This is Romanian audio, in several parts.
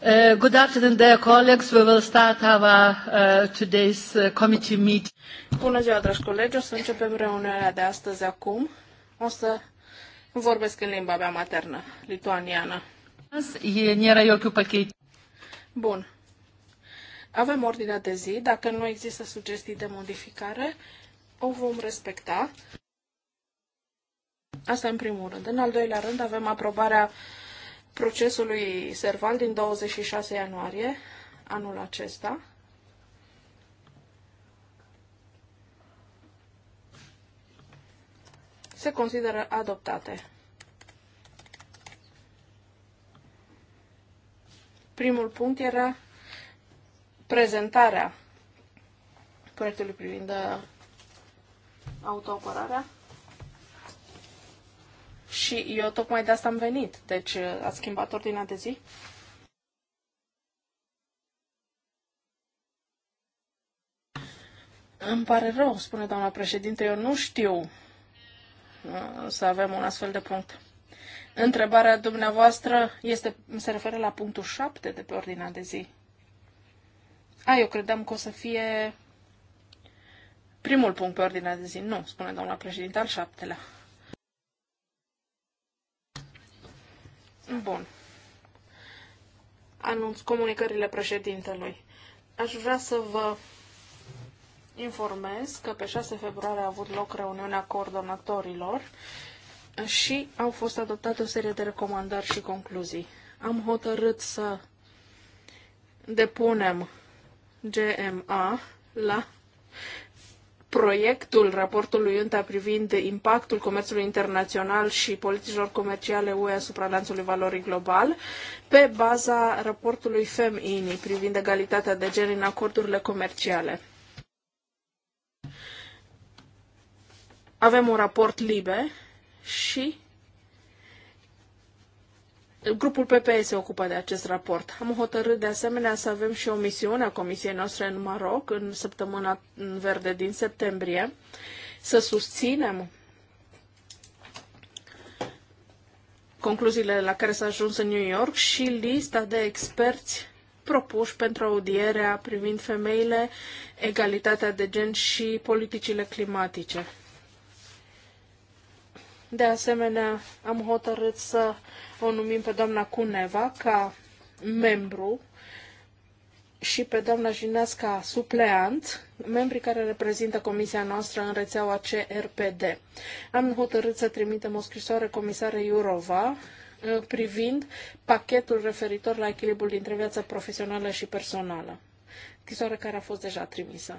Uh, good afternoon, dear colleagues. We will start our uh, today's uh, committee meeting. Bună ziua, dragi colegi. O să începem reuniunea de astăzi acum. O să vorbesc în limba mea maternă, lituaniană. Nėra jokių pakeitimų. Bun. Avem ordinea de zi. Dacă nu există sugestii de modificare, o vom respecta. Asta în primul rând. În al doilea rând avem aprobarea uh, procesului Serval din 26 ianuarie anul acesta. Se consideră adoptate. Primul punct era prezentarea proiectului privind autoapărarea. Și eu tocmai de asta am venit. Deci uh, a schimbat ordinea de zi? Îmi pare rău, spune doamna președinte, eu nu știu uh, să avem un astfel de punct. Întrebarea dumneavoastră este, se referă la punctul 7 de pe ordinea de zi. A, eu credeam că o să fie primul punct pe ordinea de zi. Nu, spune doamna președinte, al șaptelea. Bun. Anunț comunicările președintelui. Aș vrea să vă informez că pe 6 februarie a avut loc reuniunea coordonatorilor și au fost adoptate o serie de recomandări și concluzii. Am hotărât să depunem GMA la proiectul raportului UNTA privind impactul comerțului internațional și politicilor comerciale UE asupra lanțului valorii global, pe baza raportului FEMINI privind egalitatea de gen în acordurile comerciale. Avem un raport liber și Grupul PPE se ocupă de acest raport. Am hotărât de asemenea să avem și o misiune a comisiei noastre în Maroc în săptămâna verde din septembrie, să susținem concluziile la care s-a ajuns în New York și lista de experți propuși pentru audierea privind femeile, egalitatea de gen și politicile climatice. De asemenea, am hotărât să o numim pe doamna Cuneva ca membru și pe doamna Jineasca supleant, membrii care reprezintă comisia noastră în rețeaua CRPD. Am hotărât să trimitem o scrisoare comisarei Iurova uh, privind pachetul referitor la echilibrul dintre viața profesională și personală. Scrisoare care a fost deja trimisă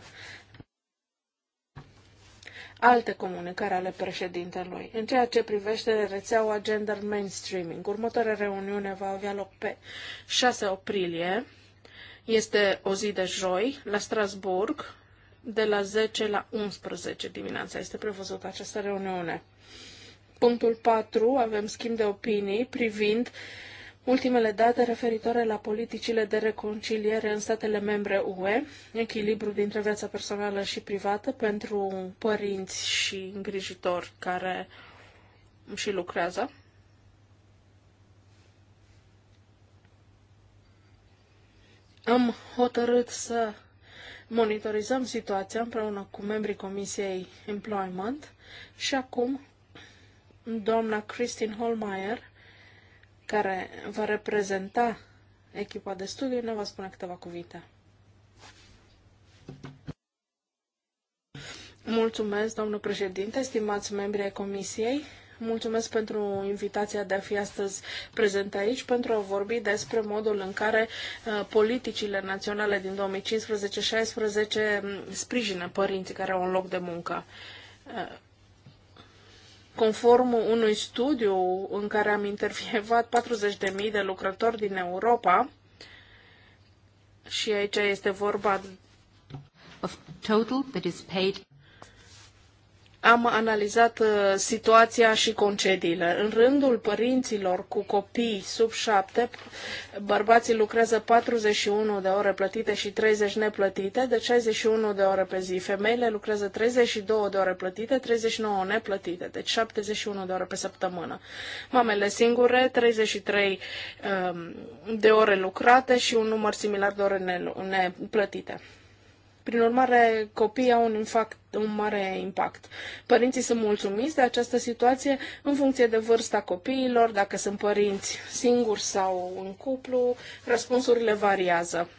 alte comunicări ale președintelui. În ceea ce privește rețeaua gender mainstreaming, următoarea reuniune va avea loc pe 6 aprilie. Este o zi de joi la Strasburg, de la 10 la 11 dimineața este prevăzută această reuniune. Punctul 4, avem schimb de opinii privind uh, Ultimele date referitoare la politicile de reconciliere în statele membre UE, echilibru dintre viața personală și privată pentru părinți și îngrijitori care și lucrează. Am hotărât să monitorizăm situația împreună cu membrii Comisiei Employment și acum doamna Christine Holmeier care va reprezenta echipa de studiu, ne va spune câteva cuvinte. Mulțumesc, domnul președinte, stimați membri ai Comisiei. Mulțumesc pentru invitația de a fi astăzi prezent aici pentru a vorbi despre modul în care uh, politicile naționale din 2015-16 mm, sprijină părinții care au un loc de muncă. Uh, Conform unui studiu în care am intervievat 40.000 de lucrători din Europa, și aici este vorba of total that is paid am analizat uh, situația și concediile. În rândul părinților cu copii sub șapte, bărbații lucrează 41 de ore plătite și 30 neplătite, de deci 61 de ore pe zi. Femeile lucrează 32 de ore plătite, 39 neplătite, deci 71 de ore pe săptămână. Mamele singure, 33 um, de ore lucrate și un număr similar de ore neplătite. Prin urmare, copiii au un, impact, un mare impact. Părinții sunt mulțumiți de această situație în funcție de vârsta copiilor, dacă sunt părinți singuri sau în cuplu, răspunsurile variază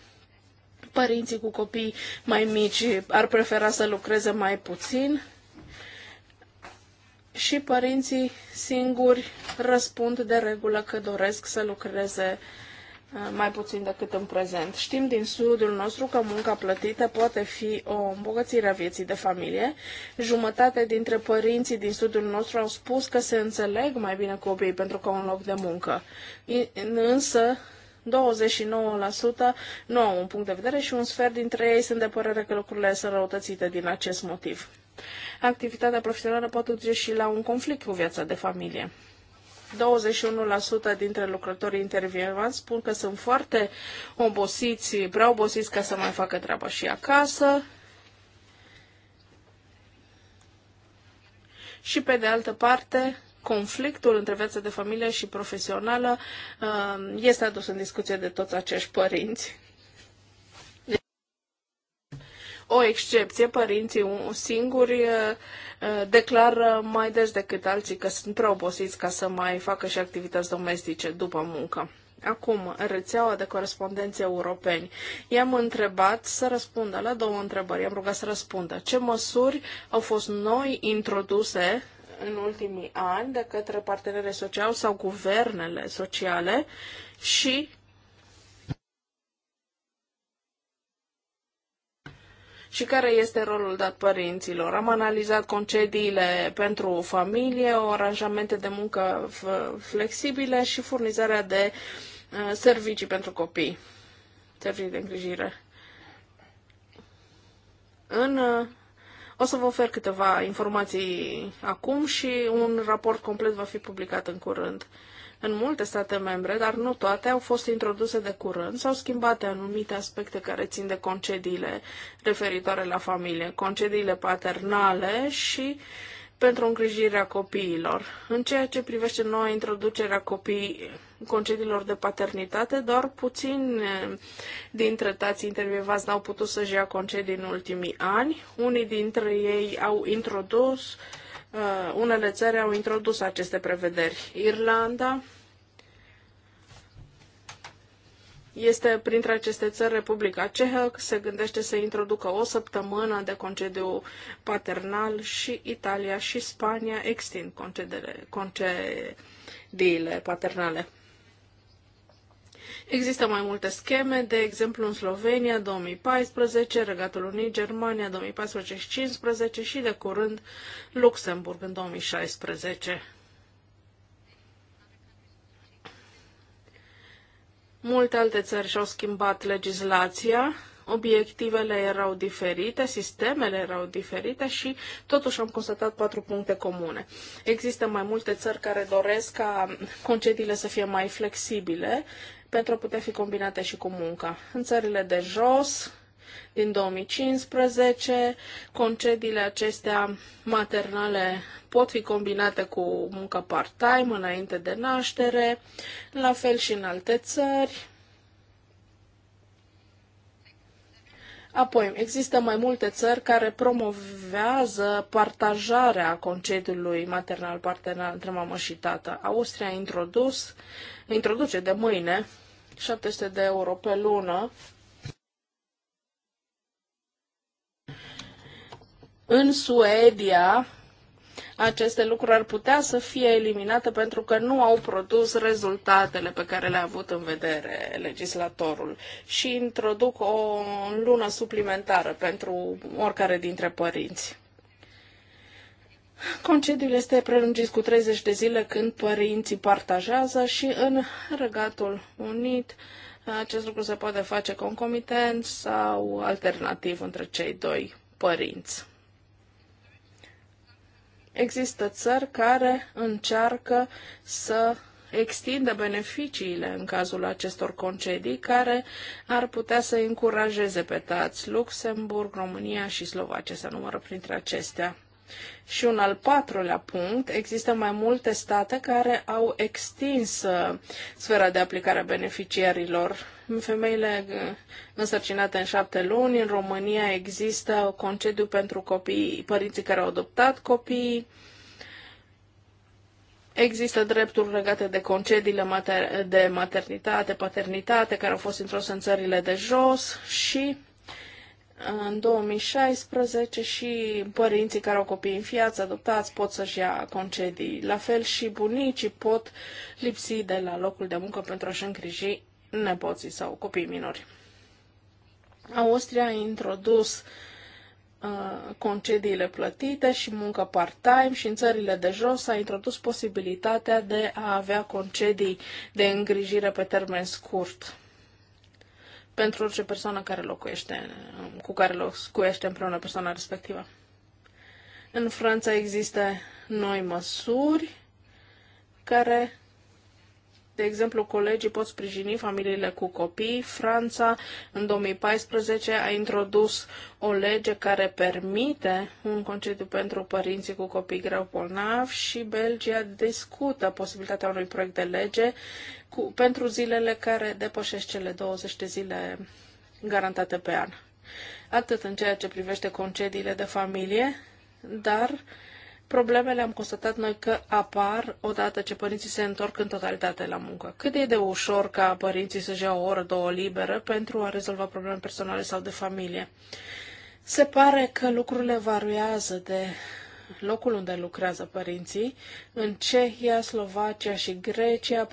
părinții cu copii mai mici ar prefera să lucreze mai puțin și părinții singuri răspund de regulă că doresc să lucreze Eh, mai puțin decât în prezent. Știm din studiul nostru că munca plătită poate fi o îmbogățire a vieții de familie. Jumătate dintre părinții din studiul nostru au spus că se înțeleg mai bine copiii pentru că au un loc de muncă. Însă, 29% nu au un punct de vedere și un sfert dintre ei sunt de părere că lucrurile sunt răutățite din acest motiv. Activitatea profesională poate duce și la un conflict cu viața de familie. 21% dintre lucrătorii intervievați spun că sunt foarte obosiți, prea obosiți ca să mai facă treaba și acasă. Și pe de altă parte, conflictul între viața de familie și profesională uh, este adus în discuție de toți acești părinți. O excepție, părinții singuri uh, Eh, declară eh, mai des decât alții că sunt prea obosiți ca să mai facă și activități domestice după muncă. Acum, rețeaua de corespondenți europeni. I-am întrebat să răspundă la două întrebări. I-am rugat să răspundă. Ce măsuri au fost noi introduse în ultimii ani de către partenerii sociale sau guvernele sociale și și care este rolul dat părinților. Am analizat concediile pentru familie, o aranjamente de muncă flexibile și furnizarea de uh, servicii pentru copii, servicii de îngrijire. În uh, o să vă ofer câteva informații acum și un raport complet va fi publicat în curând în multe state membre, dar nu toate, au fost introduse de curând, s-au schimbat anumite aspecte care țin de concediile referitoare la familie, concediile paternale și pentru îngrijirea copiilor. În ceea ce privește noua introducerea copii, concediilor de paternitate, doar puțin eh, dintre tații intervievați n-au putut să-și ia concedii în ultimii ani. Unii dintre ei au introdus uh, Uh, unele țări au introdus aceste prevederi. Irlanda este printre aceste țări Republica Cehă, se gândește să introducă o săptămână de concediu paternal și Italia și Spania extind concediile paternale. Există mai multe scheme, de exemplu în Slovenia 2014, Regatul Unit, Germania 2014 și 2015 și de curând Luxemburg în 2016. Multe alte țări și-au schimbat legislația, obiectivele erau diferite, sistemele erau diferite și totuși am constatat patru puncte comune. Există mai multe țări care doresc ca concediile să fie mai flexibile, pentru a putea fi combinate și cu munca. În țările de jos, din 2015, concediile acestea maternale pot fi combinate cu muncă part-time înainte de naștere, la fel și în alte țări, Apoi, există mai multe țări care promovează partajarea concediului maternal partenal între mamă și tată. Austria a introdus, introduce de mâine 700 de euro pe lună În Suedia, aceste lucruri ar putea să fie eliminate pentru că nu au produs rezultatele pe care le-a avut în vedere legislatorul și introduc o lună suplimentară pentru oricare dintre părinți. Concediul este prelungit cu 30 de zile când părinții partajează și în Regatul Unit acest lucru se poate face concomitent sau alternativ între cei doi părinți. Există țări care încearcă să extindă beneficiile în cazul acestor concedii, care ar putea să încurajeze pe tați Luxemburg, România și Slovacia să numără printre acestea. Și un al patrulea punct, există mai multe state care au extins uh, sfera de aplicare a beneficiarilor. Femeile uh, însărcinate în șapte luni, în România există concediu pentru copii, părinții care au adoptat copii, Există drepturi legate de concediile mater- de maternitate, paternitate, care au fost introduse în țările de jos și în 2016 și părinții care au copii în viață adoptați pot să-și ia concedii. La fel și bunicii pot lipsi de la locul de muncă pentru a-și îngriji nepoții sau copii minori. Austria a introdus uh, concediile plătite și muncă part-time și în țările de jos a introdus posibilitatea de a avea concedii de îngrijire pe termen scurt pentru orice persoană care locuiește, cu care locuiește împreună persoana respectivă. În Franța există noi măsuri care de exemplu, colegii pot sprijini familiile cu copii. Franța, în 2014, a introdus o lege care permite un concediu pentru părinții cu copii greu bolnavi și Belgia discută posibilitatea unui proiect de lege cu, pentru zilele care depășesc cele 20 de zile garantate pe an. Atât în ceea ce privește concediile de familie, dar uh, problemele am constatat noi că apar odată ce părinții se întorc în totalitate la muncă. Cât e de ușor ca părinții să-și iau o oră, două liberă pentru a rezolva probleme personale sau de familie. Se pare că lucrurile variază de locul unde lucrează părinții. În Cehia, Slovacia și Grecia,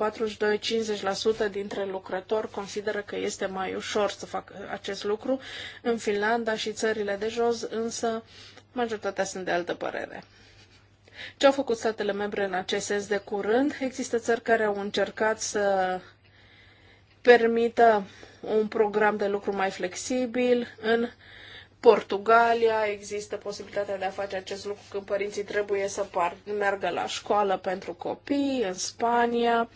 42-50% dintre lucrători consideră că este mai ușor să facă acest lucru. În Finlanda și țările de jos, însă, majoritatea sunt de altă părere. Ce au făcut statele membre în acest sens de curând? Există țări care au încercat să permită un program de lucru mai flexibil. În Portugalia există posibilitatea de a face acest lucru când părinții trebuie să par, meargă la școală pentru copii, în Spania.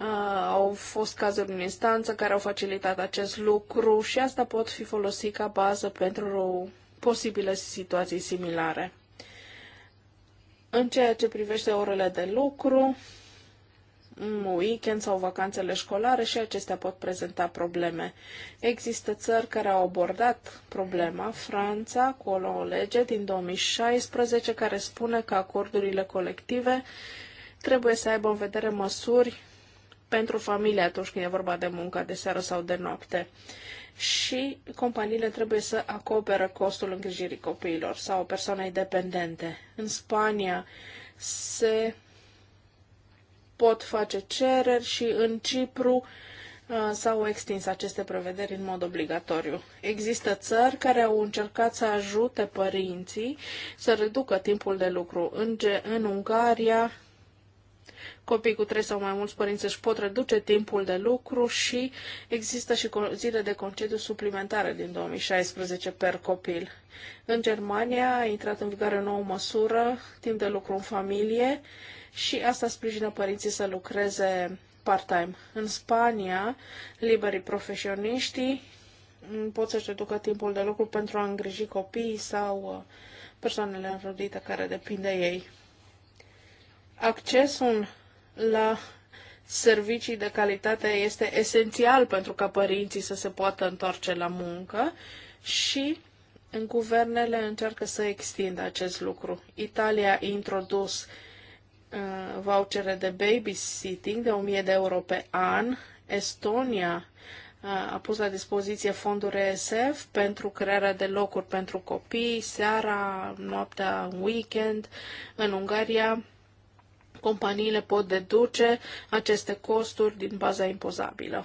Uh, au fost cazuri în instanță care au facilitat acest lucru și asta pot fi folosit ca bază pentru posibile situații similare. În ceea ce privește orele de lucru, weekend sau vacanțele școlare și acestea pot prezenta probleme. Există țări care au abordat problema, Franța, cu o lege din 2016 care spune că acordurile colective trebuie să aibă în vedere măsuri pentru familie atunci când e vorba de muncă de seară sau de noapte. Și companiile trebuie să acoperă costul îngrijirii copiilor sau persoanei dependente. În Spania se pot face cereri și în Cipru uh, s-au extins aceste prevederi în mod obligatoriu. Există țări care au încercat să ajute părinții să reducă timpul de lucru. În, în Ungaria, Copii cu trei sau mai mulți părinți își pot reduce timpul de lucru și există și zile de concediu suplimentare din 2016 per copil. În Germania a intrat în vigoare o nouă măsură, timp de lucru în familie, și asta sprijină părinții să lucreze part-time. În Spania, liberii profesioniștii pot să-și reducă timpul de lucru pentru a îngriji copiii sau uh, persoanele înrudite care depind de ei. Accesul la servicii de calitate este esențial pentru ca părinții să se poată întoarce la muncă și în guvernele încearcă să extindă acest lucru. Italia a introdus uh, vouchere de babysitting de 1000 de euro pe an. Estonia uh, a pus la dispoziție fonduri ESF pentru crearea de locuri pentru copii, seara, noaptea, weekend. În Ungaria companiile pot deduce aceste costuri din baza impozabilă.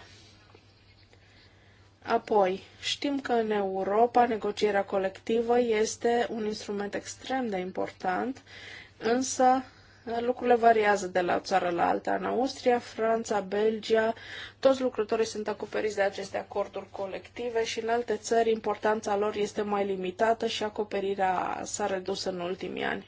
Apoi, știm că în Europa negocierea colectivă este un instrument extrem de important, însă lucrurile variază de la o țară la alta. În Austria, Franța, Belgia, toți lucrătorii sunt acoperiți de aceste acorduri colective și în alte țări importanța lor este mai limitată și acoperirea s-a redus în ultimii ani.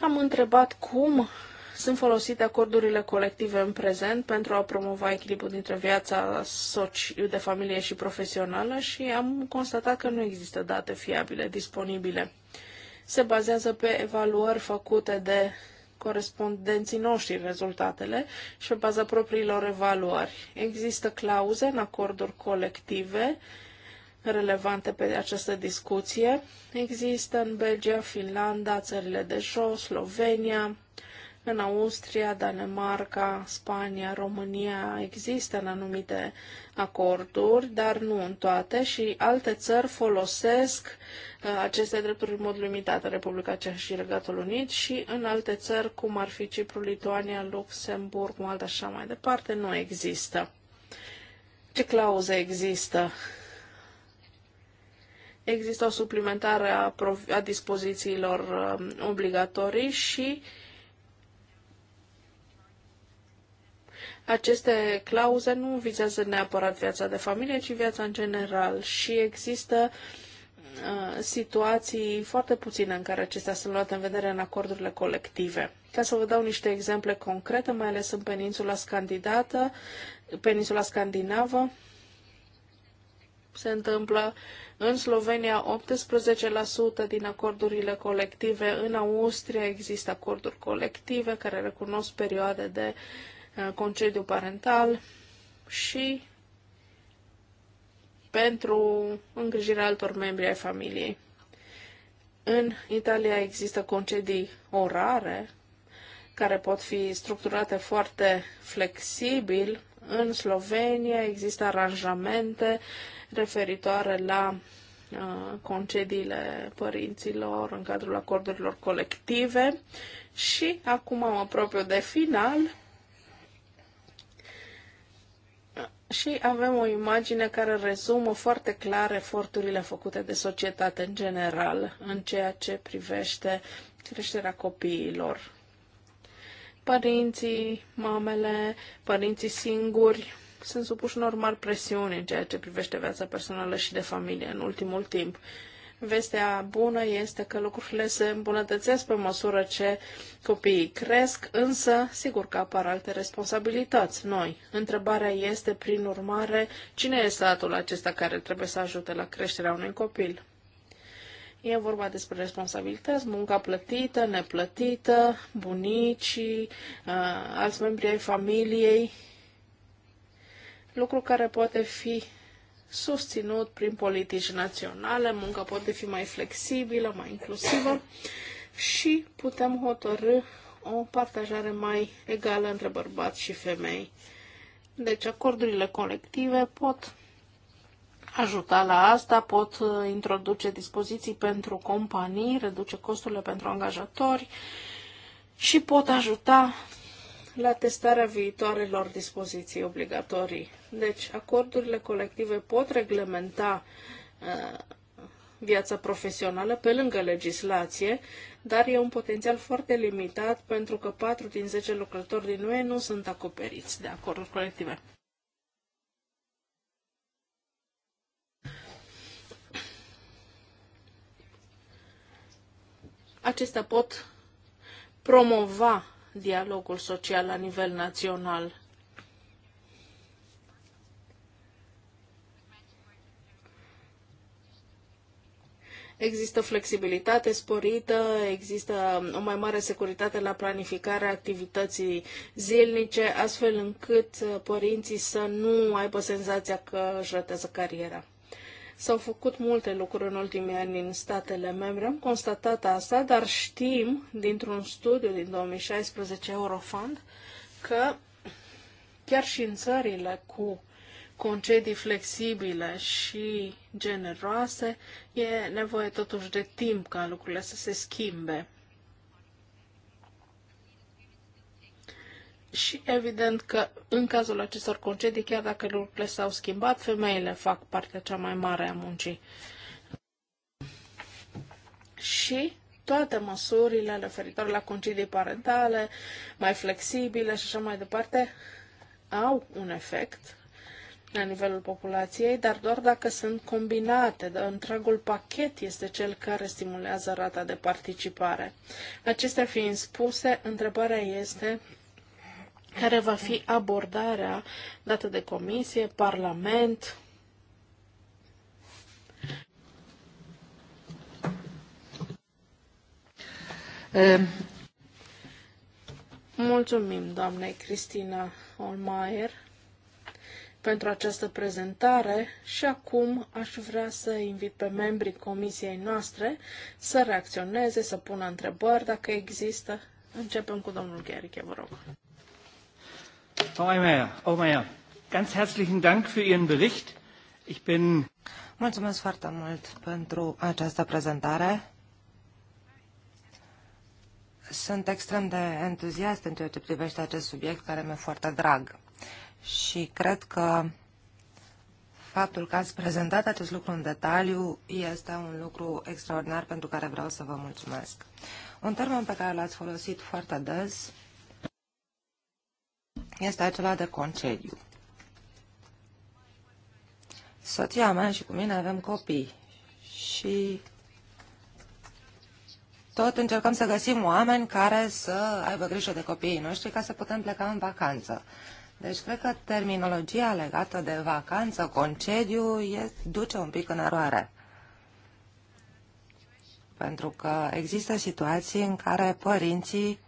Am întrebat cum sunt folosite acordurile colective în prezent pentru a promova echilibrul dintre viața soci, de familie și profesională și am constatat că nu există date fiabile disponibile. Se bazează pe evaluări făcute de corespondenții noștri rezultatele și pe baza propriilor evaluări. Există clauze în acorduri colective uh, relevante pe această discuție. Există în Belgia, Finlanda, țările de jos, Slovenia, în Austria, Danemarca, Spania, România există în anumite acorduri, dar nu în toate și alte țări folosesc uh, aceste drepturi în mod limitat, Republica Ceahă și Regatul Unit și în alte țări, cum ar fi Cipru, Lituania, Luxemburg, Malta și așa mai departe, nu există. Ce clauze există Există o suplimentare a, a dispozițiilor uh, obligatorii și aceste clauze nu vizează neapărat viața de familie, ci viața în general. Și există uh, situații foarte puține în care acestea sunt luate în vedere în acordurile colective. Ca să vă dau niște exemple concrete, mai ales în peninsula, scandidată, peninsula scandinavă, se întâmplă în Slovenia 18% din acordurile colective, în Austria există acorduri colective care recunosc perioade de uh, concediu parental și pentru îngrijirea altor membri ai familiei. În Italia există concedii orare care pot fi structurate foarte flexibil. În Slovenia există aranjamente referitoare la uh, concediile părinților în cadrul acordurilor colective și acum mă apropiu de final și avem o imagine care rezumă foarte clar eforturile făcute de societate în general în ceea ce privește creșterea copiilor. Părinții, mamele, părinții singuri, sunt supuși unor mari presiuni în ceea ce privește viața personală și de familie în ultimul timp. Vestea bună este că lucrurile se îmbunătățesc pe măsură ce copiii cresc, însă sigur că apar alte responsabilități noi. Întrebarea este, prin urmare, cine este statul acesta care trebuie să ajute la creșterea unui copil? E vorba despre responsabilități, munca plătită, neplătită, bunicii, uh, alți membri ai familiei lucru care poate fi susținut prin politici naționale, munca poate fi mai flexibilă, mai inclusivă și putem hotărâ o partajare mai egală între bărbați și femei. Deci acordurile colective pot ajuta la asta, pot introduce dispoziții pentru companii, reduce costurile pentru angajatori și pot ajuta la testarea viitoarelor dispoziții obligatorii. Deci, acordurile colective pot reglementa uh, viața profesională pe lângă legislație, dar e un potențial foarte limitat pentru că 4 din 10 lucrători din UE nu sunt acoperiți de acorduri colective. Acestea pot promova dialogul social la nivel național. Există flexibilitate sporită, există o mai mare securitate la planificarea activității zilnice, astfel încât părinții să nu aibă senzația că își rătează cariera. S-au făcut multe lucruri în ultimii ani în statele membre, am constatat asta, dar știm dintr-un studiu din 2016 Eurofund că chiar și în țările cu concedii flexibile și generoase, e nevoie totuși de timp ca lucrurile să se schimbe. Și evident că în cazul acestor concedii, chiar dacă lucrurile s-au schimbat, femeile fac partea cea mai mare a muncii. Și toate măsurile referitoare la concedii parentale, mai flexibile și așa mai departe, au un efect la nivelul populației, dar doar dacă sunt combinate. Întregul pachet este cel care stimulează rata de participare. Acestea fiind spuse, întrebarea este care va fi abordarea dată de Comisie, Parlament. Ehm. Mulțumim, doamnei Cristina Olmaier, pentru această prezentare și acum aș vrea să invit pe membrii comisiei noastre să reacționeze, să pună întrebări dacă există. Începem cu domnul Gheriche, vă rog. Frau Eimeyer, ganz herzlichen Dank für Ihren Bericht. Ich bin... Mulțumesc foarte mult pentru această prezentare. Sunt extrem de entuziast în ceea ce privește acest subiect care mi-e foarte drag. Și cred că faptul că ați prezentat acest lucru în detaliu este un lucru extraordinar pentru care vreau să vă mulțumesc. Un termen pe care l-ați folosit foarte des este acela de concediu. Soția mea și cu mine avem copii și tot încercăm să găsim oameni care să aibă grijă de copiii noștri ca să putem pleca în vacanță. Deci cred că terminologia legată de vacanță, concediu, e, duce un pic în eroare. Pentru că există situații în care părinții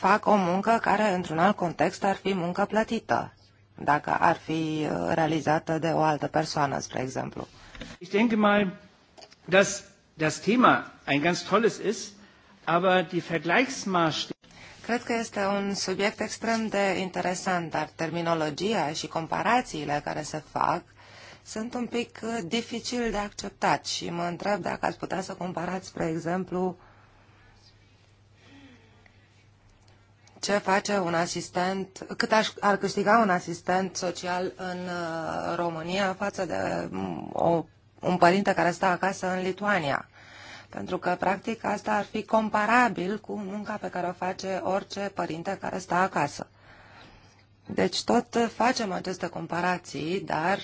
fac o muncă care, într-un alt context, ar fi muncă plătită, dacă ar fi uh, realizată de o altă persoană, spre exemplu. Ich denke mal, dass das Thema ein ganz tolles ist, aber die Vergleichsmaßstäbe Cred că este un subiect extrem de interesant, dar terminologia și comparațiile care se fac sunt un pic uh, dificil de acceptat și mă întreb dacă ați putea să comparați, spre exemplu, ce face un asistent, cât aș, ar câștiga un asistent social în uh, România față de mm, o, un părinte care stă acasă în Lituania. Pentru că, practic, asta ar fi comparabil cu munca pe care o face orice părinte care stă acasă. Deci tot facem aceste comparații, dar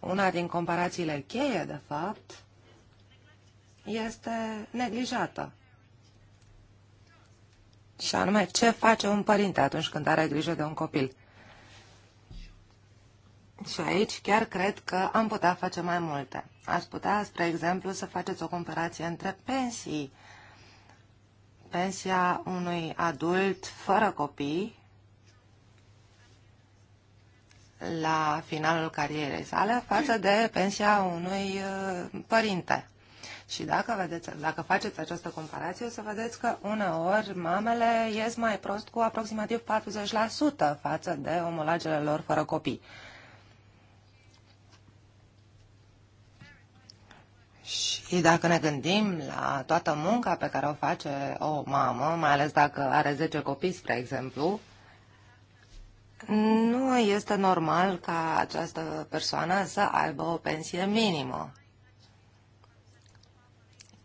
una din comparațiile cheie, de fapt, este neglijată. Și anume, ce face un părinte atunci când are grijă de un copil? Și aici chiar cred că am putea face mai multe. Ați putea, spre exemplu, să faceți o comparație între pensii. Pensia unui adult fără copii la finalul carierei sale față de pensia unui uh, părinte și dacă, vedeți, dacă faceți această comparație, o să vedeți că uneori mamele ies mai prost cu aproximativ 40% față de omolagele lor fără copii. Și dacă ne gândim la toată munca pe care o face o mamă, mai ales dacă are 10 copii, spre exemplu, nu este normal ca această persoană să aibă o pensie minimă.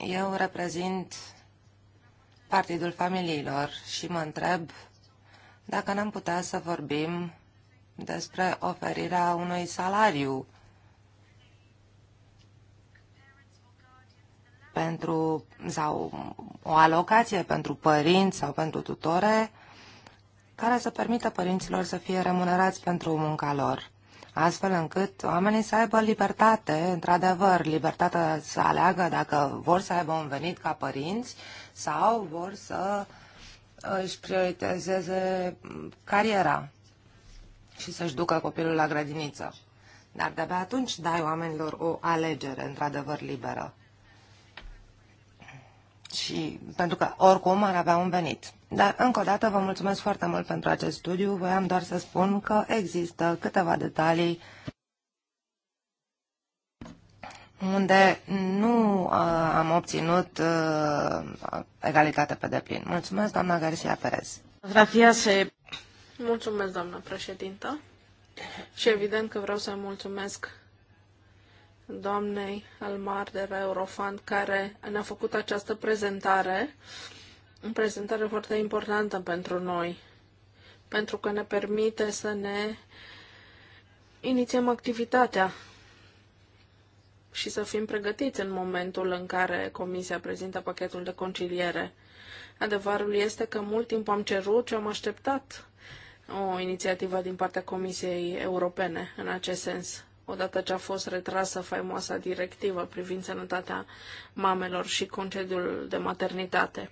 Eu reprezint Partidul Familiilor și mă întreb dacă n-am putea să vorbim despre oferirea unui salariu pentru, sau o alocație pentru părinți sau pentru tutore care să permită părinților să fie remunerați pentru munca lor astfel încât oamenii să aibă libertate, într-adevăr, libertatea să aleagă dacă vor să aibă un venit ca părinți sau vor să își prioritizeze cariera și să-și ducă copilul la grădiniță. Dar de-abia atunci dai oamenilor o alegere, într-adevăr, liberă și pentru că oricum ar avea un venit. Dar, încă o dată, vă mulțumesc foarte mult pentru acest studiu. Voiam doar să spun că există câteva detalii unde nu uh, am obținut uh, egalitate pe deplin. Mulțumesc, doamna Garcia Perez. Eh. Mulțumesc, doamna președintă. Și evident că vreau să mulțumesc doamnei Almar de la Eurofan, care ne-a făcut această prezentare, o prezentare foarte importantă pentru noi, pentru că ne permite să ne inițiem activitatea și să fim pregătiți în momentul în care Comisia prezintă pachetul de conciliere. Adevărul este că mult timp am cerut și am așteptat o inițiativă din partea Comisiei Europene în acest sens odată ce a fost retrasă faimoasa directivă privind sănătatea mamelor și concediul de maternitate.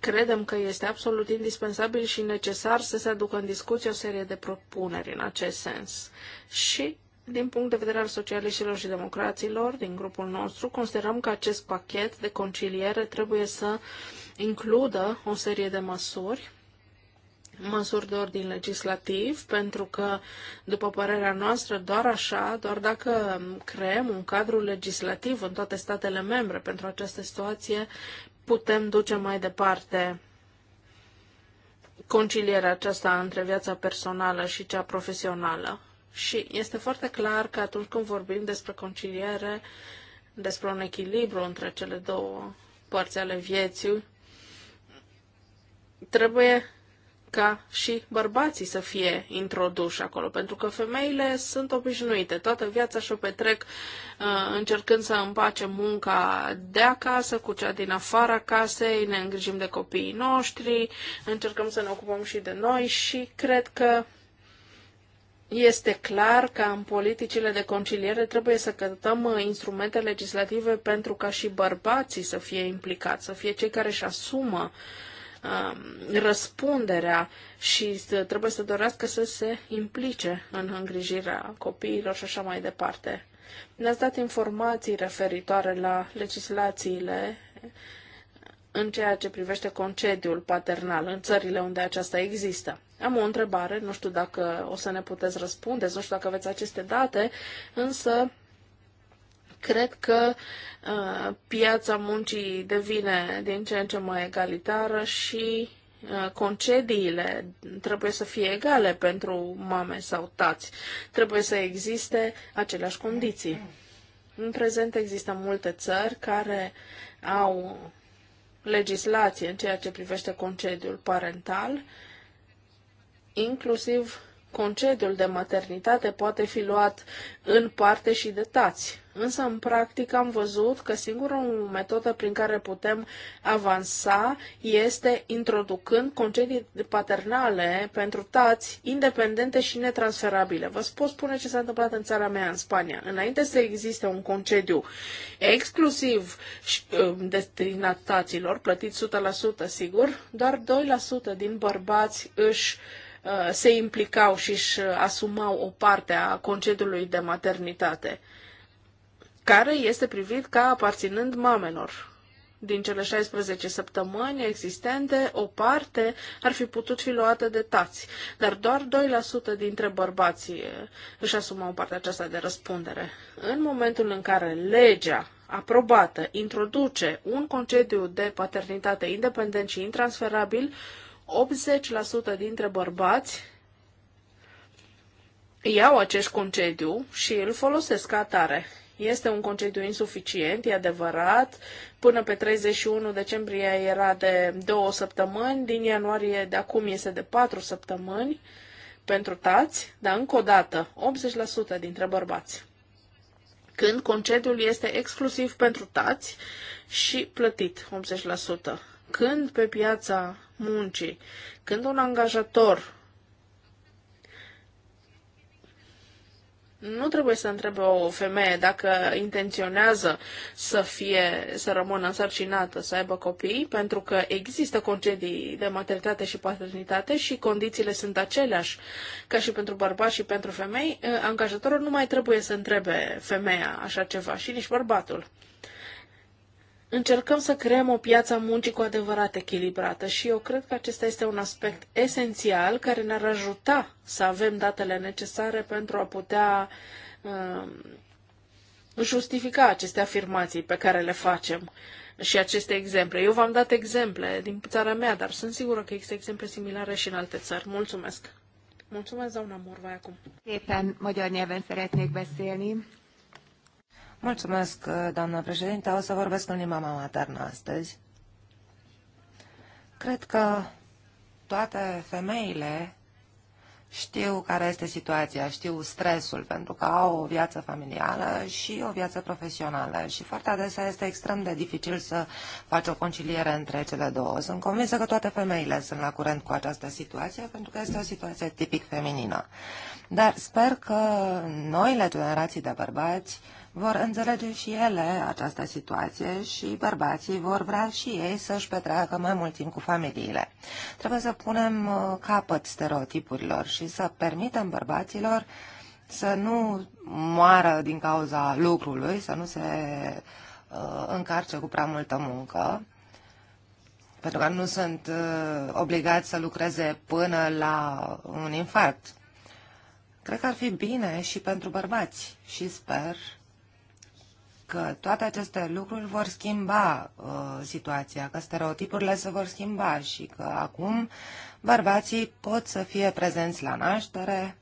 Credem că este absolut indispensabil și necesar să se aducă în discuție o serie de propuneri în acest sens. Și, din punct de vedere al socialiștilor și democraților, din grupul nostru, considerăm că acest pachet de conciliere trebuie să includă o serie de măsuri măsuri de ordin legislativ, pentru că, după părerea noastră, doar așa, doar dacă creăm un cadru legislativ în toate statele membre pentru această situație, putem duce mai departe concilierea aceasta între viața personală și cea profesională. Și este foarte clar că atunci când vorbim despre conciliere, despre un echilibru între cele două părți ale vieții, trebuie ca și bărbații să fie introduși acolo, pentru că femeile sunt obișnuite. Toată viața și-o petrec uh, încercând să împace munca de acasă cu cea din afara casei, ne îngrijim de copiii noștri, încercăm să ne ocupăm și de noi și cred că este clar că în politicile de conciliere trebuie să căutăm uh, instrumente legislative pentru ca și bărbații să fie implicați, să fie cei care își asumă uh, Um, răspunderea și trebuie să dorească să se implice în îngrijirea copiilor și așa mai departe. Ne-ați dat informații referitoare la legislațiile în ceea ce privește concediul paternal în țările unde aceasta există. Am o întrebare, nu știu dacă o să ne puteți răspunde, nu știu dacă aveți aceste date, însă Cred că uh, piața muncii devine din ce în ce mai egalitară și uh, concediile trebuie să fie egale pentru mame sau tați. Trebuie să existe aceleași condiții. În prezent există multe țări care au legislație în ceea ce privește concediul parental, inclusiv concediul de maternitate poate fi luat în parte și de tați. Însă, în practică, am văzut că singura metodă prin care putem avansa este introducând concedii paternale pentru tați independente și netransferabile. Vă pot spune ce s-a întâmplat în țara mea, în Spania. Înainte să existe un concediu exclusiv um, destinat taților, plătit 100% sigur, doar 2% din bărbați își uh, Uh, se implicau și își asumau o parte a concediului de maternitate, care este privit ca aparținând mamelor. Din cele 16 săptămâni existente, o parte ar fi putut fi luată de tați, dar doar 2% dintre bărbații uh, își asumau partea aceasta de răspundere. În momentul în care legea aprobată introduce un concediu de paternitate independent și intransferabil, 80% dintre bărbați iau acest concediu și îl folosesc ca atare. Este un concediu insuficient, e adevărat. Până pe 31 decembrie era de două săptămâni, din ianuarie de acum este de patru săptămâni pentru tați, dar încă o dată, 80% dintre bărbați. Când concediul este exclusiv pentru tați și plătit 80% când pe piața muncii, când un angajator nu trebuie să întrebe o femeie dacă intenționează să fie, să rămână însărcinată, să aibă copii, pentru că există concedii de maternitate și paternitate și condițiile sunt aceleași ca și pentru bărbați și pentru femei, eh, angajatorul nu mai trebuie să întrebe femeia așa ceva și nici bărbatul încercăm să creăm o piață a muncii cu adevărat echilibrată și eu cred că acesta este un aspect esențial care ne-ar ajuta să avem datele necesare pentru a putea uh, justifica aceste afirmații pe care le facem și aceste exemple. Eu v-am dat exemple din țara mea, dar sunt sigură că există exemple similare și în alte țări. Mulțumesc! Mulțumesc, doamna Morvai, acum. Szépen magyar nyelven szeretnék beszélni. Mulțumesc, uh, doamnă președinte. O să vorbesc în limba mea maternă astăzi. Cred că toate femeile știu care este situația, știu stresul, pentru că au o viață familială și o viață profesională. Și foarte adesea este extrem de dificil să faci o conciliere între cele două. Sunt convinsă că toate femeile sunt la curent cu această situație, pentru că este o situație tipic feminină. Dar sper că noile generații de bărbați uh, vor înțelege și ele această situație și bărbații vor vrea și ei să-și petreacă mai mult timp cu familiile. Trebuie să punem uh, capăt stereotipurilor și să permitem bărbaților să nu moară din cauza lucrului, să nu se uh, încarce cu prea multă muncă, pentru că nu sunt uh, obligați să lucreze până la un infarct. Cred că ar fi bine și pentru bărbați și sper că toate aceste lucruri vor schimba uh, situația, că stereotipurile se vor schimba și că acum bărbații pot să fie prezenți la naștere,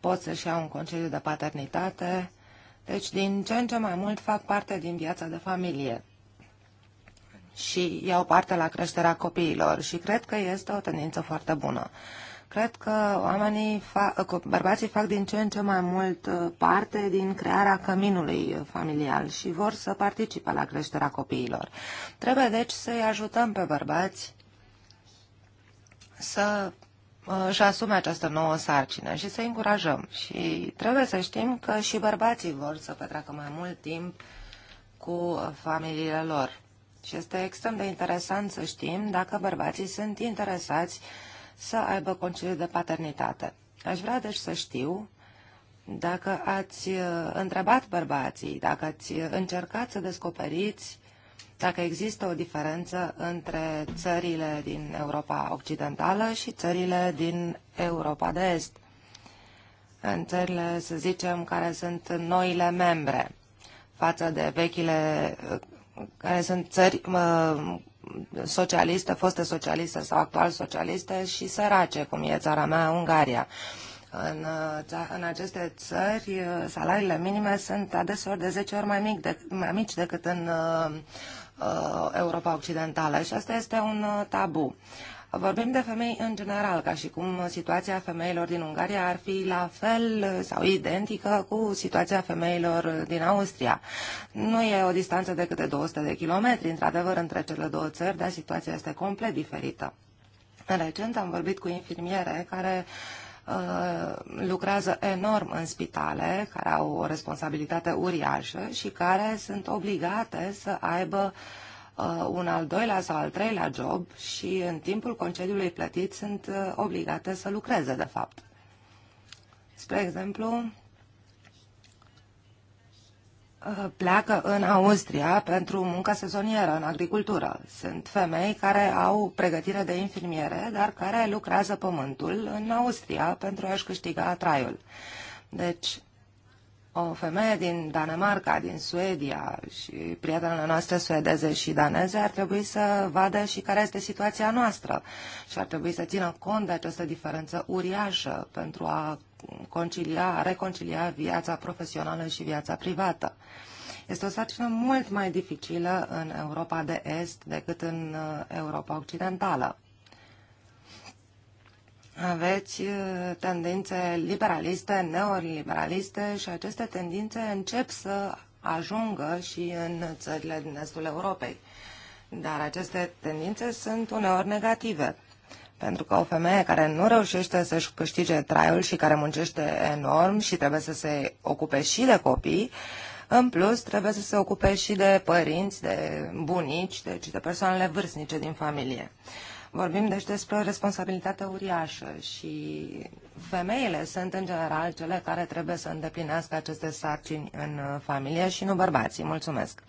pot să-și iau un concediu de paternitate, deci din ce în ce mai mult fac parte din viața de familie și iau parte la creșterea copiilor și cred că este o tendință foarte bună. Uh, Cred că oamenii fac, bărbații fac din ce în ce mai mult uh, parte din crearea căminului uh, familial și vor să participe la creșterea copiilor. Trebuie deci să-i ajutăm pe bărbați să uh, își asume această nouă sarcină și să încurajăm. Și trebuie să știm că și bărbații vor să petreacă mai mult timp cu familiile lor. Și este extrem de interesant să știm dacă bărbații sunt interesați uh, să aibă concediu de paternitate. Aș vrea deci să știu dacă ați uh, întrebat bărbații, dacă ați uh, încercat să descoperiți dacă există o diferență între țările din Europa Occidentală și țările din Europa de Est, în țările, să zicem, care sunt noile membre față de vechile, uh, care sunt țări socialiste, foste socialiste sau actual socialiste și sărace, cum e țara mea, Ungaria. În, uh, în aceste țări, uh, salariile minime sunt adeseori de 10 ori mai, mic de, mai mici decât în uh, uh Europa Occidentală și asta este un tabu. Uh, Vorbim de femei în general, ca și cum situația femeilor din Ungaria ar fi la fel sau identică cu situația femeilor din Austria. Nu e o distanță de câte 200 de kilometri, într-adevăr, între cele două țări, dar situația este complet diferită. Recent am vorbit cu infirmiere care uh, lucrează enorm în spitale, care au o responsabilitate uriașă și care sunt obligate să aibă uh, Uh, un al doilea sau al treilea job și în timpul concediului plătit sunt uh, obligate să lucreze, de fapt. Spre exemplu, uh, pleacă în Austria pentru muncă sezonieră în agricultură. Sunt femei care au pregătire de infirmiere, dar care lucrează pământul în Austria pentru a-și câștiga traiul. Deci, o femeie din Danemarca, din Suedia și prietenele noastre suedeze și daneze ar trebui să vadă și care este situația noastră și ar trebui să țină cont de această diferență uriașă pentru a concilia, a reconcilia viața profesională și viața privată. Este o sarcină mult mai dificilă în Europa de Est decât în uh, Europa Occidentală aveți uh, tendințe liberaliste, neoliberaliste și aceste tendințe încep să ajungă și în țările din estul Europei. Dar aceste tendințe sunt uneori negative, pentru că o femeie care nu reușește să-și câștige traiul și care muncește enorm și trebuie să se ocupe și de copii, în plus trebuie să se ocupe și de părinți, de bunici, deci de persoanele vârstnice din familie. Vorbim deci despre o responsabilitate uriașă și femeile sunt în general cele care trebuie să îndeplinească aceste sarcini în uh, familie și nu bărbații. Mulțumesc!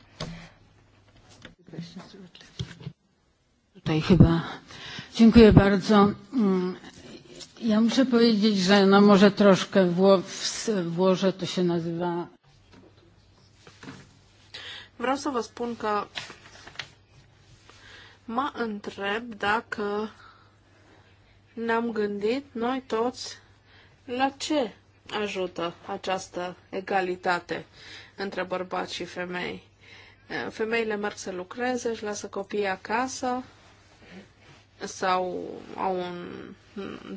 Tutaj chyba. Dziękuję bardzo. Mm, ja muszę powiedzieć, że no może troszkę w to się nazywa. Vreau să vă spun că mă întreb dacă ne-am gândit noi toți la ce ajută această egalitate între bărbați și femei. Femeile merg să lucreze, își lasă copiii acasă sau au un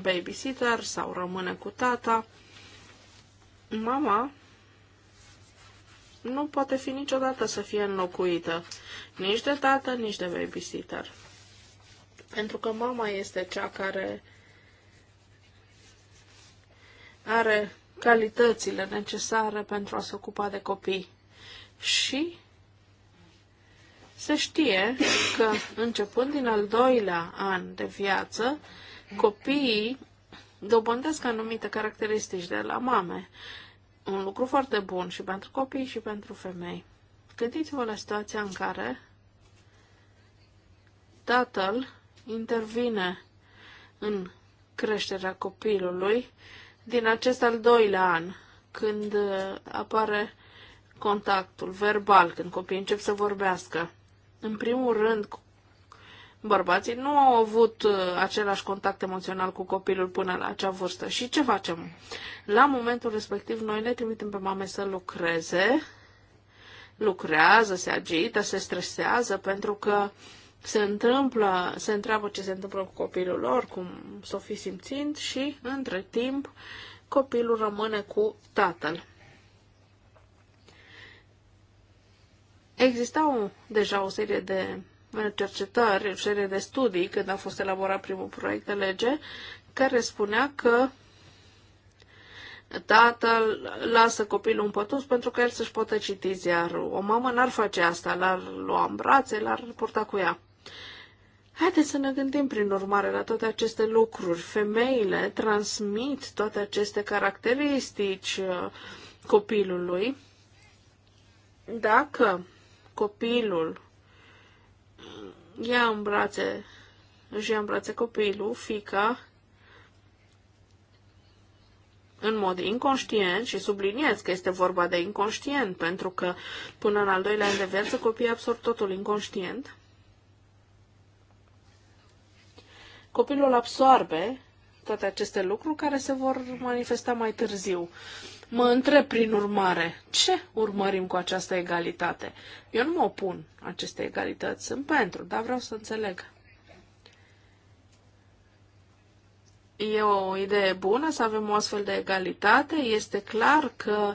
babysitter sau rămâne cu tata. Mama nu poate fi niciodată să fie înlocuită, nici de tată, nici de babysitter. Pentru că mama este cea care are calitățile necesare pentru a se ocupa de copii. Și se știe că începând din al doilea an de viață, copiii dobândesc anumite caracteristici de la mame un lucru foarte bun și pentru copii și pentru femei. Gândiți-vă la situația în care tatăl intervine în creșterea copilului din acest al doilea an, când uh, apare contactul verbal, când copiii încep să vorbească. În primul rând, bărbații nu au avut uh, același contact emoțional cu copilul până la acea vârstă. Și ce facem? La momentul respectiv, noi le trimitem pe mame să lucreze, lucrează, se agită, se stresează, pentru că se întâmplă, se întreabă ce se întâmplă cu copilul lor, cum s-o fi simțind și, între timp, copilul rămâne cu tatăl. Existau deja o serie de cercetări, o serie de studii, când a fost elaborat primul proiect de lege, care spunea că tatăl lasă copilul în pătuns pentru că el să-și poată citi ziarul. O mamă n-ar face asta, l-ar lua în brațe, l-ar purta cu ea. Haideți să ne gândim, prin urmare, la toate aceste lucruri. Femeile transmit toate aceste caracteristici uh, copilului. Dacă copilul ia în brațe, își ia în brațe copilul, fica, în mod inconștient și subliniez că este vorba de inconștient, pentru că până în al doilea an de viață copiii absorb totul inconștient. Copilul absorbe toate aceste lucruri care se vor manifesta mai târziu. Mă întreb prin urmare, ce urmărim cu această egalitate? Eu nu mă opun acestei egalități, sunt pentru, dar vreau să înțeleg. E o idee bună să avem o astfel de egalitate. Este clar că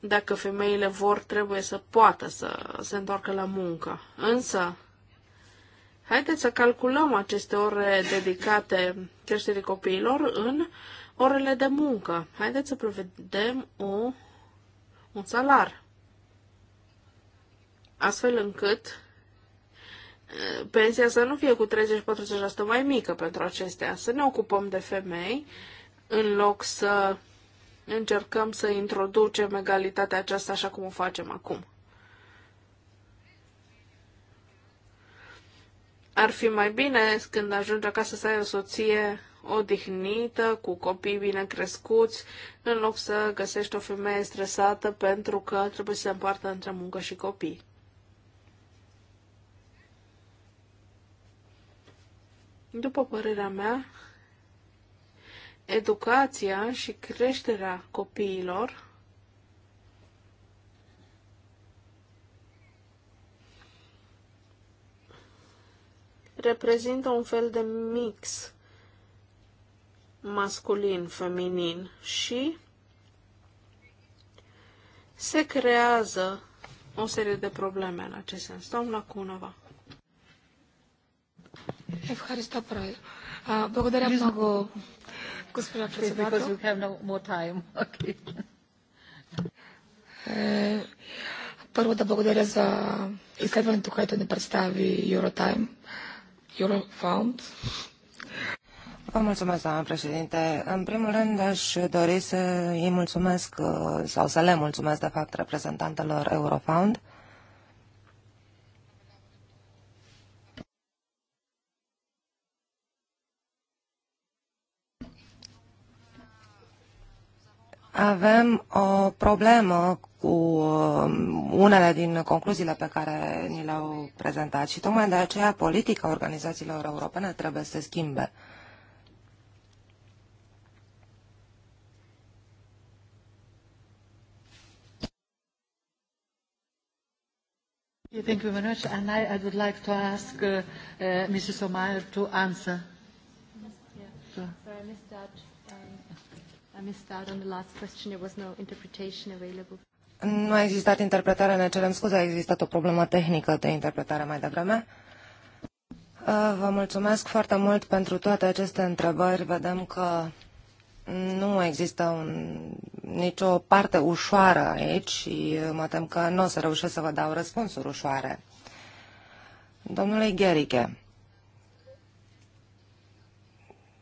dacă femeile vor, trebuie să poată să se întoarcă la muncă. Însă, haideți să calculăm aceste ore dedicate creșterii copiilor în uh, Orele de muncă. Haideți să prevedem o, un salar. Astfel încât pensia să nu fie cu 30-40% mai mică pentru acestea. Să ne ocupăm de femei în loc să încercăm să introducem egalitatea aceasta așa cum o facem acum. Ar fi mai bine când ajungi acasă să ai o soție odihnită, cu copii bine crescuți, în loc să găsești o femeie stresată pentru că trebuie să se împartă între muncă și copii. După părerea mea, educația și creșterea copiilor reprezintă un fel de mix masculin, feminin și se creează o serie de probleme în acest sens. Doamna Cunova. Evharisto Proil. Благодаря много, госпожа председател. Because we have no more time. Първо да благодаря за изследването, което ни представи Eurotime, Eurofound. Vă mulțumesc, doamnă președinte. În primul rând, aș dori să îi mulțumesc uh, sau să le mulțumesc, de fapt, reprezentantelor Eurofound. Avem o problemă cu uh, unele din concluziile pe care ni le-au prezentat și tocmai de aceea politica organizațiilor europene trebuie să se schimbe. Thank you very much. And I, I would like to ask uh, uh, Mrs. O'Meara to answer. Sorry, I missed out. Um, I missed out on the last question. There was no interpretation available. Nu a existat interpretare, ne cerem scuze, a existat o problemă tehnică de interpretare mai devreme. Uh, vă mulțumesc foarte mult pentru toate aceste întrebări. Vedem că nu există un, nicio parte ușoară aici și mă tem că nu o să reușesc să vă dau răspunsuri ușoare. Domnule Gheriche,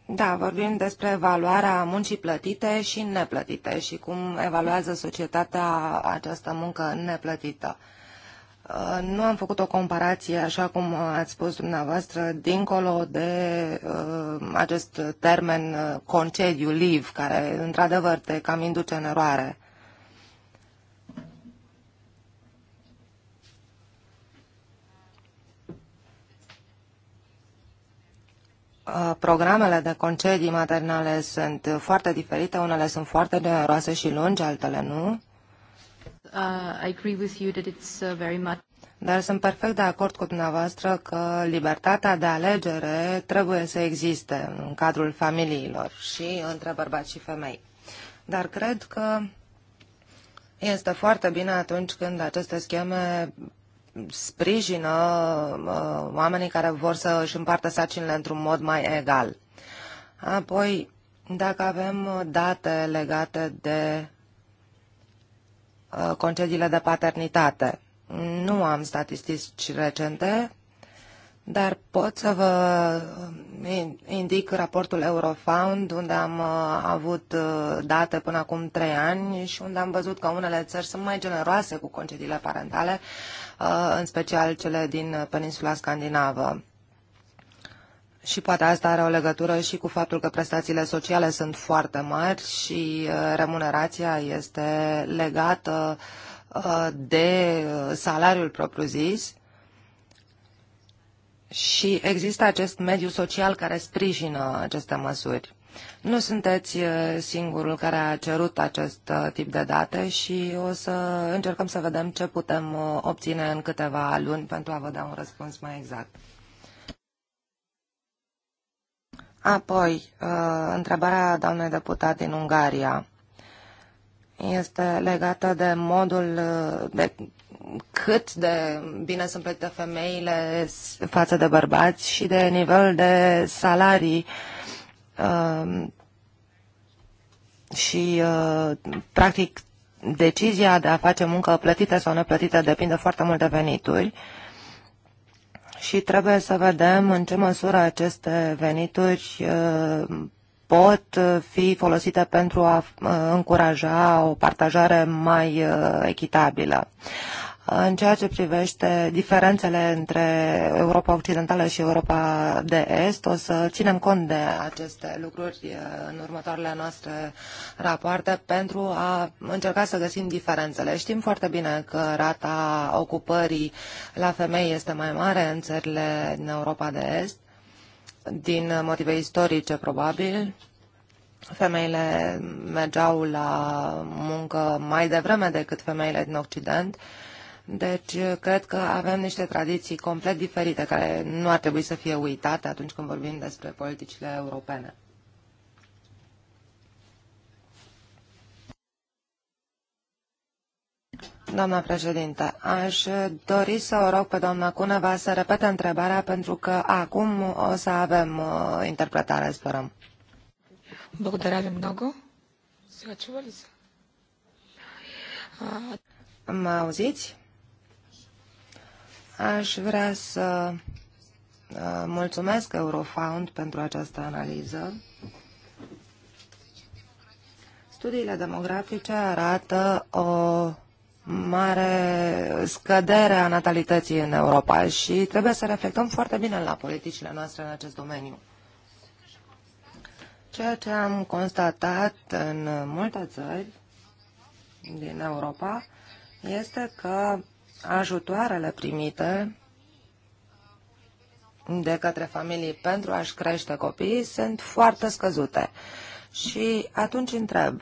da, vorbim despre evaluarea muncii plătite și neplătite și cum evaluează societatea această muncă neplătită. Uh, nu am făcut o comparație, așa cum ați spus dumneavoastră, dincolo de uh, acest termen uh, concediu, liv, care într-adevăr te cam induce în eroare. Uh, programele de concedii maternale sunt foarte diferite, unele sunt foarte generoase și lungi, altele nu. Uh, I agree with you that it's uh, very much dar sunt perfect de acord cu dumneavoastră că libertatea de alegere trebuie să existe în cadrul familiilor și între bărbați și femei. Dar cred că este foarte bine atunci când aceste scheme sprijină uh, oamenii care vor să își împartă sacinile într-un mod mai egal. Apoi, dacă avem date legate de Uh, concediile de paternitate. Nu am statistici recente, dar pot să vă uh, indic raportul Eurofound, unde am uh, avut date până acum trei ani și unde am văzut că unele țări sunt mai generoase cu concediile parentale, în special cele din peninsula scandinavă. Și poate asta are o legătură și cu faptul că prestațiile sociale sunt foarte mari și uh, remunerația este legată uh, de uh, salariul propriu-zis. Și există acest mediu social care sprijină aceste măsuri. Nu sunteți singurul care a cerut acest tip de date și o să încercăm să vedem ce putem obține în câteva luni pentru a vă da un răspuns mai exact. Apoi, uh, întrebarea doamnei deputat din Ungaria este legată de modul uh, de cât de bine sunt plătite femeile față de bărbați și de nivel de salarii uh, și practic decizia de a face muncă plătită sau neplătită depinde foarte mult de venituri și trebuie să vedem în ce măsură aceste venituri uh, pot uh, fi folosite pentru a uh, încuraja o partajare mai echitabilă în ceea ce privește diferențele între Europa Occidentală și Europa de Est. O să ținem cont de aceste lucruri în următoarele noastre rapoarte pentru a încerca să găsim diferențele. Știm foarte bine că rata ocupării la femei este mai mare în țările din Europa de Est, din motive istorice probabil, femeile mergeau la muncă mai devreme decât femeile din Occident deci, uh, cred că avem niște tradiții complet diferite care nu ar trebui să fie uitate atunci când vorbim despre politicile europene. Doamna președinte, aș dori să o rog pe doamna Cuneva să repete întrebarea pentru că acum o să avem uh, interpretare, sperăm. Благодаря много. Сега чува ли Mă auziți? Aș vrea să uh, mulțumesc Eurofound pentru această analiză. Studiile demografice arată o mare scădere a natalității în Europa și trebuie să reflectăm foarte bine la politicile noastre în acest domeniu. Ceea ce am constatat în multe țări din Europa este că ajutoarele primite de către familii pentru a-și crește copiii sunt foarte scăzute. Și atunci întreb,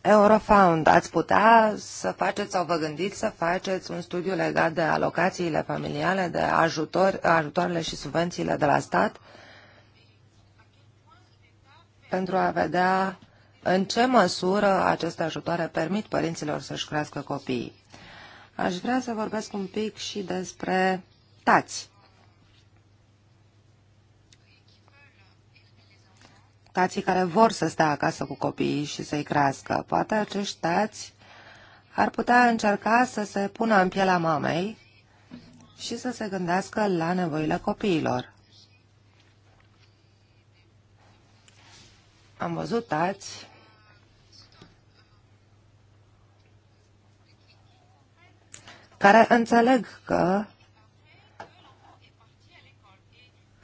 Eurofound, ați putea să faceți sau vă gândiți să faceți un studiu legat de alocațiile familiale, de ajutor, ajutoarele și subvențiile de la stat pentru a vedea în ce măsură aceste ajutoare permit părinților să-și crească copiii. Aș vrea să vorbesc un pic și despre tați. Tații care vor să stea acasă cu copiii și să-i crească. Poate acești tați ar putea încerca să se pună în pielea mamei și să se gândească la nevoile copiilor. Am văzut tați care înțeleg că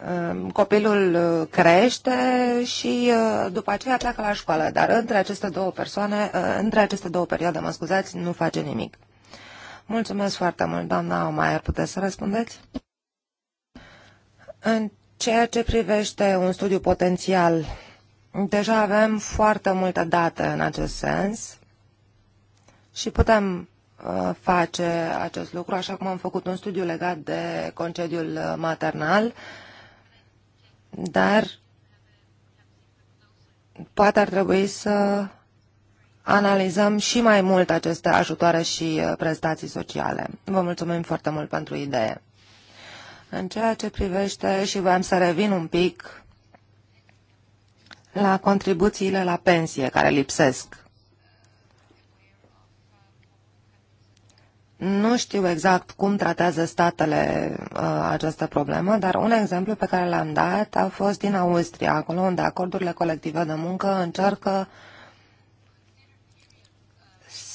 um, copilul uh, crește și uh, după aceea pleacă la școală, dar între aceste două persoane, uh, între aceste două perioade, mă scuzați, nu face nimic. Mulțumesc foarte mult, doamna Omaier, puteți să răspundeți? În ceea ce privește un studiu potențial, deja avem foarte multe date în acest sens și putem Uh, face acest lucru, așa cum am făcut un studiu legat de concediul uh, maternal, dar poate ar trebui să analizăm și mai mult aceste ajutoare și uh, prestații sociale. Vă mulțumim foarte mult pentru idee. În ceea ce privește, și voiam să revin un pic la contribuțiile la pensie care lipsesc Nu știu exact cum tratează statele uh, această problemă, dar un exemplu pe care l-am dat a fost din Austria, acolo unde acordurile colective de muncă încearcă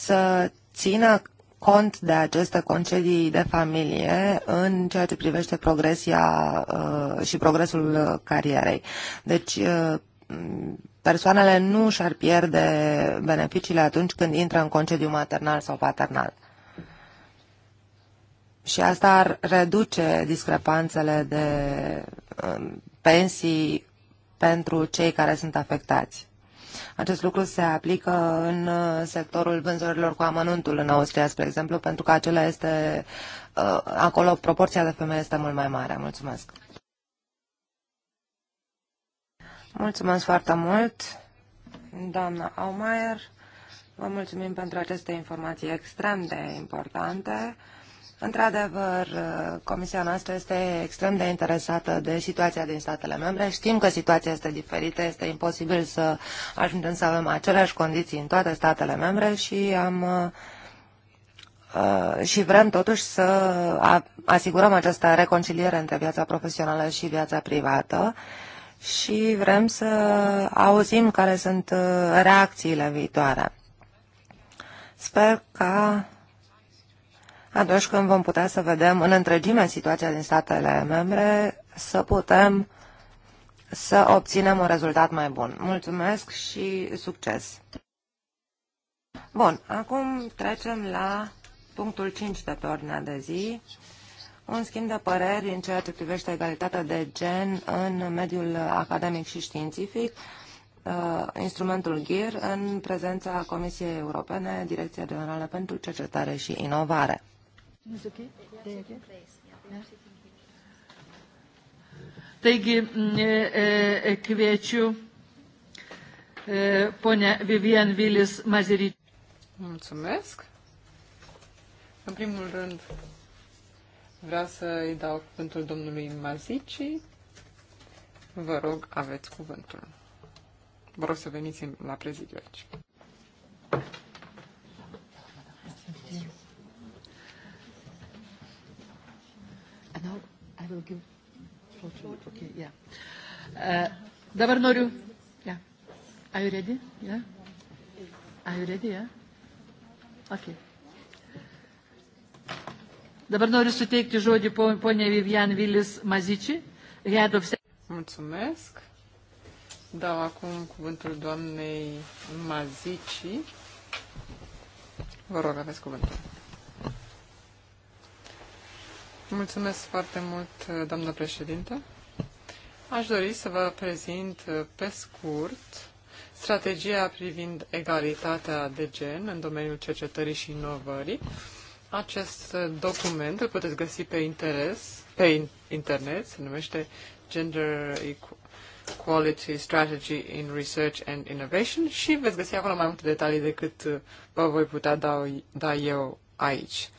să țină cont de aceste concedii de familie în ceea ce privește progresia uh, și progresul carierei. Deci, uh, persoanele nu și-ar pierde beneficiile atunci când intră în concediu maternal sau paternal. Și asta ar reduce discrepanțele de um, pensii pentru cei care sunt afectați. Acest lucru se aplică în uh, sectorul vânzărilor cu amănuntul în Austria, spre exemplu, pentru că acela este, uh, acolo proporția de femei este mult mai mare. Mulțumesc! Mulțumesc foarte mult, doamna Aumayer. Vă mulțumim pentru aceste informații extrem de importante. Într-adevăr, uh, comisia noastră este extrem de interesată de situația din statele membre. Știm că situația este diferită, este imposibil să ajungem să avem aceleași condiții în toate statele membre și am uh, și vrem totuși să asigurăm această reconciliere între viața profesională și viața privată și vrem să auzim care sunt uh, reacțiile viitoare. Sper ca că atunci când vom putea să vedem în întregime situația din statele membre, să putem să obținem un rezultat mai bun. Mulțumesc și succes! Bun, acum trecem la punctul 5 de pe ordinea de zi, un schimb de păreri în ceea ce privește egalitatea de gen în mediul academic și științific, uh, instrumentul GIR, în prezența Comisiei Europene, Direcția Generală pentru Cercetare și Inovare. Taigi mm, kviečiu ponia Vivian Vilis Mazerici. Mulțumesc. În primul rând, vreau să i dau cuvântul domnului Mazici. Vă rog, aveți cuvântul. Vă rog să veniți la prezidiu aici. Thank you. Uh, dabar noriu. Yeah. Are you ready? Yeah. Are you ready? Yeah. Okay. Dabar noriu suteikti žodį ponė Vivian Vilis Mazici, Head of Mulțumesc. Dau acum cuvântul doamnei Mazici. Vă rog, aveți cuvântul. Mulțumesc foarte mult, doamnă președinte. Aș dori să vă prezint uh, pe scurt strategia privind egalitatea de gen în domeniul cercetării și inovării. Acest uh, document îl puteți găsi pe, interes, pe internet, se numește Gender Equality Strategy in Research and Innovation și veți găsi acolo mai multe detalii decât uh, vă voi putea da, da eu aici.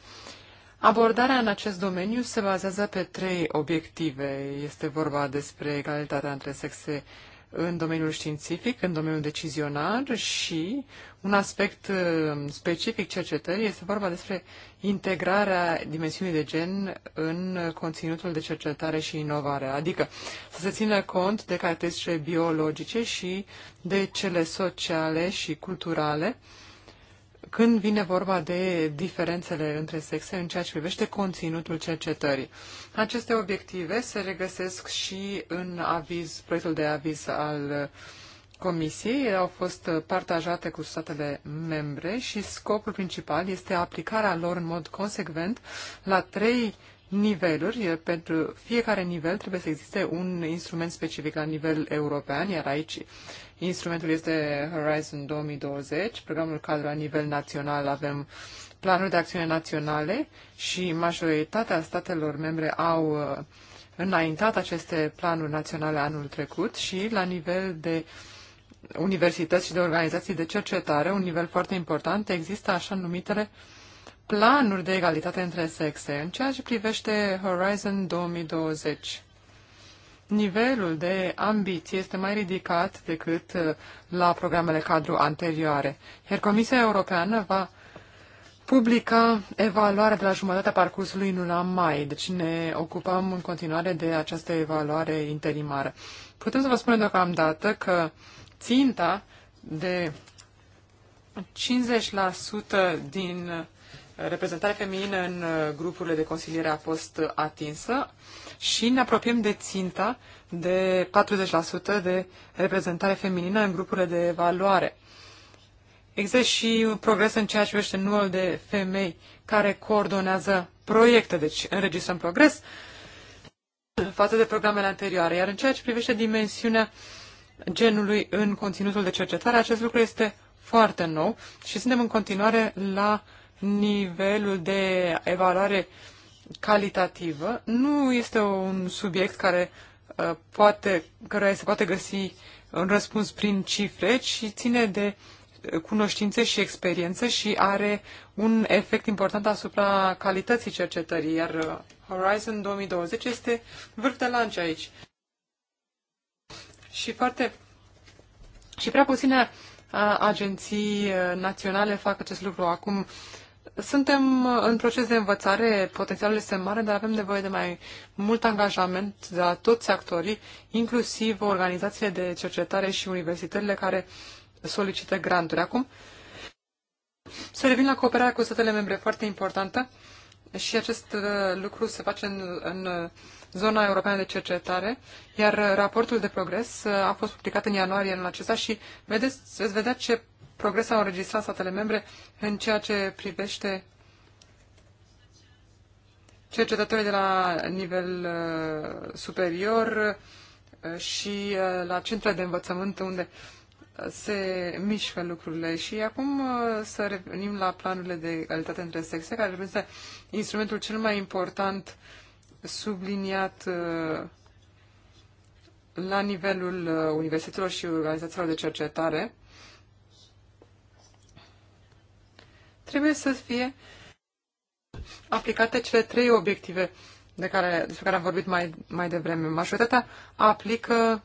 Abordarea în acest domeniu se bazează pe trei obiective. Este vorba despre egalitatea între sexe în domeniul științific, în domeniul decizionar și un aspect uh, specific cercetării este vorba despre integrarea dimensiunii de gen în conținutul de cercetare și inovare, adică să se țină cont de caracteristicile biologice și de cele sociale și culturale, când vine vorba de diferențele între sexe în ceea ce privește conținutul cercetării. Aceste obiective se regăsesc și în aviz, proiectul de aviz al Comisiei. Ele au fost partajate cu statele membre și scopul principal este aplicarea lor în mod consecvent la trei niveluri. Pentru fiecare nivel trebuie să existe un instrument specific la nivel european, iar aici Instrumentul este Horizon 2020, programul cadru la nivel național avem planuri de acțiune naționale și majoritatea statelor membre au uh, înaintat aceste planuri naționale anul trecut și la nivel de universități și de organizații de cercetare, un nivel foarte important, există așa numitele planuri de egalitate între sexe. În ceea ce privește Horizon 2020, nivelul de ambiție este mai ridicat decât uh, la programele cadru anterioare. Iar Comisia Europeană va publica evaluarea de la jumătatea parcursului în luna mai, deci ne ocupăm în continuare de această evaluare interimară. Putem să vă spunem deocamdată că ținta de 50% din reprezentarea feminină în uh, grupurile de consiliere a fost atinsă și ne apropiem de ținta de 40% de reprezentare feminină în grupurile de evaluare. Există și un progres în ceea ce privește numărul de femei care coordonează proiecte, deci înregistrăm progres față de programele anterioare. Iar în ceea ce privește dimensiunea genului în conținutul de cercetare, acest lucru este foarte nou și suntem în continuare la uh, nivelul de evaluare calitativă nu este un subiect care uh, poate, care se poate găsi un răspuns prin cifre, ci ține de uh, cunoștințe și experiență și are un efect important asupra calității cercetării, iar uh, Horizon 2020 este vârf de lanț aici. Și foarte și prea puține agenții naționale fac acest lucru. Acum suntem uh, în proces de învățare, potențialul este mare, dar avem nevoie de mai mult angajament de la toți actorii, inclusiv organizațiile de cercetare și universitățile care solicită granturi. Acum, să revin la cooperarea cu statele membre, foarte importantă, și acest uh, lucru se face în, în uh, zona europeană de cercetare, iar raportul de progres a fost publicat în ianuarie anul acesta și vedeți, veți vedea ce progrese au înregistrat statele membre în ceea ce privește cercetătorii de la nivel uh, superior uh, și uh, la centre de învățământ unde se mișcă lucrurile. Și acum să revenim la planurile de egalitate între sexe, care este instrumentul cel mai important subliniat la nivelul universităților și organizațiilor de cercetare. trebuie să fie aplicate cele trei obiective de care, despre care am vorbit mai, mai devreme. Majoritatea aplică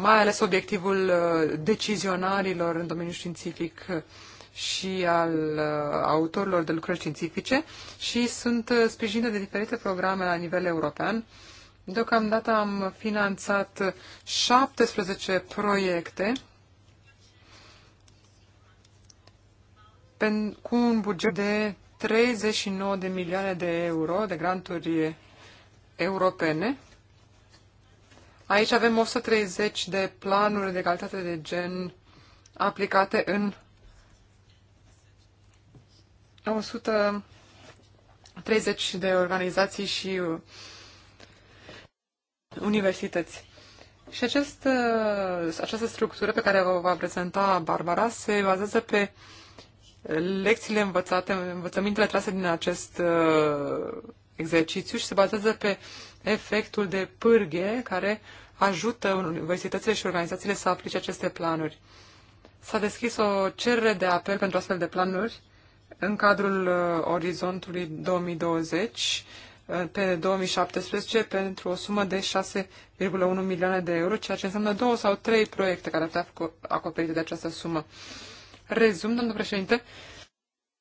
mai ales obiectivul uh, decizionarilor în domeniul științific uh, și al uh, autorilor de lucrări științifice și sunt sprijinite de diferite programe la nivel european. Deocamdată am finanțat 17 proiecte cu un buget de 39 de milioane de euro de granturi europene. Aici avem 130 de planuri de calitate de gen aplicate în 130 de organizații și uh, universități. Și această, uh, această structură pe care o va prezenta Barbara se bazează pe lecțiile învățate, învățămintele trase din acest uh, exercițiu și se bazează pe efectul de pârghe care ajută universitățile și organizațiile să aplice aceste planuri. S-a deschis o cerere de apel pentru astfel de planuri în cadrul uh, orizontului 2020 uh, pe 2017 pentru o sumă de 6,1 milioane de euro, ceea ce înseamnă două sau trei proiecte care ar fi acoperite de această sumă. Uh, rezum, domnul președinte,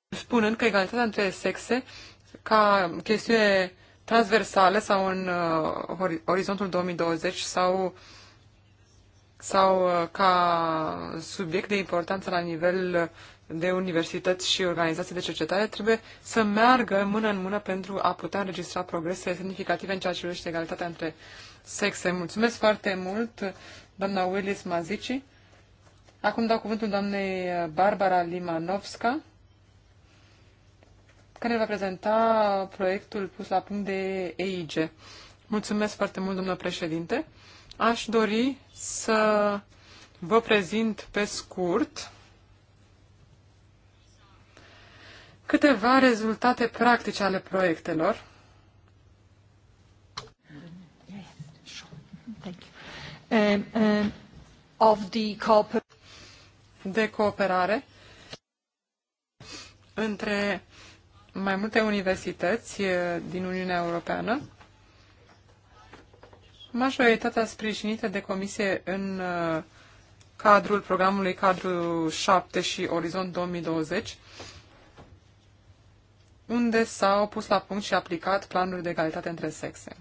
spunând că egalitatea între sexe, ca chestiune transversală sau în uh, orizontul 2020 sau, sau uh, ca subiect de importanță la nivel de universități și organizații de cercetare trebuie să meargă mână în mână pentru a putea înregistra progrese semnificative în ceea ce privește egalitatea între sexe. Mulțumesc foarte mult, doamna Willis Mazici. Acum dau cuvântul doamnei Barbara Limanovska, care va prezenta proiectul pus la punct de EIG. Mulțumesc foarte mult, domnule președinte. Aș dori să vă prezint pe scurt câteva rezultate practice ale proiectelor. Um, um, of the de cooperare între mai multe universități eh, din Uniunea Europeană, majoritatea sprijinită de comisie în eh, cadrul programului Cadru 7 și Orizont 2020, unde s-au pus la punct și aplicat planuri de egalitate între sexe.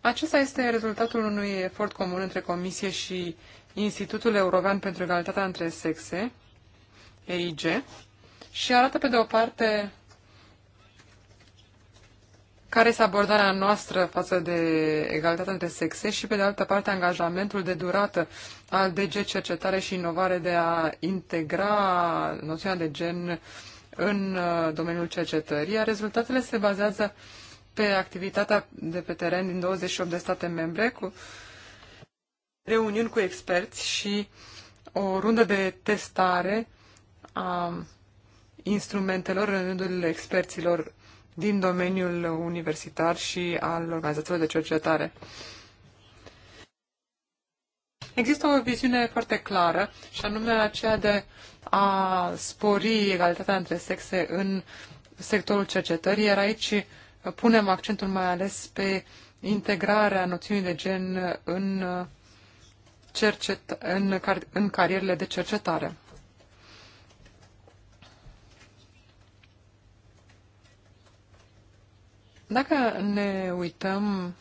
Acesta este rezultatul unui efort comun între Comisie și Institutul European pentru Egalitatea între Sexe, EIG, și arată pe de o parte care este abordarea noastră față de egalitatea între sexe și, pe de altă parte, angajamentul de durată al DG Cercetare și Inovare de a integra noțiunea de gen în uh, domeniul cercetării, iar rezultatele se bazează pe activitatea de pe teren din 28 de state membre, cu reuniuni cu experți și o rundă de testare a instrumentelor în rândul experților din domeniul universitar și al organizațiilor de cercetare. Există o viziune foarte clară și anume aceea de a spori egalitatea între sexe în sectorul cercetării, iar aici punem accentul mai ales pe integrarea noțiunii de gen în cercet, în, car, în carierele de cercetare. Dacă ne uităm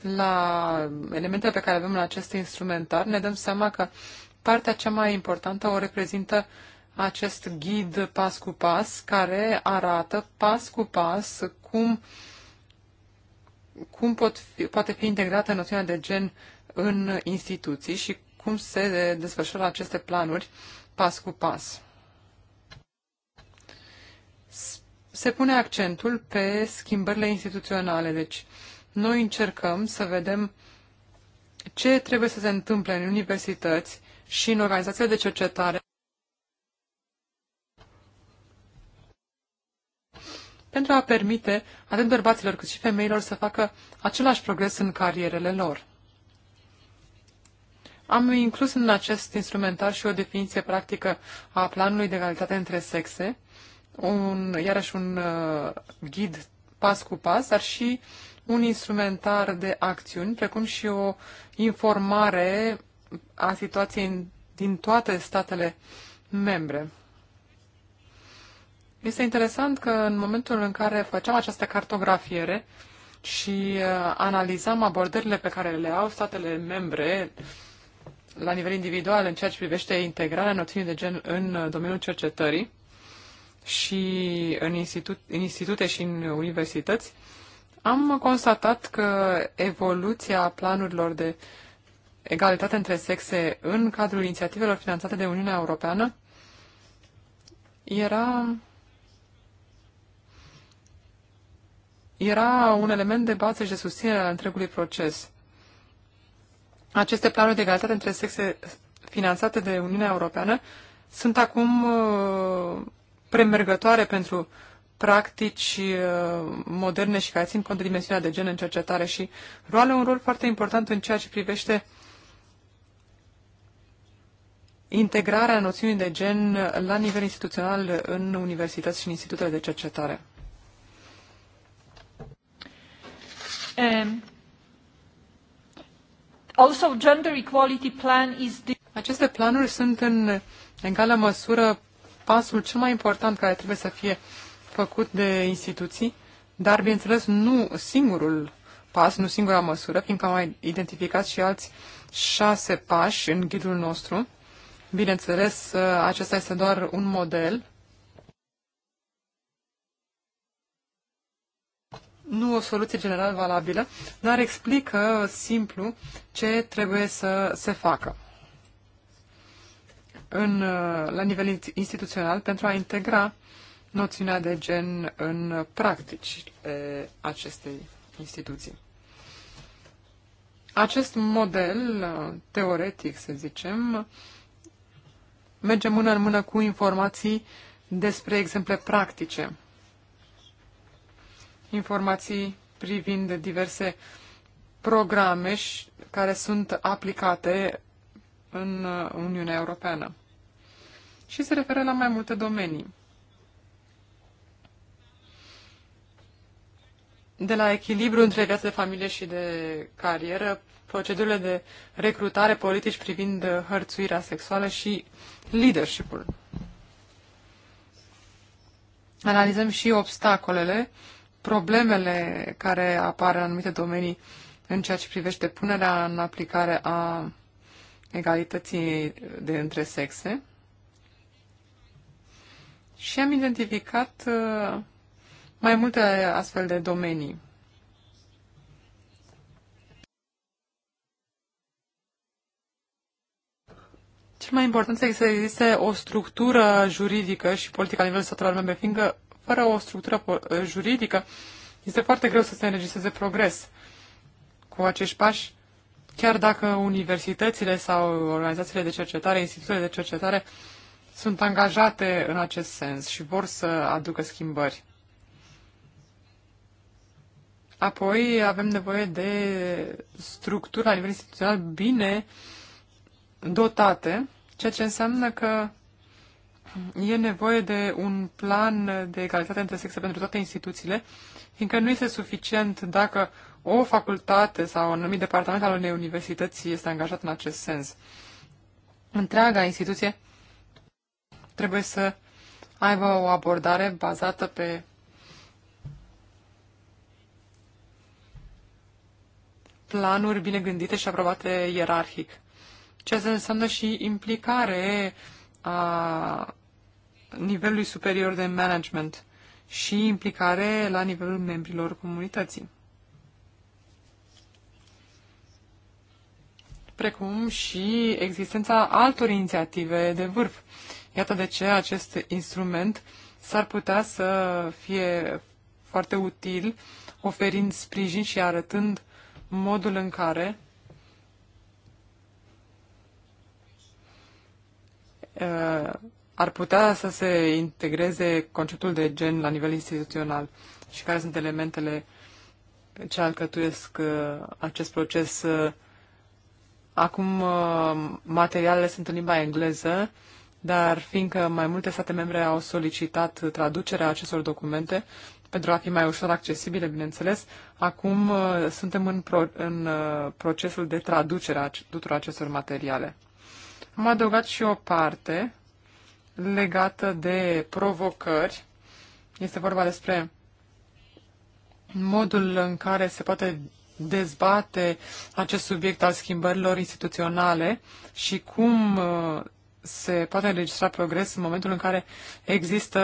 la elementele pe care avem la acest instrumentar, ne dăm seama că partea cea mai importantă o reprezintă acest ghid pas cu pas, care arată pas cu pas cum, cum pot fi, poate fi integrată noțiunea de gen în instituții și cum se desfășoară aceste planuri pas cu pas. Se pune accentul pe schimbările instituționale, deci noi încercăm să vedem ce trebuie să se întâmple în universități și în organizațiile de cercetare pentru a permite atât bărbaților cât și femeilor să facă același progres în carierele lor. Am inclus în acest instrumentar și o definiție practică a planului de egalitate între sexe, un, iarăși un uh, ghid pas cu pas, dar și un instrumentar de acțiuni, precum și o informare a situației din toate statele membre. Este interesant că în momentul în care făceam această cartografiere și uh, analizam abordările pe care le au statele membre la nivel individual în ceea ce privește integrarea noțiunii de gen în uh, domeniul cercetării și în, institut, în institute și în universități, am constatat că evoluția planurilor de egalitate între sexe în cadrul inițiativelor finanțate de Uniunea Europeană era era un element de bază și de susținere a întregului proces. Aceste planuri de egalitate între sexe finanțate de Uniunea Europeană sunt acum uh, premergătoare pentru practici uh, moderne și care țin cont de dimensiunea de gen în cercetare și roale un rol foarte important în ceea ce privește integrarea noțiunii de gen la nivel instituțional în universități și în institutele de cercetare. Um, Also, gender equality plan is Aceste planuri sunt în egală măsură pasul cel mai important care trebuie să fie făcut de instituții, dar, bineînțeles, nu singurul pas, nu singura măsură, fiindcă am mai identificat și alți șase pași în ghidul nostru. Bineînțeles, acesta este doar un model nu o soluție general valabilă, dar explică simplu ce trebuie să se facă în, la nivel instituțional pentru a integra noțiunea de gen în practici acestei instituții. Acest model uh, teoretic, să zicem, merge mână în mână cu informații despre exemple practice informații privind diverse programe care sunt aplicate în uh, Uniunea Europeană și se referă la mai multe domenii. De la echilibru între viața de familie și de carieră, procedurile de recrutare, politici privind uh, hărțuirea sexuală și leadership-ul. Analizăm și obstacolele problemele care apar în anumite domenii în ceea ce privește punerea în aplicare a egalității de între sexe. Și am identificat uh, mai multe astfel de domenii. Cel mai important este să existe o structură juridică și politică la nivelul statelor membre, fiindcă fără o structură juridică, este foarte greu să se înregistreze progres. Cu acești pași, chiar dacă universitățile sau organizațiile de cercetare, instituțiile de cercetare sunt angajate în acest sens și vor să aducă schimbări. Apoi avem nevoie de structuri la nivel instituțional bine dotate, ceea ce înseamnă că E nevoie de un plan de egalitate între sexe pentru toate instituțiile, fiindcă nu este suficient dacă o facultate sau un anumit departament al unei universități este angajat în acest sens. Întreaga instituție trebuie să aibă o abordare bazată pe planuri bine gândite și aprobate ierarhic. Ceea ce înseamnă și implicare uh, a nivelului superior de management și implicare la nivelul membrilor comunității. precum și existența altor inițiative de vârf. Iată de ce acest instrument s-ar putea să fie foarte util, oferind sprijin și arătând modul în care ar putea să se integreze conceptul de gen la nivel instituțional și care sunt elementele ce alcătuiesc uh, acest proces. Uh, acum uh, materialele sunt în limba engleză, dar fiindcă mai multe state membre au solicitat traducerea acestor documente, pentru a fi mai ușor accesibile, bineînțeles. Acum suntem în, pro, în procesul de traducere a tuturor acestor materiale. Am adăugat și o parte legată de provocări. Este vorba despre modul în care se poate dezbate acest subiect al schimbărilor instituționale și cum uh, se poate înregistra progres în momentul în care există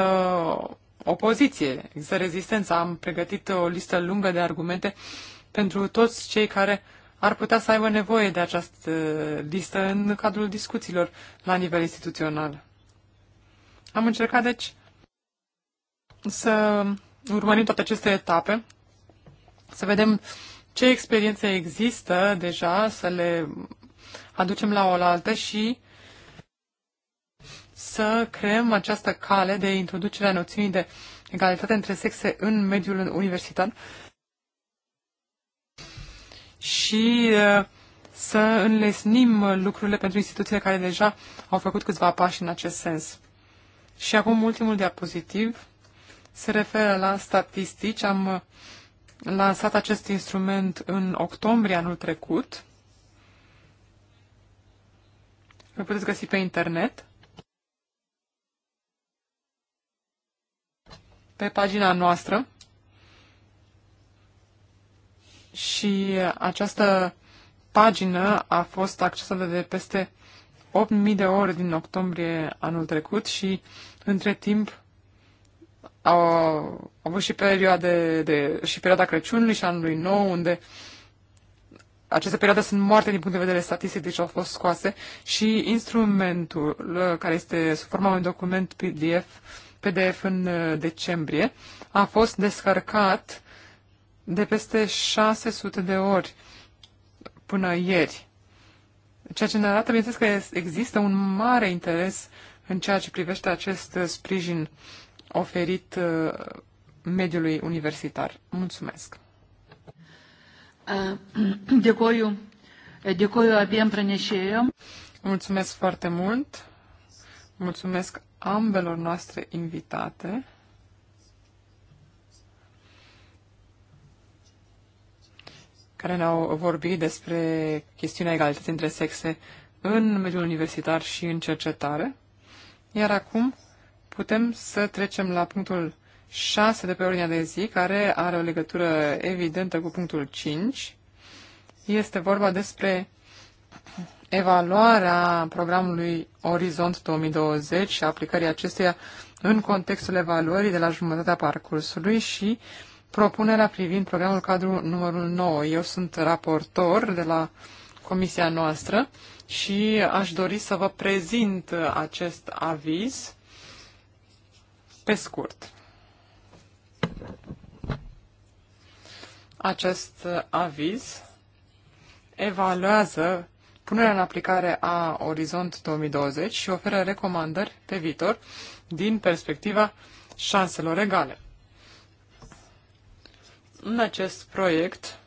opoziție, există rezistență. Am pregătit o listă lungă de argumente pentru toți cei care ar putea să aibă nevoie de această listă în cadrul discuțiilor la nivel instituțional. Am încercat, deci, să urmărim toate aceste etape, să vedem ce experiențe există deja, să le aducem la oaltă și să creăm această cale de introducere a noțiunii de egalitate între sexe în mediul universitar, și să înlesnim lucrurile pentru instituțiile care deja au făcut câțiva pași în acest sens. Și acum ultimul diapozitiv se referă la statistici. Am uh, lansat acest instrument în octombrie anul trecut. Îl puteți găsi pe internet. Pe pagina noastră și această pagină a fost accesată de peste 8.000 de ore din octombrie anul trecut și între timp au, au avut și, perioade de, și perioada Crăciunului și anului nou, unde aceste perioade sunt moarte din punct de vedere statistic, deci au fost scoase și instrumentul uh, care este sub forma unui document PDF, PDF în uh, decembrie a fost descărcat de peste 600 de ori până ieri. Ceea ce ne arată, bineînțeles, că există un mare interes în ceea ce privește acest sprijin oferit uh, mediului universitar. Mulțumesc! Uh, dėkoju, eh, dėkoju Mulțumesc foarte mult! Mulțumesc ambelor noastre invitate. care ne-au vorbit despre chestiunea egalității între sexe în mediul universitar și în cercetare. Iar acum putem să trecem la punctul 6 de pe ordinea de zi, care are o legătură evidentă cu punctul 5. Este vorba despre evaluarea programului Orizont 2020 și aplicării acesteia în contextul evaluării de la jumătatea parcursului și uh, propunerea privind programul cadru numărul 9. Eu sunt raportor de la comisia noastră și aș dori să vă prezint acest aviz pe scurt. Acest aviz evaluează punerea în aplicare a Orizont 2020 și oferă recomandări pe viitor din perspectiva șanselor egale în acest proiect.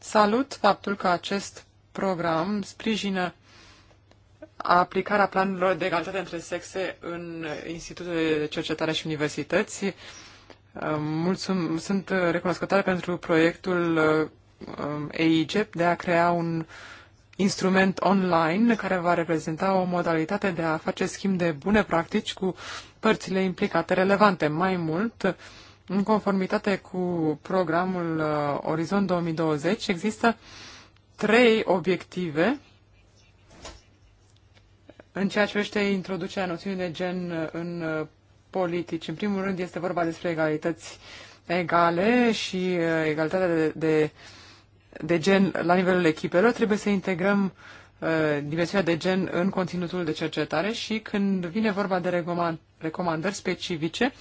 Salut faptul că acest program sprijină aplicarea planurilor de egalitate între sexe în Institutul de cercetare și universități. Uh, mulțum, sunt recunoscătoare pentru proiectul uh, um, EIGEP de a crea un instrument online care va reprezenta o modalitate de a face schimb de bune practici cu părțile implicate relevante. Mai mult, uh, în conformitate cu programul uh, Orizont 2020 există trei obiective în ceea ce vește introducerea noțiunii de gen uh, în uh, politici. În primul rând este vorba despre egalități egale și uh, egalitatea de, de, de gen la nivelul echipelor. Trebuie să integrăm dimensiunea de gen în conținutul de cercetare și când vine vorba de recomandări specifice,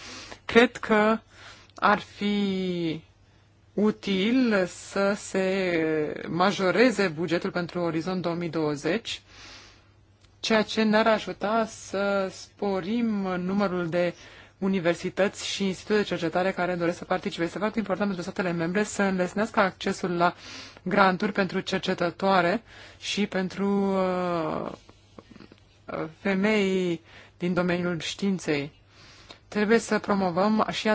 cred că uh, ar fi util să se majoreze bugetul pentru Orizont 2020, ceea ce ne-ar ajuta să sporim numărul de universități și institute de cercetare care doresc să participe. Este foarte important pentru statele membre să înlesnească accesul la granturi pentru cercetătoare și pentru uh, uh femei din domeniul științei. Trebuie să promovăm și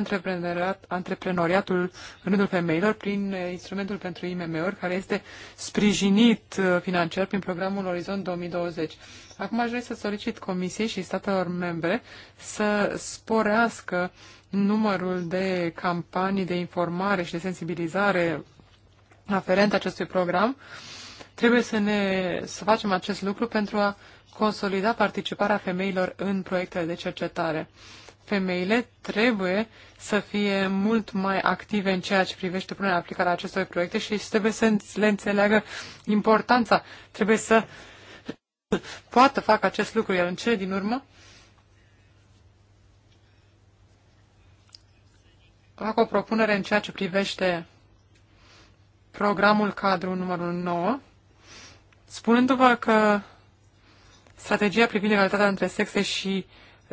antreprenoriatul în rândul femeilor prin instrumentul pentru IMM-uri, care este sprijinit uh, financiar prin programul Orizont 2020. Acum aș vrea să solicit Comisiei și statelor membre să sporească numărul de campanii de informare și de sensibilizare aferent acestui program. Trebuie să, ne, să facem acest lucru pentru a consolida participarea femeilor în proiectele de cercetare femeile trebuie să fie mult mai active în ceea ce privește punerea aplicarea acestor proiecte și trebuie să le înțeleagă importanța. Trebuie să poată fac acest lucru, iar în cele din urmă fac o propunere în ceea ce privește programul cadru numărul 9, spunându-vă că strategia privind egalitatea între sexe și uh,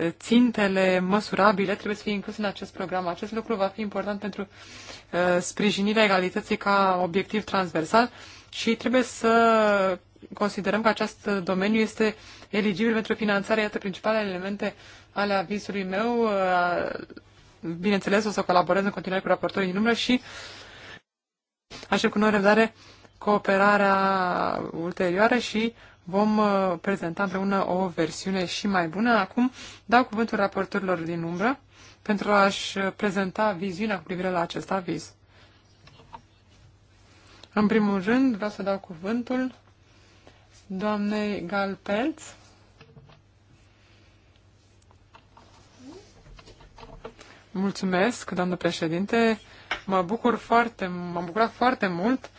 țintele măsurabile trebuie să fie incluse în acest program. Acest lucru va fi important pentru uh, sprijinirea egalității ca obiectiv transversal și trebuie să considerăm că acest domeniu este eligibil pentru finanțare. Iată principalele elemente ale avizului meu. Uh, bineînțeles, o să colaborez în continuare cu raportorii din umbră și aștept cu noi răbdare cooperarea ulterioară și vom uh, prezenta împreună o versiune și mai bună. Acum dau cuvântul raporturilor din umbră pentru a-și uh, prezenta viziunea cu privire la acest aviz. În primul rând, vreau să dau cuvântul doamnei Galpelț. Mulțumesc, doamnă președinte. Mă bucur foarte, m-am bucurat foarte mult uh,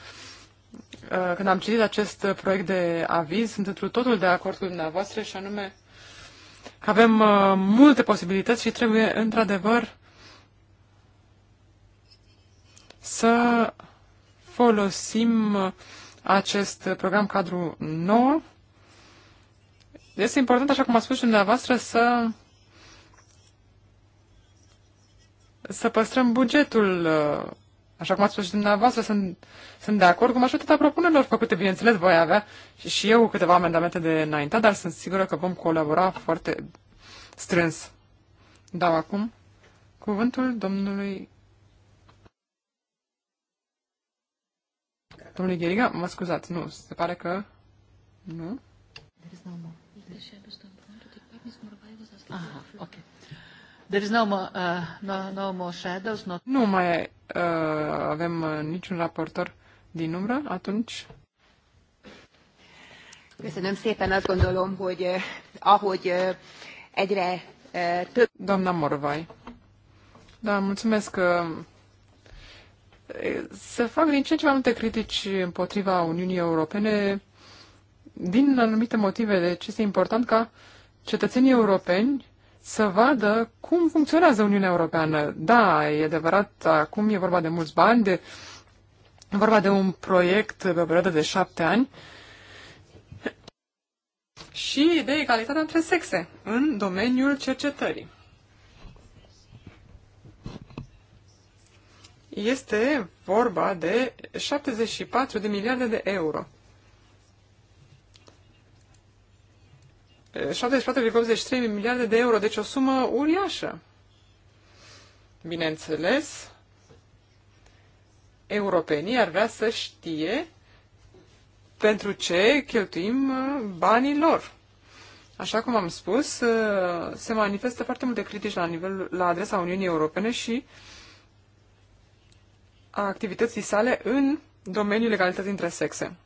Uh, când am citit acest proiect de aviz, sunt într totul de acord cu dumneavoastră și anume că avem uh, multe posibilități și trebuie într-adevăr să folosim uh, acest program cadru nou. Este important, așa cum a spus și dumneavoastră, să să păstrăm bugetul Așa cum ați spus și dumneavoastră, sunt, sunt de acord cu majoritatea propunerilor făcute. Bineînțeles, voi avea și, și eu câteva amendamente de înainte, dar sunt sigură că vom colabora foarte strâns. Dau acum cuvântul domnului domnului Gheriga, mă scuzați, nu, se pare că... Nu? Aha, ok. There is no more, uh, no, no more shadows, not... Nu mai uh, avem uh, niciun raportor din umbră, atunci... Köszönöm szépen, azt gondolom, hogy eh, ahogy eh, egyre eh, több... Doamna Morvai. Da, mulțumesc că uh, se fac din ce în ce mai multe critici împotriva Uniunii Europene din anumite motive. Deci este important ca cetățenii europeni să vadă cum funcționează Uniunea Europeană. Da, e adevărat, acum e vorba de mulți bani, de, e vorba de un proiect pe o perioadă de șapte ani și de egalitatea între sexe în domeniul cercetării. Este vorba de 74 de miliarde de euro. 74,83 miliarde de euro, deci o sumă uriașă. Bineînțeles, europenii ar vrea să știe pentru ce cheltuim uh, banii lor. Așa cum am spus, uh, se manifestă foarte multe critici la, nivel, la adresa Uniunii Europene și a activității sale în domeniul legalității între sexe.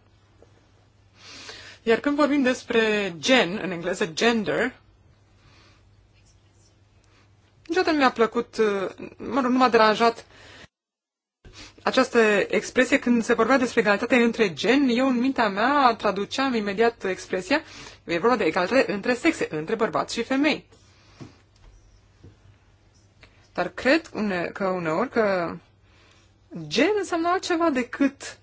Iar când vorbim despre gen, în engleză gender, niciodată nu mi-a plăcut, uh, mă rog, nu m-a deranjat această expresie când se vorbea despre egalitate între gen, eu în mintea mea traduceam imediat expresia, e vorba de egalitate între sexe, între bărbați și femei. Dar cred une, că uneori că gen înseamnă altceva decât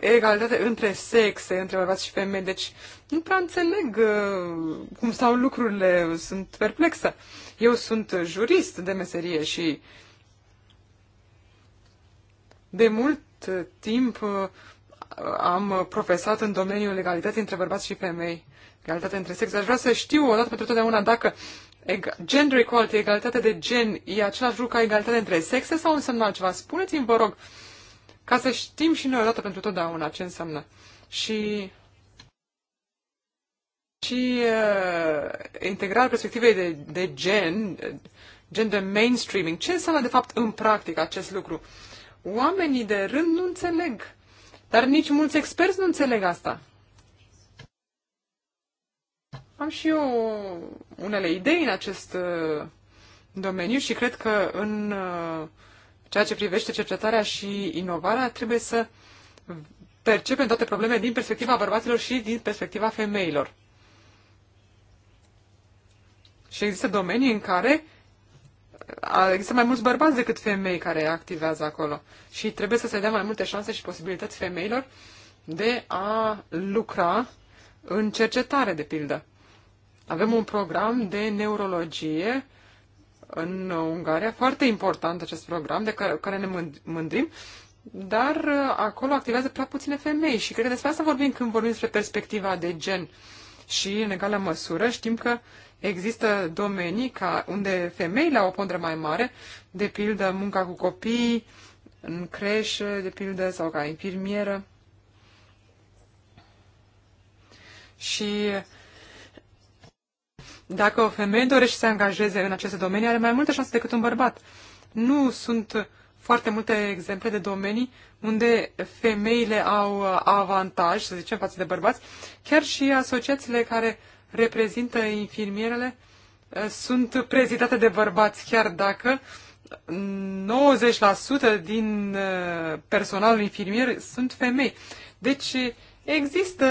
egalitate între sexe, între bărbați și femei. Deci nu prea înțeleg uh, cum stau lucrurile, sunt perplexă. Eu sunt jurist de meserie și de mult timp uh, am profesat în domeniul legalității între bărbați și femei, egalitate între sexe. Aș vrea să știu odată pentru totdeauna dacă gender equality, egalitate de gen, e același lucru ca egalitate între sexe sau înseamnă altceva? Spuneți-mi, vă rog, uh, ca să știm și noi odată pentru totdeauna ce înseamnă. Și și uh, integrarea perspectivei de, de gen, gen de mainstreaming. Ce înseamnă, de fapt, în practică acest lucru? Oamenii de rând nu înțeleg, dar nici mulți experți nu înțeleg asta. Am și eu unele idei în acest uh, domeniu și cred că în uh, ceea ce privește cercetarea și inovarea, trebuie să percepem toate problemele din perspectiva bărbaților și din perspectiva femeilor. Și există domenii în care există mai mulți bărbați decât femei care activează acolo. Și trebuie să se dea mai multe șanse și posibilități femeilor de a lucra în cercetare, de pildă. Avem un program de neurologie în Ungaria, foarte important acest program de care, care ne mândrim, dar uh, acolo activează prea puține femei și cred că despre asta vorbim când vorbim despre perspectiva de gen. Și în egală măsură știm că există domenii ca unde femeile au o pondere mai mare, de pildă munca cu copii, în creșă, de pildă, sau ca infirmieră. Și dacă o femeie dorește să se angajeze în aceste domenii, are mai multe șanse decât un bărbat. Nu sunt foarte multe exemple de domenii unde femeile au avantaj, să zicem, față de bărbați. Chiar și asociațiile care reprezintă infirmierele eh, sunt prezidate de bărbați, chiar dacă 90% din eh, personalul infirmier sunt femei. Deci Există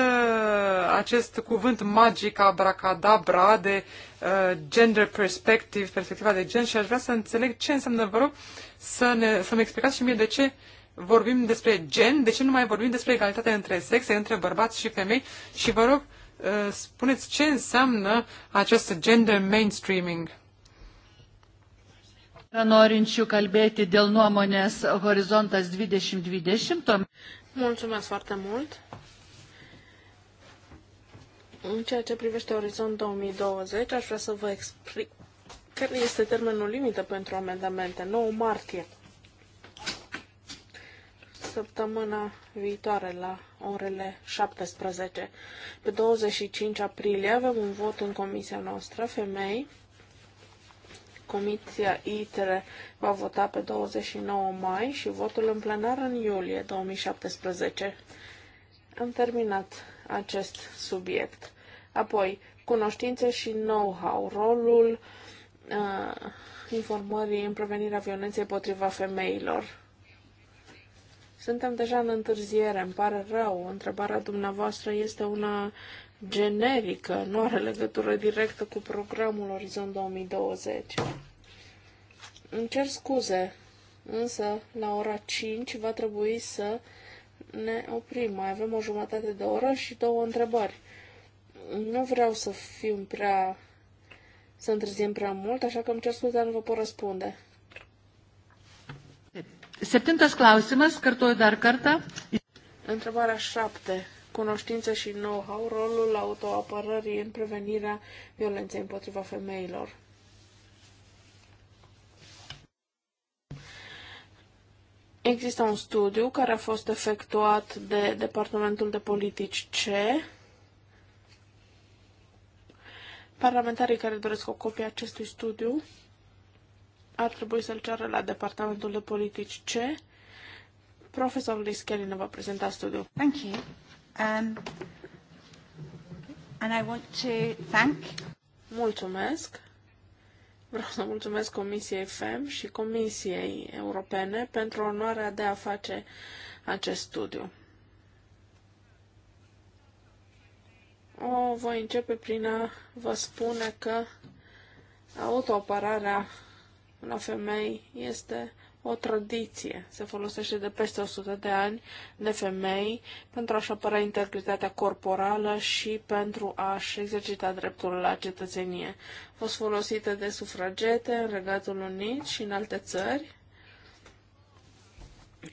acest cuvânt magic, abracadabra, de uh, gender perspective, perspectiva de gen și aș vrea să înțeleg ce înseamnă, vă rog, să ne, să-mi explicați și mie de ce vorbim despre gen, de ce nu mai vorbim despre egalitate între sexe, între bărbați și femei și vă rog, uh, spuneți ce înseamnă acest gender mainstreaming. Norinčių kalbėti dėl nuomonės Horizontas 2020. Mulțumesc foarte mult. În ceea ce privește Orizont 2020, aș vrea să vă explic care este termenul limită pentru amendamente. 9 martie. Săptămâna viitoare la orele 17. Pe 25 aprilie avem un vot în comisia noastră, femei. Comisia ITRE va vota pe 29 mai și votul în plenar în iulie 2017. Am terminat acest subiect. Apoi, cunoștințe și know-how, rolul uh, informării în prevenirea violenței potriva femeilor. Suntem deja în întârziere, îmi pare rău. Întrebarea dumneavoastră este una generică, nu are legătură directă cu programul Orizont 2020. Îmi cer scuze, însă la ora 5 va trebui să ne oprim. Mai avem o jumătate de oră și două întrebări. Nu vreau să fiu prea... să întârziem prea mult, așa că îmi cer scuze, nu vă pot răspunde. Septintas klausimas, kartuoju dar kartą. Întrebarea șapte. Cunoștință și know-how, rolul autoapărării în prevenirea violenței împotriva femeilor. Există un studiu care a fost efectuat de Departamentul de Politici C. Parlamentarii care doresc o copie a acestui studiu ar trebui să-l ceară la Departamentul de Politici C. Profesorul Lischeli ne va prezenta studiul. Thank you. Um, and I want to thank... Mulțumesc. Vreau să mulțumesc Comisiei FEM și Comisiei Europene pentru onoarea de a face acest studiu. O voi începe prin a vă spune că autoapărarea la femei este o tradiție. Se folosește de peste 100 de ani de femei pentru a-și apăra integritatea corporală și pentru a-și exercita dreptul la cetățenie. A fost folosită de sufragete în Regatul Unit și în alte țări.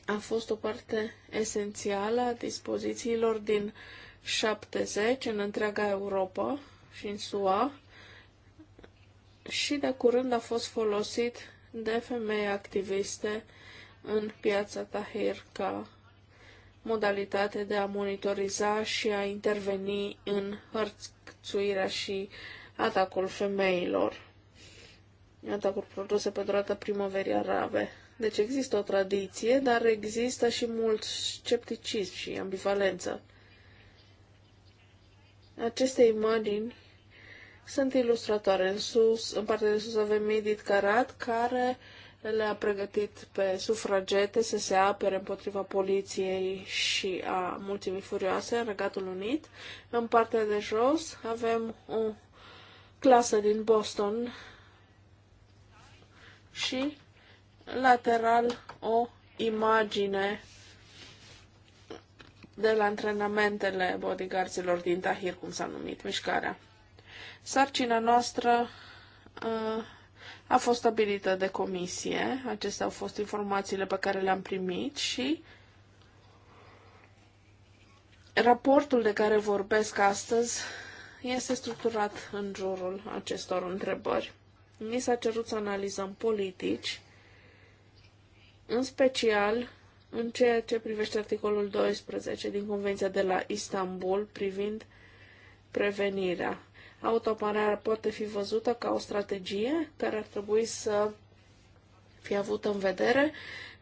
A fost o parte esențială a dispozițiilor din 70 în întreaga Europa și în SUA și de curând a fost folosit de femei activiste în piața Tahir ca modalitate de a monitoriza și a interveni în hărțuirea și atacul femeilor, atacuri produse pe durata primăverii arabe. Deci există o tradiție, dar există și mult scepticism și ambivalență. Aceste imagini sunt ilustratoare. În sus, în partea de sus avem Edit Carat, care le-a pregătit pe sufragete să se apere împotriva poliției și a mulțimii furioase în Regatul Unit. În partea de jos avem o clasă din Boston și lateral o imagine de la antrenamentele bodyguardilor din Tahir, cum s-a numit mișcarea. Sarcina noastră uh, a fost stabilită de comisie, acestea au fost informațiile pe care le-am primit și raportul de care vorbesc astăzi este structurat în jurul acestor întrebări. Mi s-a cerut să analizăm politici, în special în ceea ce privește articolul 12 din Convenția de la Istanbul privind prevenirea Autoapărarea poate fi văzută ca o strategie care ar trebui să fie avută în vedere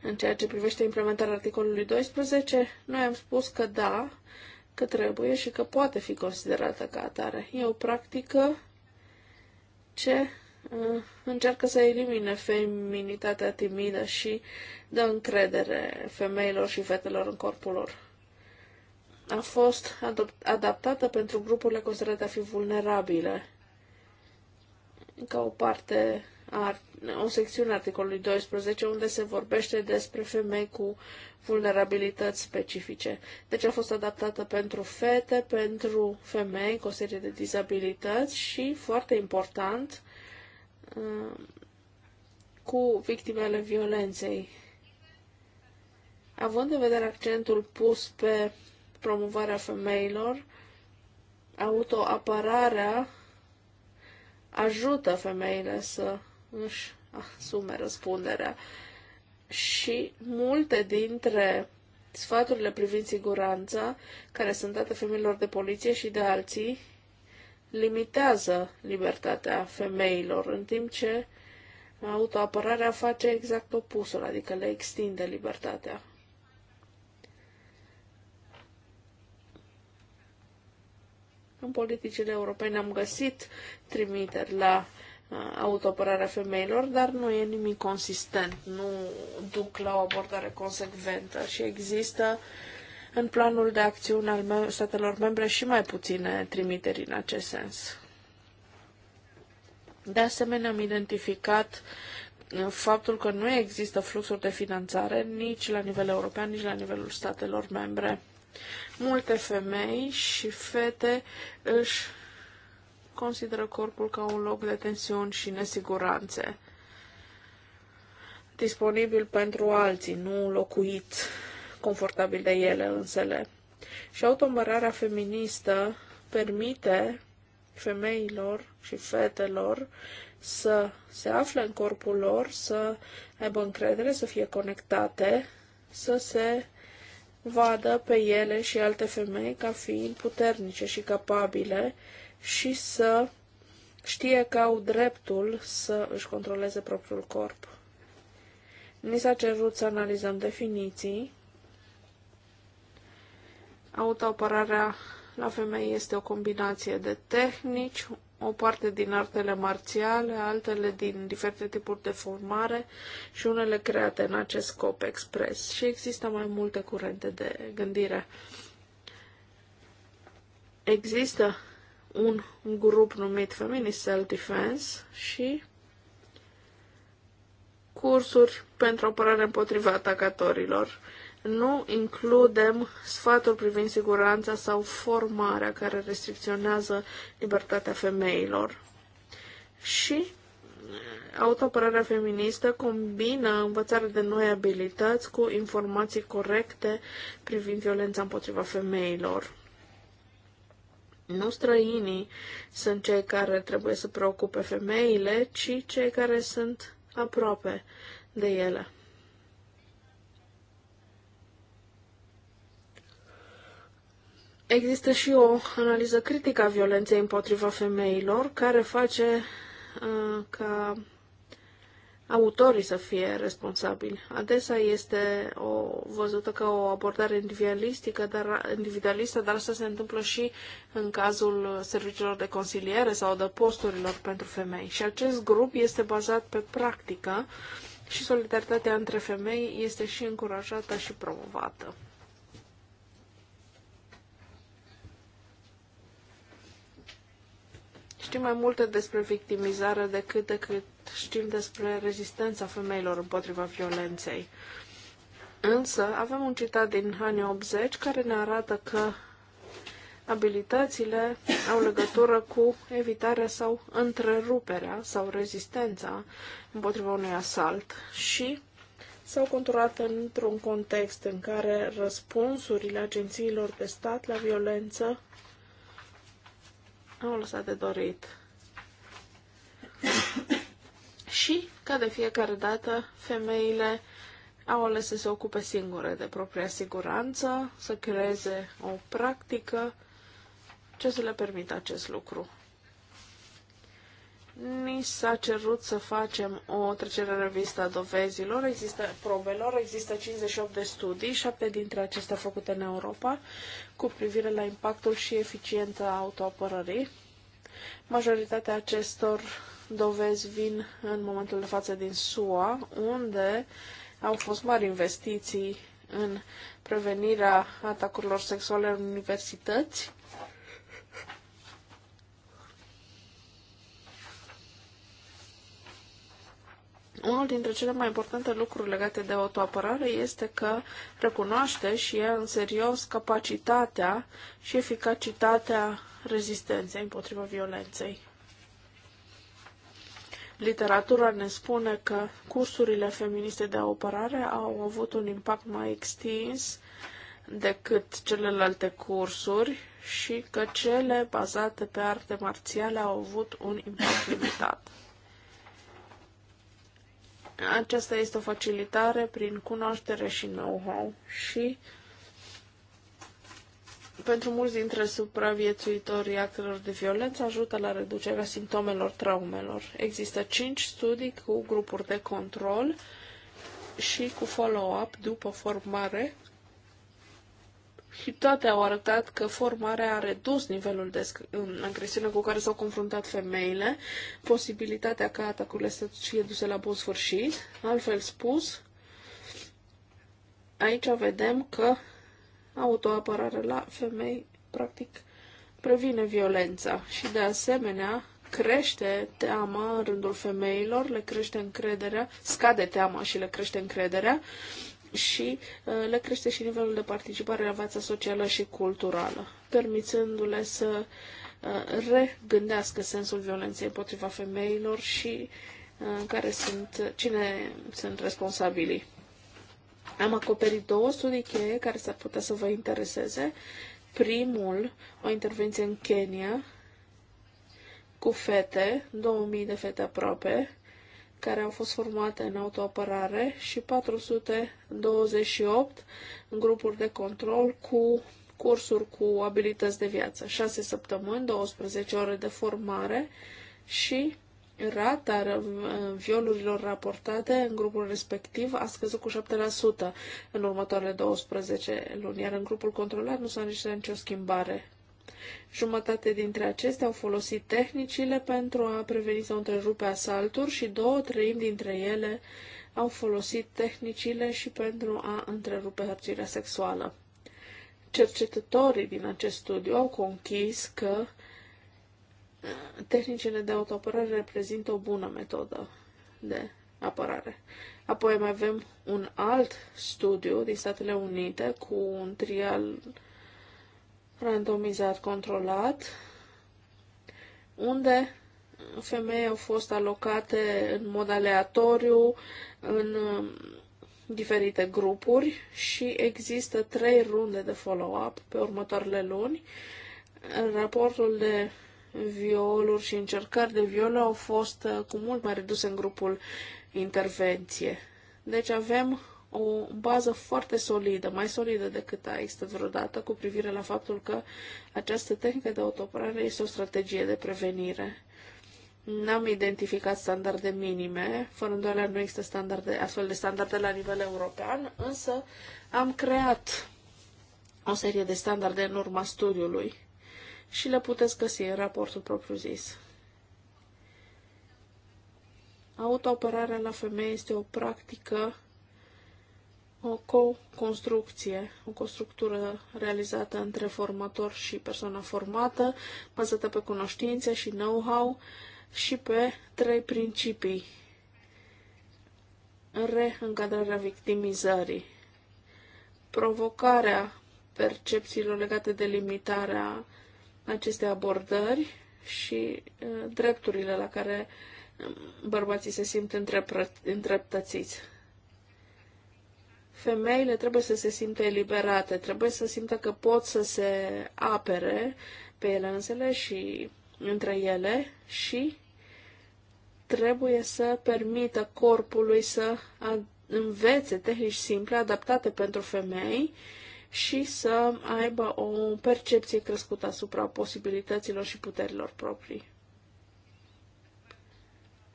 în ceea ce privește implementarea articolului 12. Noi am spus că da, că trebuie și că poate fi considerată ca atare. E o practică ce uh, încearcă să elimine feminitatea timidă și dă încredere femeilor și fetelor în corpul lor a fost adaptată pentru grupurile considerate a fi vulnerabile ca o parte a, o secțiune a articolului 12 unde se vorbește despre femei cu vulnerabilități specifice. Deci a fost adaptată pentru fete, pentru femei cu o serie de dizabilități și, foarte important, uh, cu victimele violenței. Având în vedere accentul pus pe promovarea femeilor, autoapărarea ajută femeile să își asume răspunderea. Și multe dintre sfaturile privind siguranța, care sunt date femeilor de poliție și de alții, limitează libertatea femeilor, în timp ce autoapărarea face exact opusul, adică le extinde libertatea. În politicile europene am găsit trimiteri la uh, autoapărarea femeilor, dar nu e nimic consistent, nu duc la o abordare consecventă și există în planul de acțiune al statelor membre și mai puține trimiteri în acest sens. De asemenea, am identificat uh, faptul că nu există fluxuri de finanțare nici la nivel european, nici la nivelul statelor membre. Multe femei și fete își consideră corpul ca un loc de tensiuni și nesiguranțe, disponibil pentru alții, nu locuit confortabil de ele însele. Și autombărarea feministă permite femeilor și fetelor să se afle în corpul lor, să aibă încredere, să fie conectate, să se vadă pe ele și alte femei ca fiind puternice și capabile și să știe că au dreptul să își controleze propriul corp. Ni s-a cerut să analizăm definiții. Autoapărarea la femei este o combinație de tehnici, o parte din artele marțiale, altele din diferite tipuri de formare și unele create în acest scop expres. Și există mai multe curente de gândire. Există un grup numit Feminist Self-Defense și cursuri pentru apărare împotriva atacatorilor nu includem sfatul privind siguranța sau formarea care restricționează libertatea femeilor. Și autoapărarea feministă combină învățarea de noi abilități cu informații corecte privind violența împotriva femeilor. Nu străinii sunt cei care trebuie să preocupe femeile, ci cei care sunt aproape de ele. Există și o analiză critică a violenței împotriva femeilor, care face uh, ca autorii să fie responsabili. Adesea este o, văzută ca o abordare individualistică, dar, individualistă, dar asta se întâmplă și în cazul serviciilor de consiliere sau de posturilor pentru femei. Și acest grup este bazat pe practică și solidaritatea între femei este și încurajată și promovată. Știm mai multe despre victimizare decât, decât știm despre rezistența femeilor împotriva violenței. Însă, avem un citat din anii 80 care ne arată că abilitățile au legătură cu evitarea sau întreruperea sau rezistența împotriva unui asalt și s-au conturat într-un context în care răspunsurile agențiilor de stat la violență am lăsat de dorit. și, ca de fiecare dată, femeile au ales să se ocupe singure de propria siguranță, să creeze o practică ce să le permită acest lucru. Ni s-a cerut să facem o trecere în revistă a dovezilor, există probelor, există 58 de studii, 7 dintre acestea făcute în Europa, cu privire la impactul și eficiența autoapărării. Majoritatea acestor dovezi vin în momentul de față din SUA, unde au fost mari investiții în prevenirea atacurilor sexuale în universități Unul dintre cele mai importante lucruri legate de autoapărare este că recunoaște și ia în serios capacitatea și eficacitatea rezistenței împotriva violenței. Literatura ne spune că cursurile feministe de apărare au avut un impact mai extins decât celelalte cursuri și că cele bazate pe arte marțiale au avut un impact limitat. Aceasta este o facilitare prin cunoaștere și know-how și pentru mulți dintre supraviețuitorii actelor de violență ajută la reducerea simptomelor traumelor. Există cinci studii cu grupuri de control și cu follow-up după formare și toate au arătat că formarea a redus nivelul de agresiune cu care s-au confruntat femeile, posibilitatea ca atacurile să fie duse la bun sfârșit. Altfel spus, aici vedem că autoapărarea la femei, practic, previne violența și, de asemenea, crește teama în rândul femeilor, le crește încrederea, scade teama și le crește încrederea și uh, le crește și nivelul de participare la viața socială și culturală, permițându-le să uh, regândească sensul violenței împotriva femeilor și uh, care sunt, cine sunt responsabilii. Am acoperit două studii cheie care s-ar putea să vă intereseze. Primul, o intervenție în Kenya, cu fete, 2000 de fete aproape, care au fost formate în autoapărare și 428 în grupuri de control cu cursuri cu abilități de viață, 6 săptămâni, 12 ore de formare și rata violurilor raportate în grupul respectiv a scăzut cu 7% în următoarele 12 luni, iar în grupul controlat nu s-a înregistrat nicio schimbare. Jumătate dintre acestea au folosit tehnicile pentru a preveni sau întrerupe asalturi și două treimi dintre ele au folosit tehnicile și pentru a întrerupe hărțirea sexuală. Cercetătorii din acest studiu au conchis că uh, tehnicile de autoapărare reprezintă o bună metodă de apărare. Apoi mai avem un alt studiu din Statele Unite cu un trial randomizat controlat, unde femei au fost alocate în mod aleatoriu în um, diferite grupuri și există trei runde de follow-up pe următoarele luni. În raportul de violuri și încercări de viol au fost uh, cu mult mai reduse în grupul intervenție. Deci avem o bază foarte solidă, mai solidă decât a existat vreodată, cu privire la faptul că această tehnică de autoapărare este o strategie de prevenire. N-am identificat standarde minime, fără îndoială nu există standarde, astfel de standarde la nivel european, însă am creat o serie de standarde în urma studiului și le puteți găsi în raportul propriu-zis. Autooperarea la femei este o practică o co-construcție, o constructură realizată între formator și persoana formată, bazată pe cunoștințe și know-how și pe trei principii. Reîncadrarea victimizării, provocarea percepțiilor legate de limitarea acestei abordări și uh, drepturile la care um, bărbații se simt întreptățiți femeile trebuie să se simtă eliberate, trebuie să simtă că pot să se apere pe ele însele și între ele și trebuie să permită corpului să învețe tehnici simple adaptate pentru femei și să aibă o percepție crescută asupra posibilităților și puterilor proprii.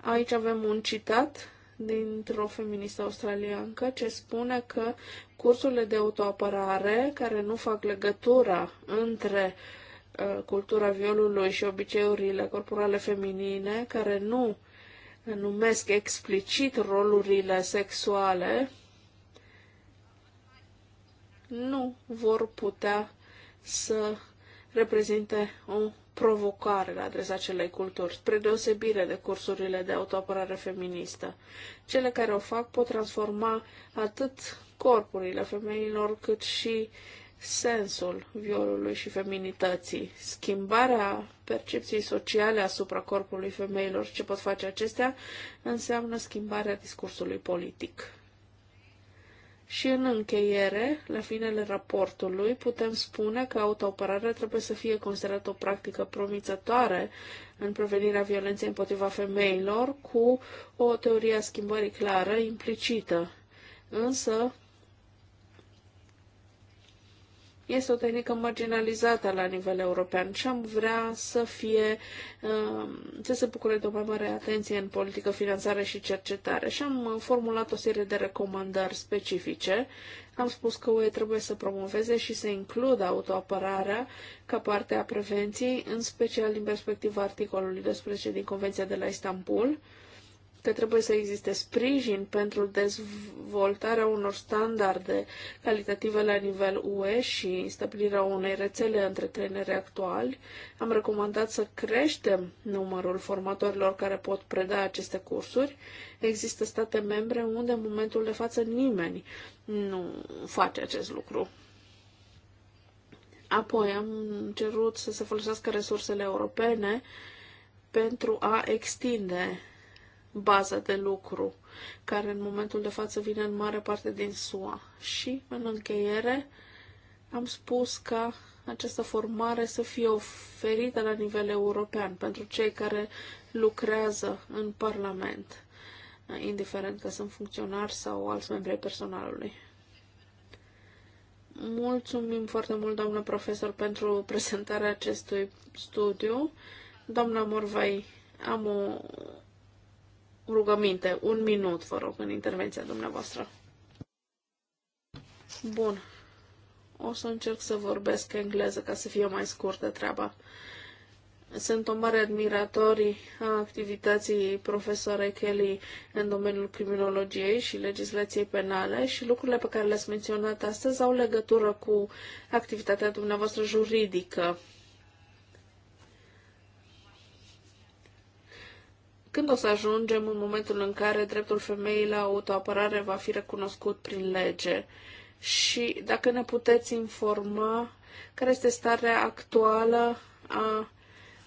Aici avem un citat dintr-o feministă australiancă ce spune că cursurile de autoapărare care nu fac legătura între uh, cultura violului și obiceiurile corporale feminine, care nu numesc explicit rolurile sexuale, nu vor putea să reprezinte o provocare la adresa acelei culturi, spre deosebire de cursurile de autoapărare feministă. Cele care o fac pot transforma atât corpurile femeilor, cât și sensul violului și feminității. Schimbarea percepției sociale asupra corpului femeilor și ce pot face acestea înseamnă schimbarea discursului politic. Și în încheiere, la finele raportului, putem spune că autoapărarea trebuie să fie considerată o practică promițătoare în prevenirea violenței împotriva femeilor, cu o teorie a schimbării clară implicită. Însă, este o tehnică marginalizată la nivel european și am vrea să fie, um, să se bucure de o mai mare atenție în politică, finanțare și cercetare. Și am uh, formulat o serie de recomandări specifice. Am spus că UE trebuie să promoveze și să includă autoapărarea ca parte a prevenției, în special din perspectiva articolului 12 din Convenția de la Istanbul, că trebuie să existe sprijin pentru dezvoltarea unor standarde calitative la nivel UE și stabilirea unei rețele între treneri actuali. Am recomandat să creștem numărul formatorilor care pot preda aceste cursuri. Există state membre unde în momentul de față nimeni nu face acest lucru. Apoi am cerut să se folosească resursele europene pentru a extinde baza de lucru, care în momentul de față vine în mare parte din SUA. Și, în încheiere, am spus că această formare să fie oferită la nivel european pentru cei care lucrează în Parlament, indiferent că sunt funcționari sau alți membri ai personalului. Mulțumim foarte mult, doamnă profesor, pentru prezentarea acestui studiu. Doamna Morvai, am o rugăminte, un minut, vă rog, în intervenția dumneavoastră. Bun. O să încerc să vorbesc engleză ca să fie mai scurtă treaba. Sunt o mare admiratorii a activității profesoarei Kelly în domeniul criminologiei și legislației penale și lucrurile pe care le-ați menționat astăzi au legătură cu activitatea dumneavoastră juridică Când o să ajungem în momentul în care dreptul femeii la autoapărare va fi recunoscut prin lege? Și dacă ne puteți informa care este starea actuală a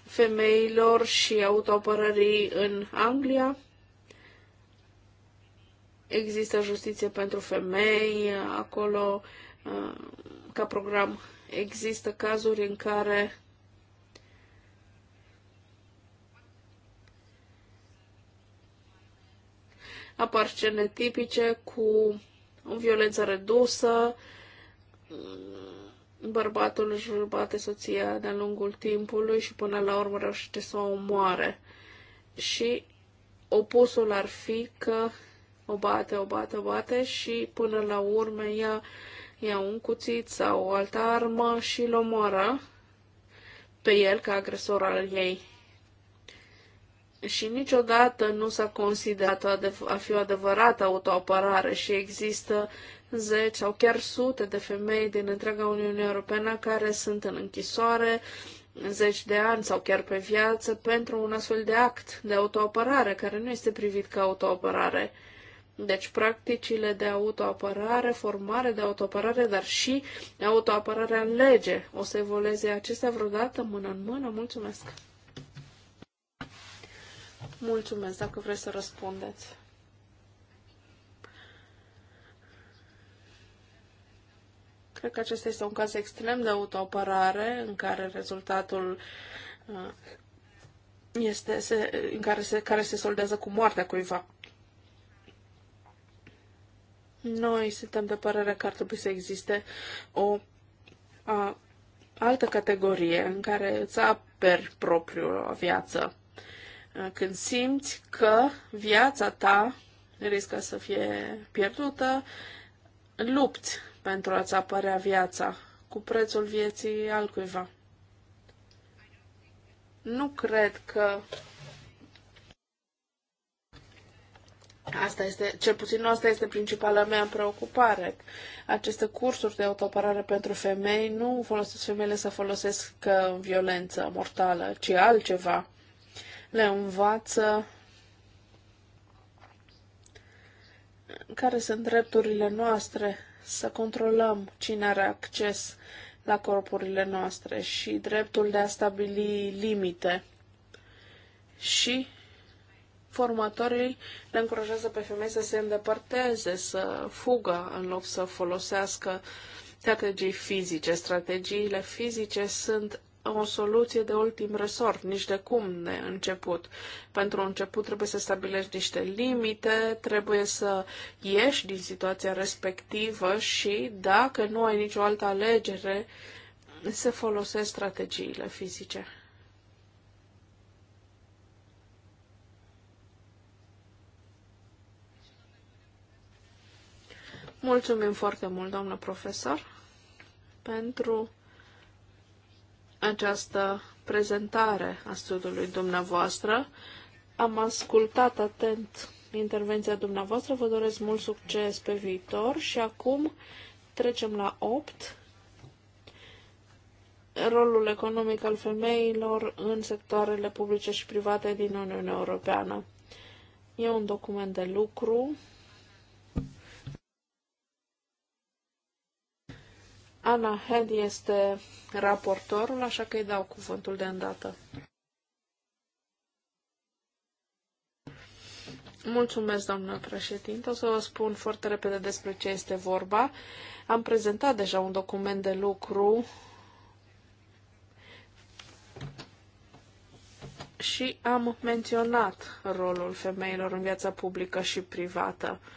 femeilor și autoapărării în Anglia? Există justiție pentru femei acolo uh, ca program. Există cazuri în care apar scene tipice cu o violență redusă, mm, bărbatul își bate soția de-a lungul timpului și până la urmă reușește să o omoare. Și opusul ar fi că o bate, o bate, o bate și până la urmă ea ia un cuțit sau o altă armă și îl omoară pe el ca agresor al ei și niciodată nu s-a considerat a fi o adevărată autoapărare și există zeci sau chiar sute de femei din întreaga Uniune Europeană care sunt în închisoare zeci de ani sau chiar pe viață pentru un astfel de act de autoapărare care nu este privit ca autoapărare. Deci practicile de autoapărare, formare de autoapărare, dar și autoapărarea în lege. O să evolueze acestea vreodată mână în mână. Mulțumesc! Mulțumesc dacă vreți să răspundeți. Cred că acesta este un caz extrem de autoapărare în care rezultatul uh, este se, în care se, care se soldează cu moartea cuiva. Noi suntem de părere că ar trebui să existe o a, altă categorie în care îți aperi propriul viață. Când simți că viața ta riscă să fie pierdută, lupți pentru a-ți apărea viața cu prețul vieții altcuiva. Nu cred că Asta este, cel puțin asta este principala mea preocupare. Aceste cursuri de autoapărare pentru femei nu folosesc femeile să folosesc uh, violență mortală, ci altceva le învață care sunt drepturile noastre, să controlăm cine are acces la corpurile noastre și dreptul de a stabili limite. Și formatorii le încurajează pe femei să se îndepărteze, să fugă în loc să folosească strategii fizice. Strategiile fizice sunt o soluție de ultim resort, nici de cum ne început. Pentru început trebuie să stabilești niște limite, trebuie să ieși din situația respectivă și, dacă nu ai nicio altă alegere, să folosești strategiile fizice. Mulțumim foarte mult, doamnă profesor, pentru această prezentare a studiului dumneavoastră. Am ascultat atent intervenția dumneavoastră, vă doresc mult succes pe viitor și acum trecem la 8. Rolul economic al femeilor în sectoarele publice și private din Uniunea Europeană. E un document de lucru Ana Head este raportorul, așa că îi dau cuvântul de îndată. Mulțumesc, doamnă președinte. O să vă spun foarte repede despre ce este vorba. Am prezentat deja un document de lucru și am menționat rolul femeilor în viața publică și privată. Uh,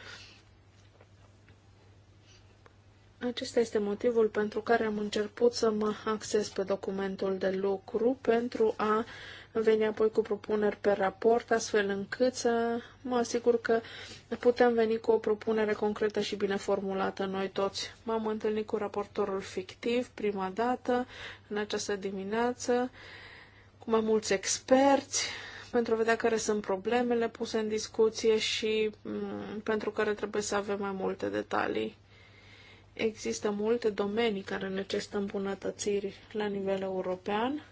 acesta este motivul pentru care am început să mă acces pe documentul de lucru pentru a veni apoi cu propuneri pe raport, astfel încât să mă asigur că putem veni cu o propunere concretă și bine formulată noi toți. M-am întâlnit cu raportorul fictiv prima dată în această dimineață, cu mai mulți experți, pentru a vedea care sunt problemele puse în discuție și mm, pentru care trebuie să avem mai multe detalii. Există multe domenii care necesită îmbunătățiri la nivel european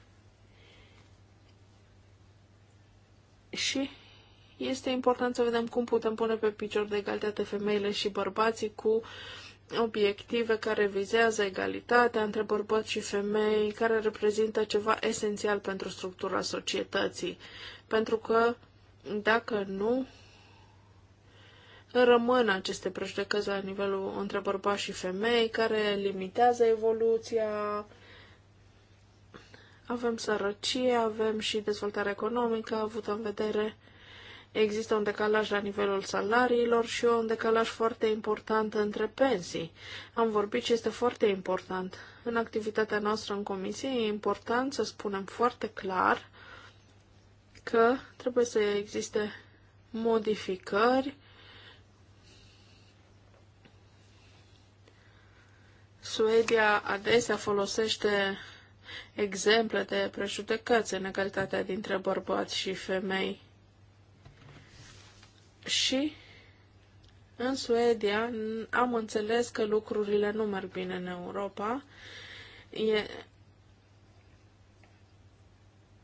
și este important să vedem cum putem pune pe picior de egalitate femeile și bărbații cu obiective care vizează egalitatea între bărbați și femei, care reprezintă ceva esențial pentru structura societății. Pentru că, dacă nu, rămân aceste prejudecăți la nivelul între bărbați și femei, care limitează evoluția. Avem sărăcie, avem și dezvoltare economică Avut în vedere. Există un decalaj la nivelul salariilor și un decalaj foarte important între pensii. Am vorbit și este foarte important. În activitatea noastră în comisie e important să spunem foarte clar că trebuie să existe modificări Suedia adesea folosește exemple de prejudecăți în egalitatea dintre bărbați și femei. Și în Suedia am înțeles că lucrurile nu merg bine în Europa. E...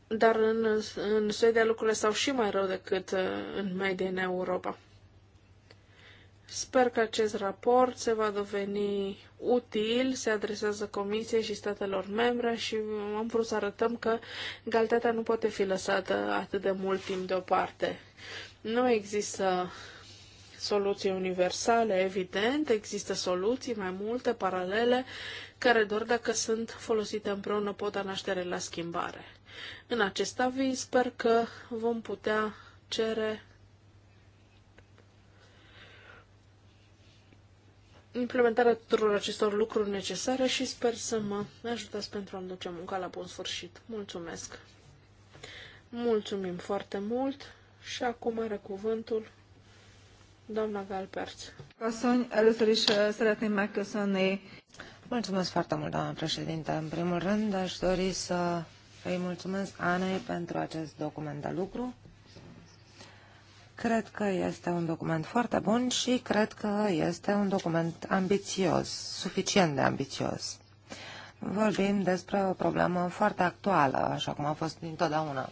Dar în, în Suedia lucrurile stau și mai rău decât uh, în medie în Europa. Sper că acest raport se va doveni util, se adresează Comisiei și statelor membre și am vrut să arătăm că egalitatea nu poate fi lăsată atât de mult timp deoparte. Nu există soluții universale, evident, există soluții mai multe, paralele, care doar dacă sunt folosite împreună pot da naștere la schimbare. În acest aviz sper că vom putea cere implementarea tuturor acestor lucruri necesare și sper să mă ajutați pentru a-mi duce munca la bun sfârșit. Mulțumesc! Mulțumim foarte mult și acum are cuvântul doamna Galperț. Asszony, először is eh, szeretném Mulțumesc foarte mult, doamna președinte. În primul rând, aș dori să îi mulțumesc Anei pentru acest document de lucru Cred că este un document foarte bun și cred că este un document ambițios, suficient de ambițios. Vorbim despre o problemă foarte actuală, așa cum a fost întotdeauna.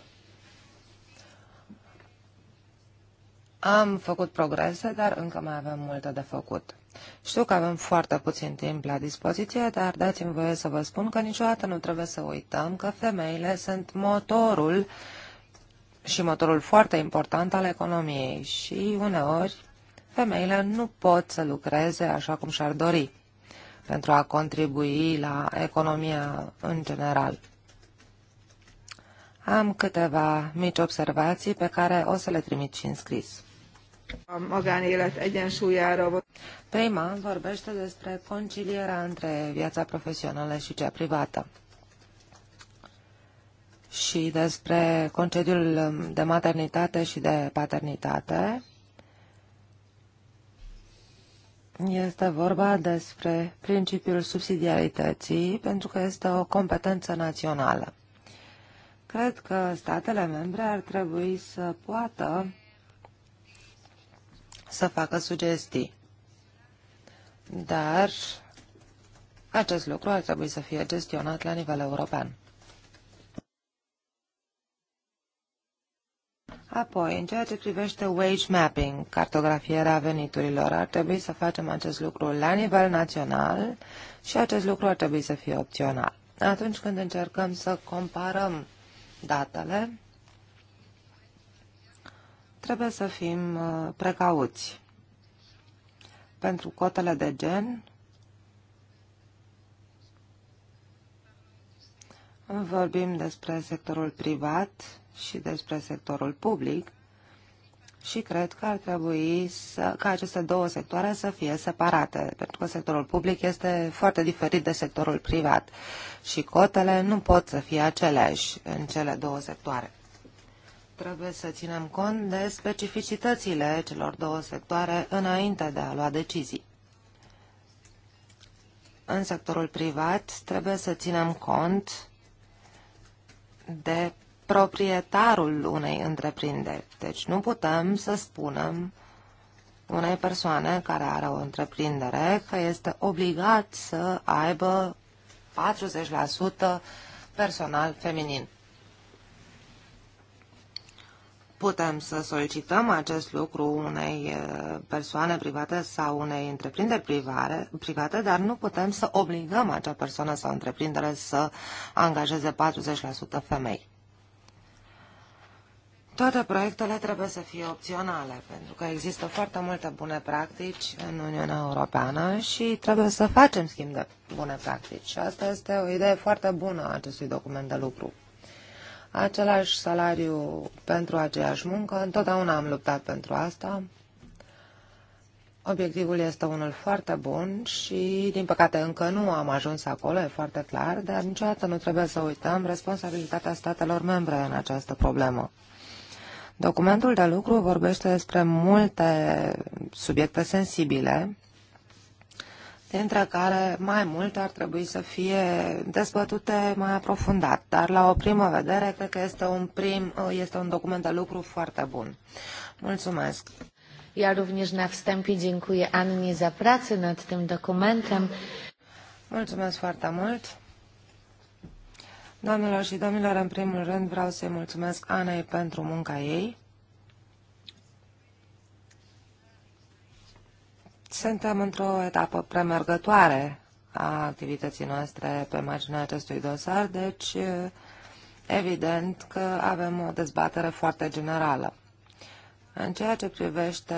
Am făcut progrese, dar încă mai avem multe de făcut. Știu că avem foarte puțin timp la dispoziție, dar dați-mi voie să vă spun că niciodată nu trebuie să uităm că femeile sunt motorul și motorul foarte important al economiei și uneori femeile nu pot să lucreze așa cum și-ar dori pentru a contribui la economia în general. Am câteva mici observații pe care o să le trimit și în scris. Prima vorbește despre concilierea între viața profesională și cea privată și despre concediul um, de maternitate și de paternitate. Este vorba despre principiul subsidiarității, pentru că este o competență națională. Cred că statele membre ar trebui să poată să facă sugestii. Dar acest lucru ar trebui să fie gestionat la nivel european. Apoi, în ceea ce privește wage mapping, cartografierea veniturilor, ar trebui să facem acest lucru la nivel național și acest lucru ar trebui să fie opțional. Atunci când încercăm să comparăm datele, trebuie să fim uh, precauți. Pentru cotele de gen, vorbim despre sectorul privat, și despre sectorul public și cred că ar trebui să, ca aceste două sectoare să fie separate, pentru că sectorul public este foarte diferit de sectorul privat și cotele nu pot să fie aceleași în cele două sectoare. Trebuie să ținem cont de specificitățile celor două sectoare înainte de a lua decizii. În sectorul privat trebuie să ținem cont de proprietarul unei întreprinderi. Deci nu putem să spunem unei persoane care are o întreprindere că este obligat să aibă 40% personal feminin. Putem să solicităm acest lucru unei eh, persoane private sau unei întreprinderi private, dar nu putem să obligăm acea persoană sau întreprindere să angajeze 40% femei. Toate proiectele trebuie să fie opționale, pentru că există foarte multe bune practici în Uniunea Europeană și trebuie să facem schimb de bune practici. Și asta este o idee foarte bună a acestui document de lucru. Același salariu pentru aceeași muncă, întotdeauna am luptat pentru asta. Obiectivul este unul foarte bun și, din păcate, încă nu am ajuns acolo, e foarte clar, dar niciodată nu trebuie să uităm responsabilitatea statelor membre în această problemă. Documentul de lucru vorbește despre multe subiecte sensibile, dintre care mai multe ar trebui să fie dezbătute mai aprofundat, dar la o primă vedere cred că este un, prim, este un document de lucru foarte bun. Mulțumesc! Ja również na wstępie dziękuję Annie za pracę nad tym dokumentem. Mulțumesc foarte mult! Doamnelor și domnilor, în primul rând vreau să-i mulțumesc Anei pentru munca ei. Suntem într-o etapă premergătoare a activității noastre pe marginea acestui dosar, deci evident că avem o dezbatere foarte generală. În ceea ce privește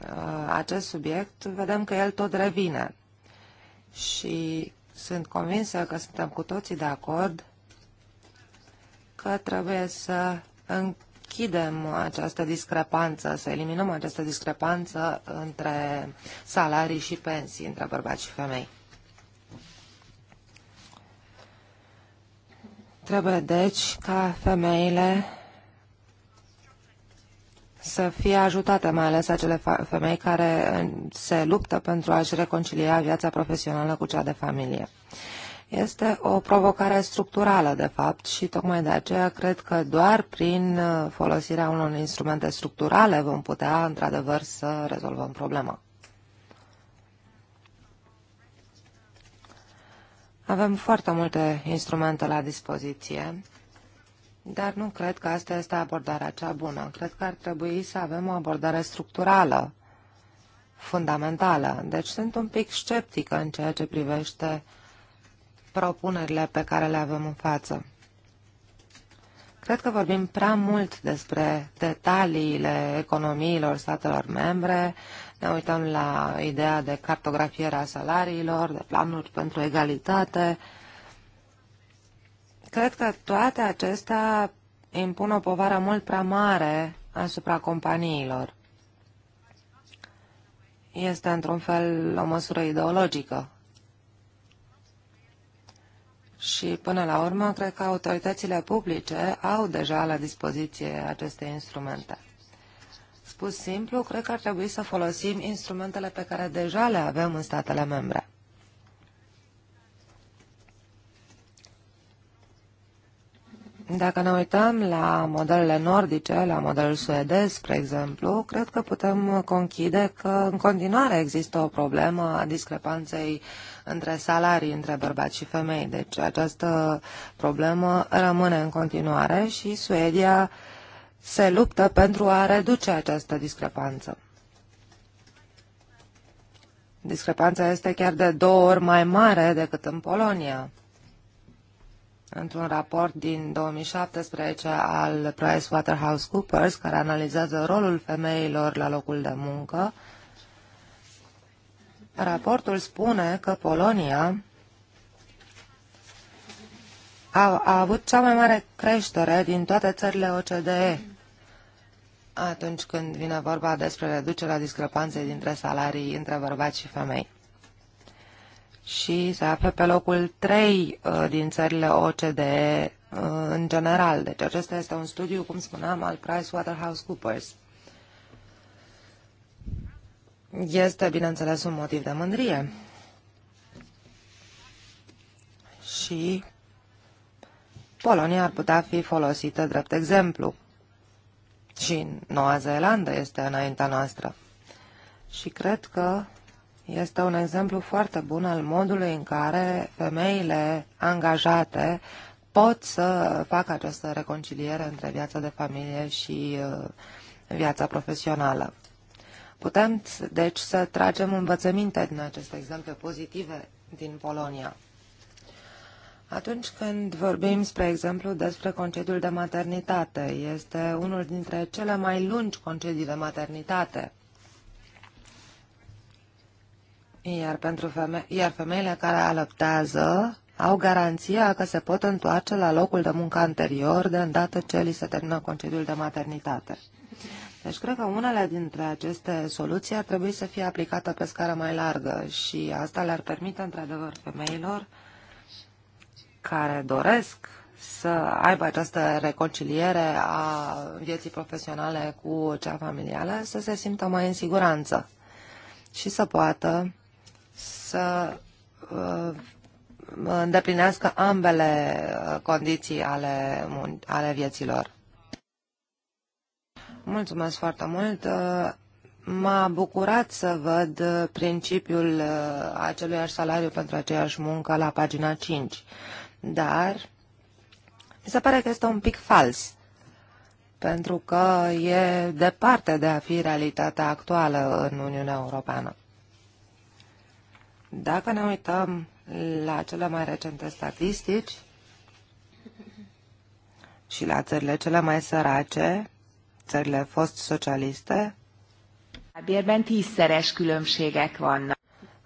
uh, acest subiect, vedem că el tot revine și sunt convinsă că suntem cu toții de acord că trebuie să închidem această discrepanță, să eliminăm această discrepanță între salarii și pensii, între bărbați și femei. Trebuie, deci, ca femeile să fie ajutate, mai ales acele femei care se luptă pentru a-și reconcilia viața profesională cu cea de familie. Este o provocare structurală, de fapt, și tocmai de aceea cred că doar prin uh, folosirea unor instrumente structurale vom putea, într-adevăr, să rezolvăm problema. Avem foarte multe instrumente la dispoziție dar nu cred că asta este abordarea cea bună. Cred că ar trebui să avem o abordare structurală, fundamentală. Deci sunt un pic sceptică în ceea ce privește propunerile pe care le avem în față. Cred că vorbim prea mult despre detaliile economiilor statelor membre, ne uităm la ideea de cartografiere a salariilor, de planuri pentru egalitate, uh, Cred că toate acestea impun o povară mult prea mare asupra companiilor. Este într-un fel o măsură ideologică. Și până la urmă, cred că autoritățile publice au deja la dispoziție aceste instrumente. Spus simplu, cred că ar trebui să folosim instrumentele pe care deja le avem în statele membre. Dacă ne uităm la modelele nordice, la modelul suedez, spre exemplu, cred că putem conchide că în continuare există o problemă a discrepanței între salarii între bărbați și femei. Deci această problemă rămâne în continuare și Suedia se luptă pentru a reduce această discrepanță. Discrepanța este chiar de două ori mai mare decât în Polonia într-un raport din 2017 al PricewaterhouseCoopers, care analizează rolul femeilor la locul de muncă, raportul spune că Polonia a, a avut cea mai mare creștere din toate țările OCDE atunci când vine vorba despre reducerea discrepanței dintre salarii între bărbați și femei și se află pe locul 3 uh, din țările OCDE uh, în general. Deci acesta este un studiu, cum spuneam, al PricewaterhouseCoopers. Este, bineînțeles, un motiv de mândrie. Și Polonia ar putea fi folosită drept exemplu. Și Noua Zeelandă este înaintea noastră. Și cred că este un exemplu foarte bun al modului în care femeile angajate pot să facă această reconciliere între viața de familie și uh, viața profesională. Putem, deci, să tragem învățăminte din aceste exemple pozitive din Polonia. Atunci când vorbim, spre exemplu, despre concediul de maternitate, este unul dintre cele mai lungi concedii de maternitate – iar, pentru feme iar femeile care alăptează au garanția că se pot întoarce la locul de muncă anterior de îndată ce li se termină concediul de maternitate. Deci cred că unele dintre aceste soluții ar trebui să fie aplicată pe scară mai largă și asta le-ar permite într-adevăr femeilor care doresc să aibă această reconciliere a vieții profesionale cu cea familială, să se simtă mai în siguranță și să poată să uh, îndeplinească ambele uh, condiții ale, ale vieților. Mulțumesc foarte mult. Uh, m-a bucurat să văd principiul aceluiași salariu pentru aceeași muncă la pagina 5, dar mi se pare că este un pic fals, pentru că e departe de a fi realitatea actuală în Uniunea Europeană. Dacă ne uităm la cele mai recente statistici și la țările cele mai sărace, țările fost socialiste,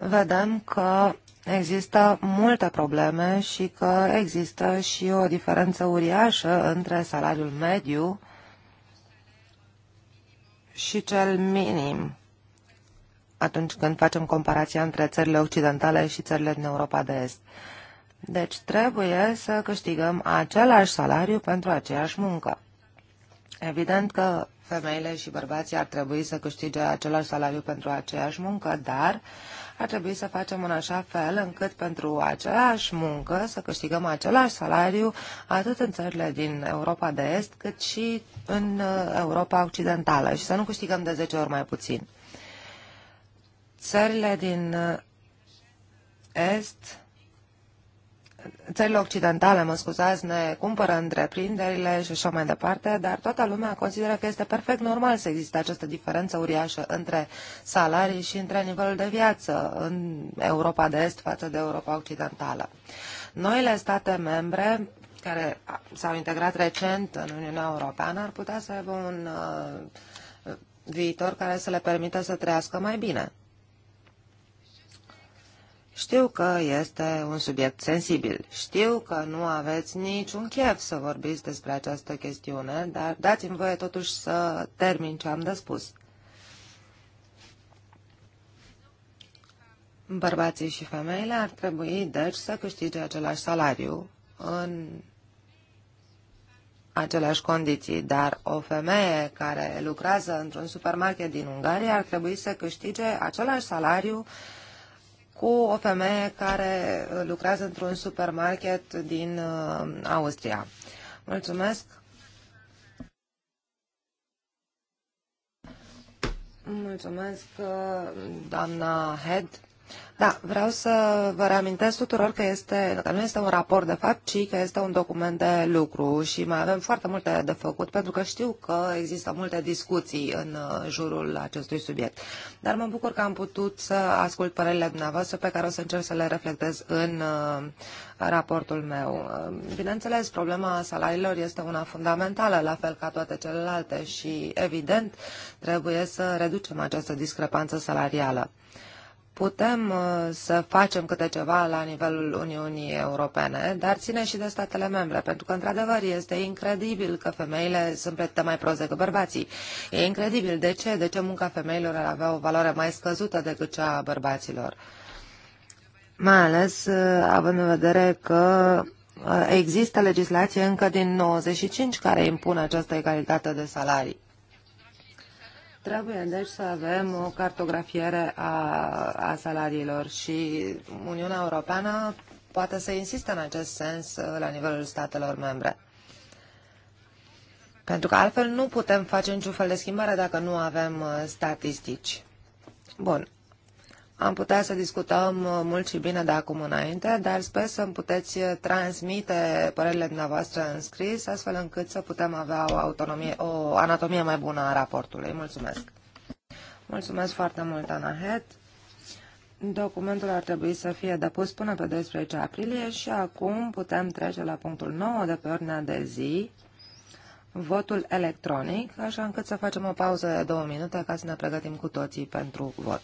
Vedem că există multe probleme și că există și o diferență uriașă între salariul mediu și cel minim atunci când facem comparația între țările occidentale și țările din Europa de Est. Deci trebuie să câștigăm același salariu pentru aceeași muncă. Evident că femeile și bărbații ar trebui să câștige același salariu pentru aceeași muncă, dar ar trebui să facem în așa fel încât pentru aceeași muncă să câștigăm același salariu atât în țările din Europa de Est cât și în uh, Europa Occidentală și să nu câștigăm de 10 ori mai puțin. Țările din uh, Est, țările occidentale, mă scuzați, ne cumpără întreprinderile și așa mai departe, dar toată lumea consideră că este perfect normal să existe această diferență uriașă între salarii și între nivelul de viață în Europa de Est față de Europa Occidentală. Noile state membre care s-au integrat recent în Uniunea Europeană ar putea să aibă un uh, viitor care să le permită să trăiască mai bine. Știu că este un subiect sensibil, știu că nu aveți niciun chef să vorbiți despre această chestiune, dar dați-mi voie totuși să termin ce am de spus. Bărbații și femeile ar trebui, deci, să câștige același salariu în aceleași condiții, dar o femeie care lucrează într-un supermarket din Ungaria ar trebui să câștige același salariu uh, cu o femeie care uh, lucrează într-un supermarket din uh, Austria. Mulțumesc! Mulțumesc, uh, doamna Head. Da, vreau să vă reamintesc tuturor că, este, că nu este un raport de fapt, ci că este un document de lucru și mai avem foarte multe de făcut, pentru că știu că există multe discuții în uh, jurul acestui subiect. Dar mă bucur că am putut să ascult părerile dumneavoastră pe care o să încerc să le reflectez în uh, raportul meu. Uh, bineînțeles, problema salariilor este una fundamentală, la fel ca toate celelalte și, evident, trebuie să reducem această discrepanță salarială. Putem uh, să facem câte ceva la nivelul Uniunii Europene, dar ține și de statele membre, pentru că, într-adevăr, este incredibil că femeile sunt plătite mai prost decât bărbații. E incredibil. De ce? De ce munca femeilor ar avea o valoare mai scăzută decât cea a bărbaților? Mai ales uh, având în vedere că uh, există legislație încă din 95 care impune această egalitate de salarii. Trebuie, deci, să avem o cartografiere a, a salariilor și Uniunea Europeană poate să insiste în acest sens uh, la nivelul statelor membre. Pentru că altfel nu putem face niciun fel de schimbare dacă nu avem uh, statistici. Bun, am putea să discutăm uh, mult și bine de acum înainte, dar sper să mi puteți uh, transmite părerile dumneavoastră în scris, astfel încât să putem avea o, autonomie, o anatomie mai bună a raportului. Mulțumesc! Mulțumesc foarte mult, Ana Het. Documentul ar trebui să fie depus până pe 12 aprilie și acum putem trece la punctul 9 de pe ordinea de zi, votul electronic, așa încât să facem o pauză de două minute ca să ne pregătim cu toții pentru vot.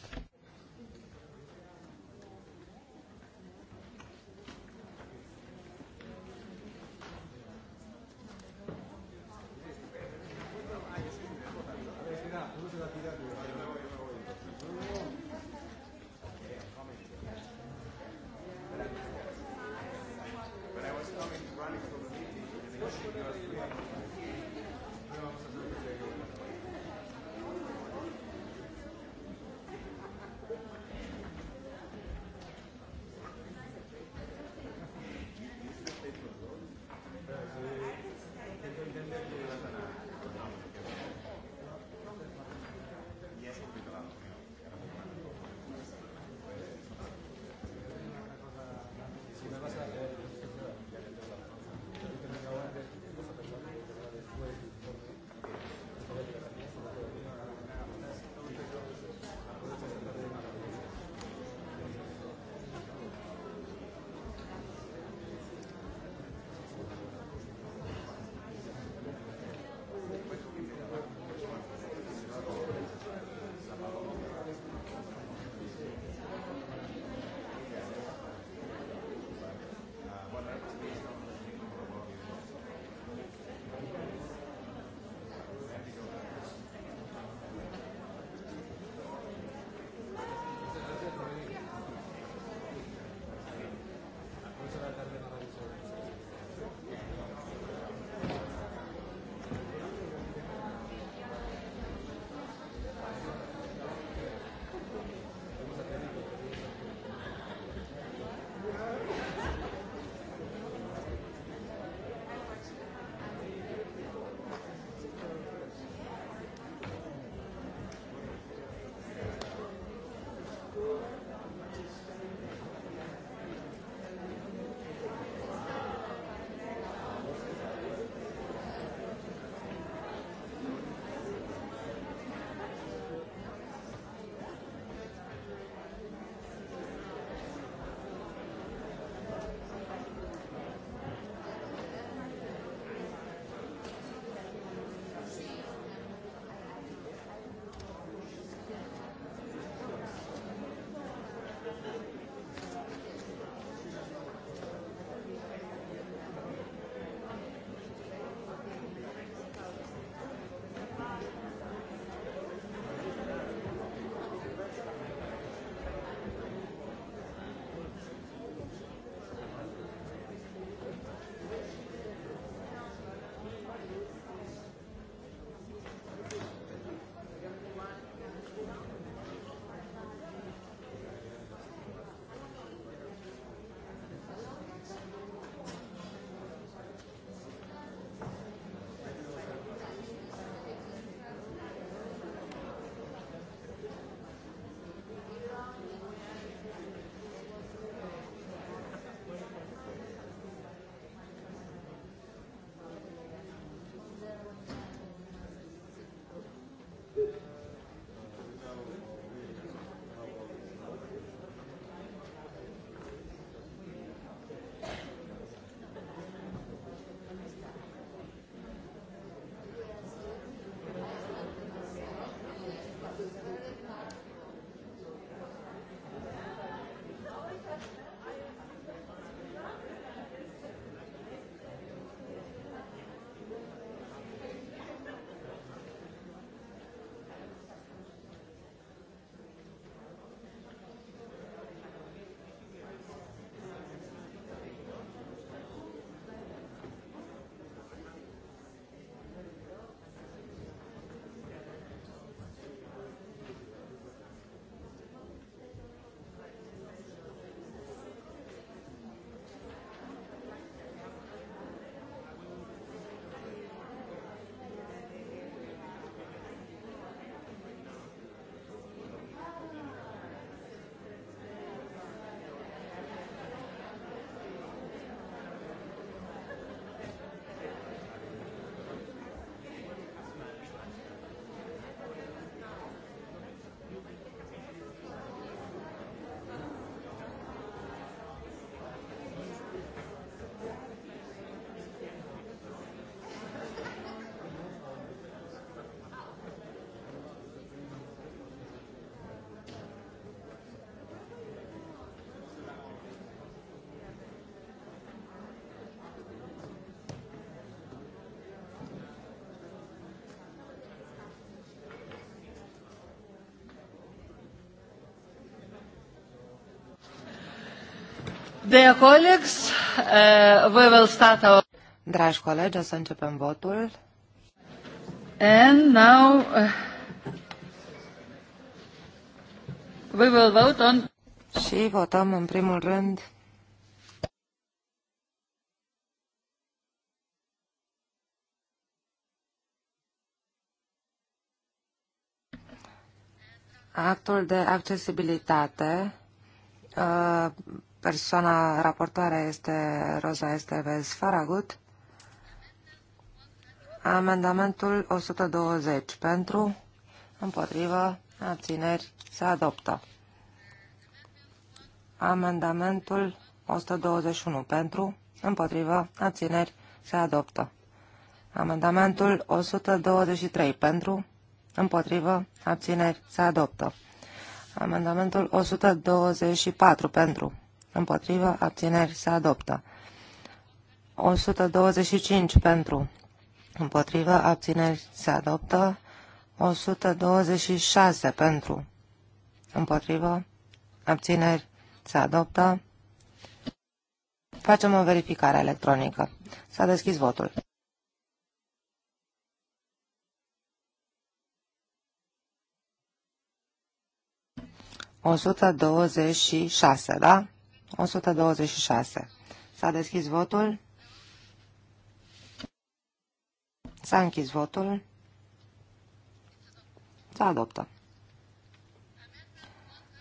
Dear colleagues, uh, we will start our... Dragi colegi, o să începem votul. And now uh, we will vote on... Și votăm în primul rând actul de accesibilitate uh, Persoana raportoare este Rosa Esteves Faragut. Amendamentul 120 pentru, împotrivă, abțineri, se adoptă. Amendamentul 121 pentru, împotrivă, abțineri, se adoptă. Amendamentul 123 pentru, împotrivă, abțineri, se adoptă. Amendamentul 124 pentru, Împotrivă. Abțineri. Se adoptă. 125 pentru. Împotrivă. Abțineri. Se adoptă. 126 pentru. Împotrivă. Abțineri. Se adoptă. Facem o verificare electronică. S-a deschis votul. O sută douăzeci și șase, da? 126. S-a deschis votul. S-a închis votul. S-a adoptă.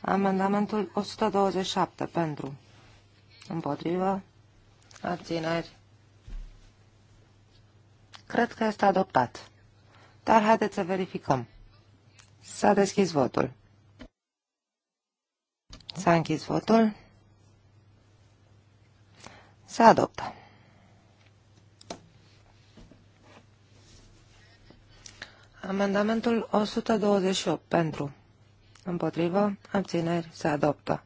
Amendamentul 127 pentru. Împotrivă. Abțineri. Cred că este adoptat. Dar haideți să verificăm. S-a deschis votul. S-a închis votul. Se adoptă. Amendamentul 128 pentru. Împotrivă. Abțineri. Se adoptă.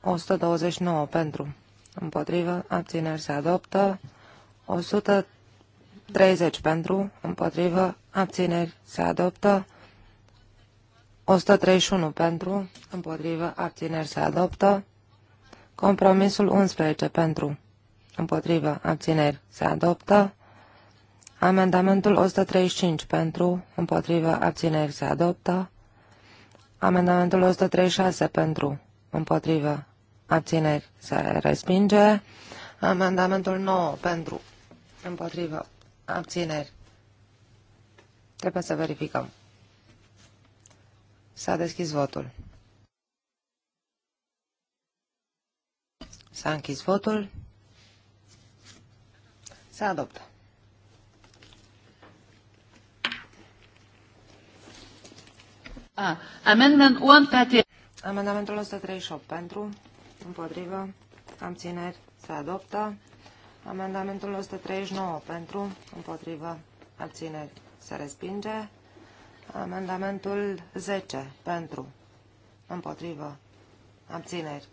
129 pentru. Împotrivă. Abțineri. Se adoptă. 130 pentru. Împotrivă. Abțineri. Se adoptă. 131 pentru. Împotrivă. Abțineri. Se adoptă. Compromisul 11 pentru. Împotrivă. Abțineri. Se adoptă. Amendamentul 135 pentru. Împotrivă. Abțineri. Se adoptă. Amendamentul 136 pentru. Împotrivă. Abțineri. Se respinge. Amendamentul 9 pentru. Împotrivă. Abțineri. Trebuie să verificăm. S-a deschis votul. S-a închis votul. Se adoptă. amendment 138. Amendamentul 138 pentru, împotrivă, abțineri, se adoptă. Amendamentul 139 pentru, împotrivă, abțineri, se respinge. Amendamentul 10 pentru, împotrivă, abțineri,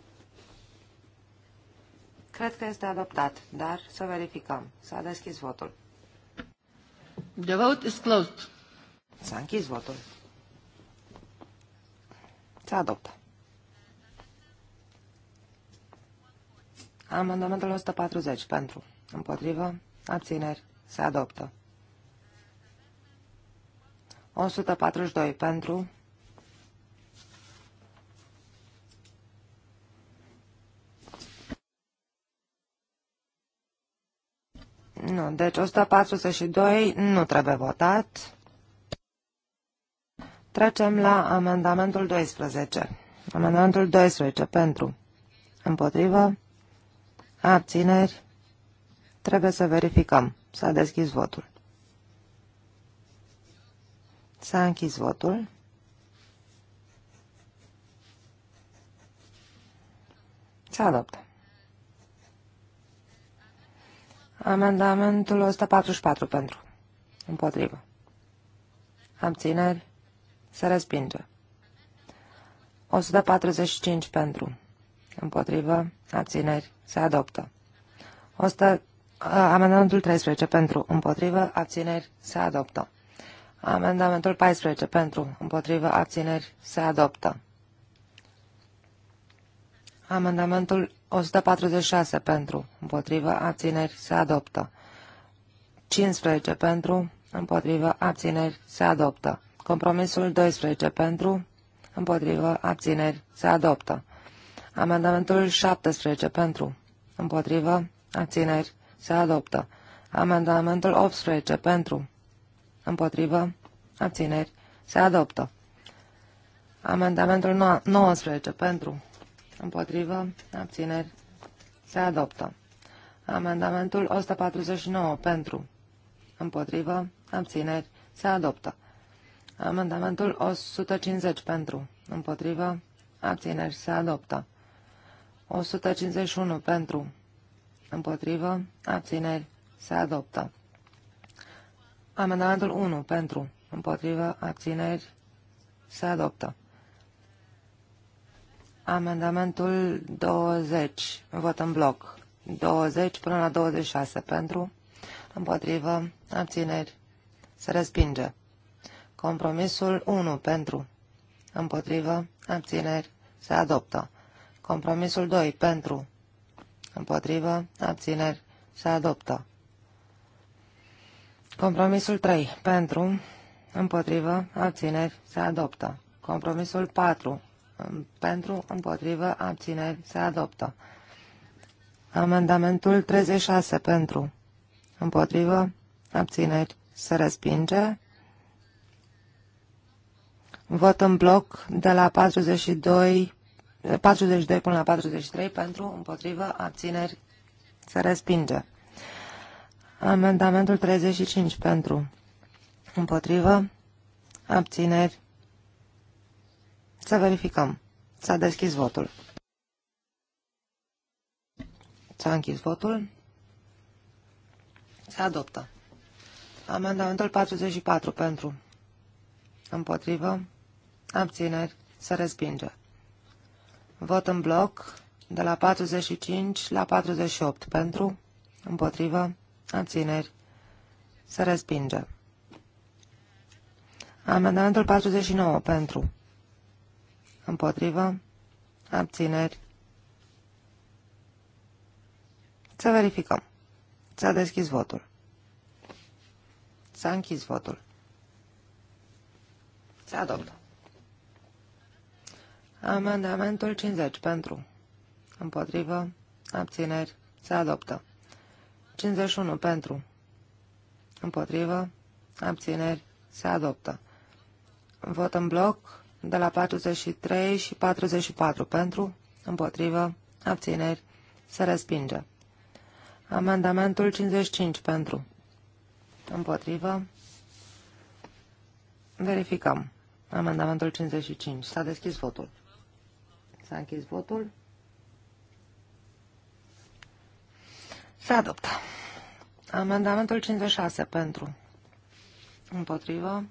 Cred că este adoptat, dar să verificăm. S-a deschis votul. The vote is closed. S-a închis votul. S-a adoptat. Amendamentul 140 pentru. Împotrivă. Abțineri. Se adoptă. 142 pentru. Nu, deci 142 nu trebuie votat. Trecem la amendamentul 12. Amendamentul 12 pentru împotrivă abțineri trebuie să verificăm. S-a deschis votul. S-a închis votul. S-a adoptat. Amendamentul 144 pentru. Împotrivă. Abțineri. Se respinge. 145 pentru. Împotrivă. Abțineri. Se adoptă. 100, amendamentul 13 pentru. Împotrivă. Abțineri. Se adoptă. Amendamentul 14 pentru. Împotrivă. Abțineri. Se adoptă. Amendamentul 146 pentru, împotrivă, abțineri, se adoptă. 15 pentru, împotrivă, abțineri, se adoptă. Compromisul 12 pentru, împotrivă, abțineri, se adoptă. Amendamentul 17 pentru, împotrivă, abțineri, se adoptă. Amendamentul 18 pentru, împotrivă, abțineri, se adoptă. Amendamentul 19 pentru, Împotrivă. Abțineri. Se adoptă. Amendamentul 149 pentru. Împotrivă. Abțineri. Se adoptă. Amendamentul 150 pentru. Împotrivă. Abțineri. Se adoptă. 151 pentru. Împotrivă. Abțineri. Se adoptă. Amendamentul 1 pentru. Împotrivă. Abțineri. Se adoptă. Amendamentul 20, vot în bloc. 20 până la 26 pentru, împotrivă, abțineri, se respinge. Compromisul 1 pentru, împotrivă, abțineri, se adoptă. Compromisul 2 pentru, împotrivă, abțineri, se adoptă. Compromisul 3 pentru, împotrivă, abțineri, se adoptă. Compromisul 4 pentru, împotrivă, abțineri, se adoptă. Amendamentul 36 pentru, împotrivă, abțineri, se respinge. Vot în bloc de la 42, 42 până la 43 pentru, împotrivă, abțineri, se respinge. Amendamentul 35 pentru, împotrivă, abțineri, să verificăm. S-a deschis votul. S-a închis votul. Se adoptă. Amendamentul 44 pentru. Împotrivă. Abțineri. Se respinge. Vot în bloc de la 45 la 48 pentru. Împotrivă. Abțineri. Se respinge. Amendamentul 49 pentru. Împotrivă. Abțineri. Să verificăm. S-a deschis votul. S-a închis votul. Se adoptă. Amendamentul 50 pentru. Împotrivă. Abțineri. Se adoptă. 51 pentru. Împotrivă. Abțineri. Se adoptă. Vot în bloc de la 43 și 44 pentru, împotrivă, abțineri, se respinge. Amendamentul 55 pentru, împotrivă, verificăm. Amendamentul 55. S-a deschis votul. S-a închis votul. Se adoptă. Amendamentul 56 pentru. Împotrivă.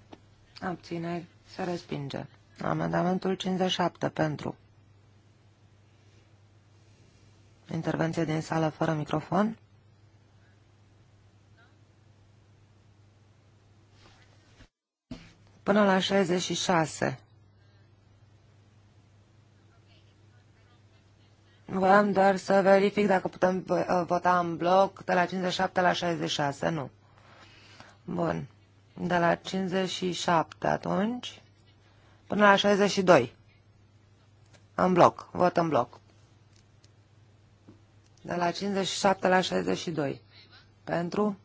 Abțineri. Se respinge. Amendamentul 57 pentru. Intervenție din sală fără microfon. Până la 66. Vreau doar să verific dacă putem uh, vota în bloc de la 57 la 66, nu. Bun. De la 57 atunci până la 62. În bloc, vot în bloc. De la 57 la 62. Pentru,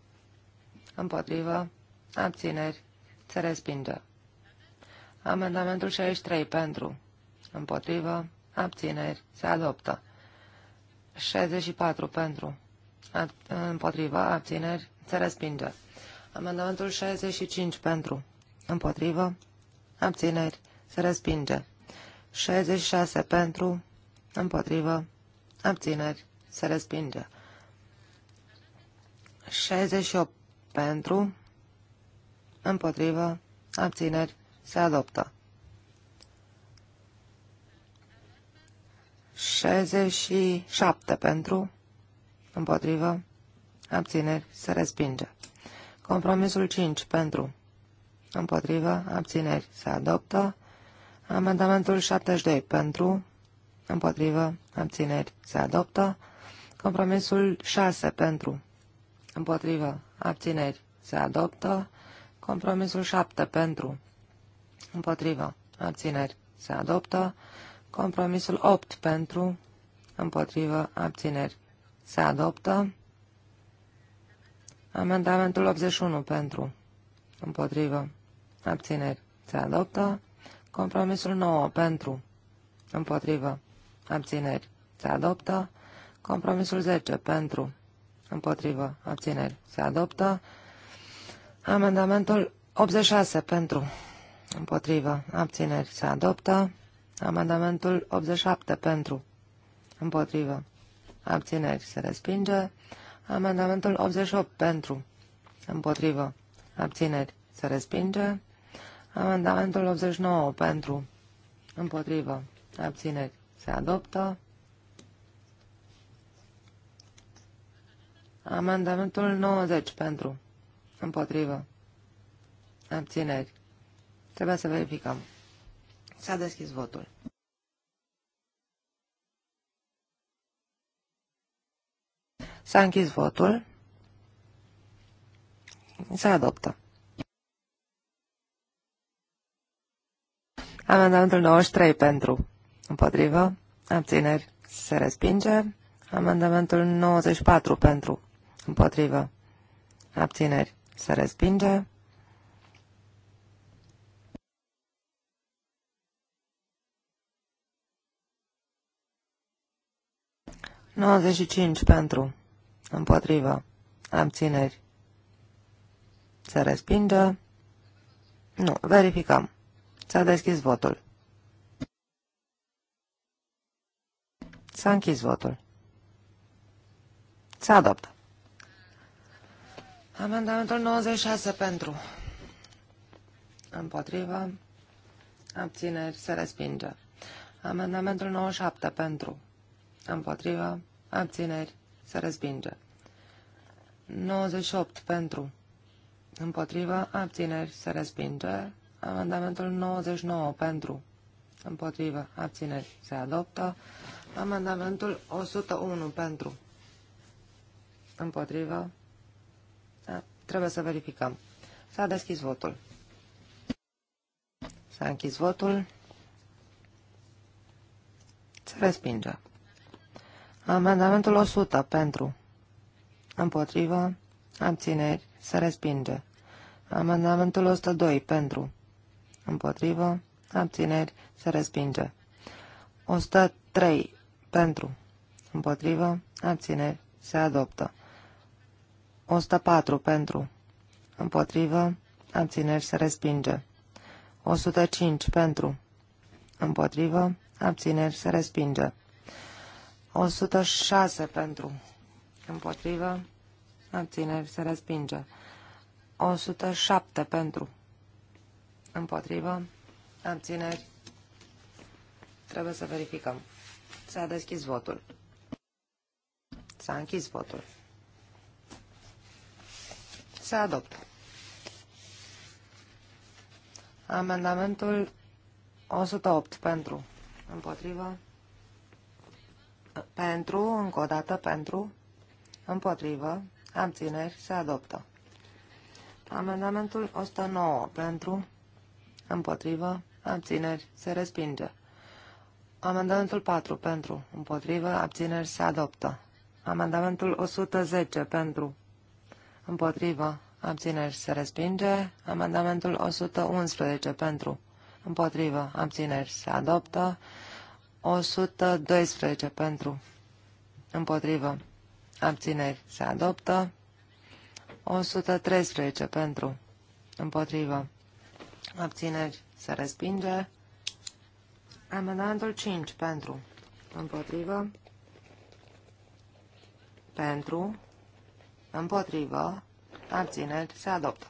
împotrivă, abțineri, se respinge. Amendamentul 63 pentru, împotrivă, abțineri, se adoptă. 64 pentru, împotrivă, abțineri, se respinge. Amendamentul 65 pentru, împotrivă, abțineri, se respinge. 66 pentru, împotrivă, abțineri, se respinge. 68 pentru, împotrivă, abțineri, se adoptă. 67 pentru, împotrivă, abțineri, se respinge. Compromisul 5 pentru, împotrivă, abțineri, se adoptă. Amendamentul 72 pentru, împotrivă, abțineri se adoptă. Compromisul 6 pentru, împotrivă, abțineri se adoptă. Compromisul 7 pentru, împotrivă, abțineri se adoptă. Compromisul 8 pentru, împotrivă, abțineri se adoptă. Amendamentul 81 pentru, împotrivă, abțineri se adoptă. Compromisul 9 pentru, împotrivă, abțineri se adoptă. Compromisul 10 pentru, împotrivă, abțineri se adoptă. Amendamentul 86 pentru, împotrivă, abțineri se adoptă. Amendamentul 87 pentru, împotrivă, abțineri se respinge. Amendamentul 88 pentru, împotrivă, abțineri se respinge. Amendamentul 89 pentru, împotrivă, abțineri, se adoptă. Amendamentul 90 pentru, împotrivă, abțineri. Trebuie să verificăm. S-a deschis votul. S-a închis votul. Se adoptă. Amendamentul 93 pentru. Împotrivă. Abțineri. Se respinge. Amendamentul 94 pentru. Împotrivă. Abțineri. Se respinge. Nouăzeci și cinci pentru. Împotrivă. Abțineri. Se respinge. Nu. Verificăm. S-a deschis votul. S-a închis votul. S-a adoptat. Amendamentul 96 pentru. Împotrivă. Abțineri. Se respinge. Amendamentul 97 pentru. Împotrivă. Abțineri. Se respinge. 98 pentru. Împotrivă. Abțineri. Se respinge. Amendamentul 99 pentru, împotrivă, abțineri, se adoptă. Amendamentul 101 pentru, împotrivă, da, trebuie să verificăm. S-a deschis votul. S-a închis votul. Se respinge. Amendamentul 100 pentru, împotrivă, abțineri, se respinge. Amendamentul 102 pentru, împotrivă, abțineri, se respinge. 103 pentru, împotrivă, abțineri, se adoptă. 104 pentru, împotrivă, abțineri, se respinge. 105 pentru, împotrivă, abțineri, se respinge. 106 pentru, împotrivă, abțineri, se respinge. 107 pentru, Împotrivă. Abțineri. Trebuie să verificăm. S-a deschis votul. S-a închis votul. Se adoptă. Amendamentul 108 pentru. Împotrivă. Pentru, încă o dată, pentru. Împotrivă. Abțineri. Se adoptă. Amendamentul 109 pentru împotrivă, abțineri, se respinge. Amendamentul 4 pentru, împotrivă, abțineri, se adoptă. Amendamentul 110 pentru, împotrivă, abțineri, se respinge. Amendamentul 111 pentru, împotrivă, abțineri, se adoptă. 112 pentru, împotrivă, abțineri, se adoptă. 113 pentru, împotrivă, Abțineri se respinge. Amendamentul 5 pentru. Împotrivă. Pentru. Împotrivă. Abțineri se adoptă.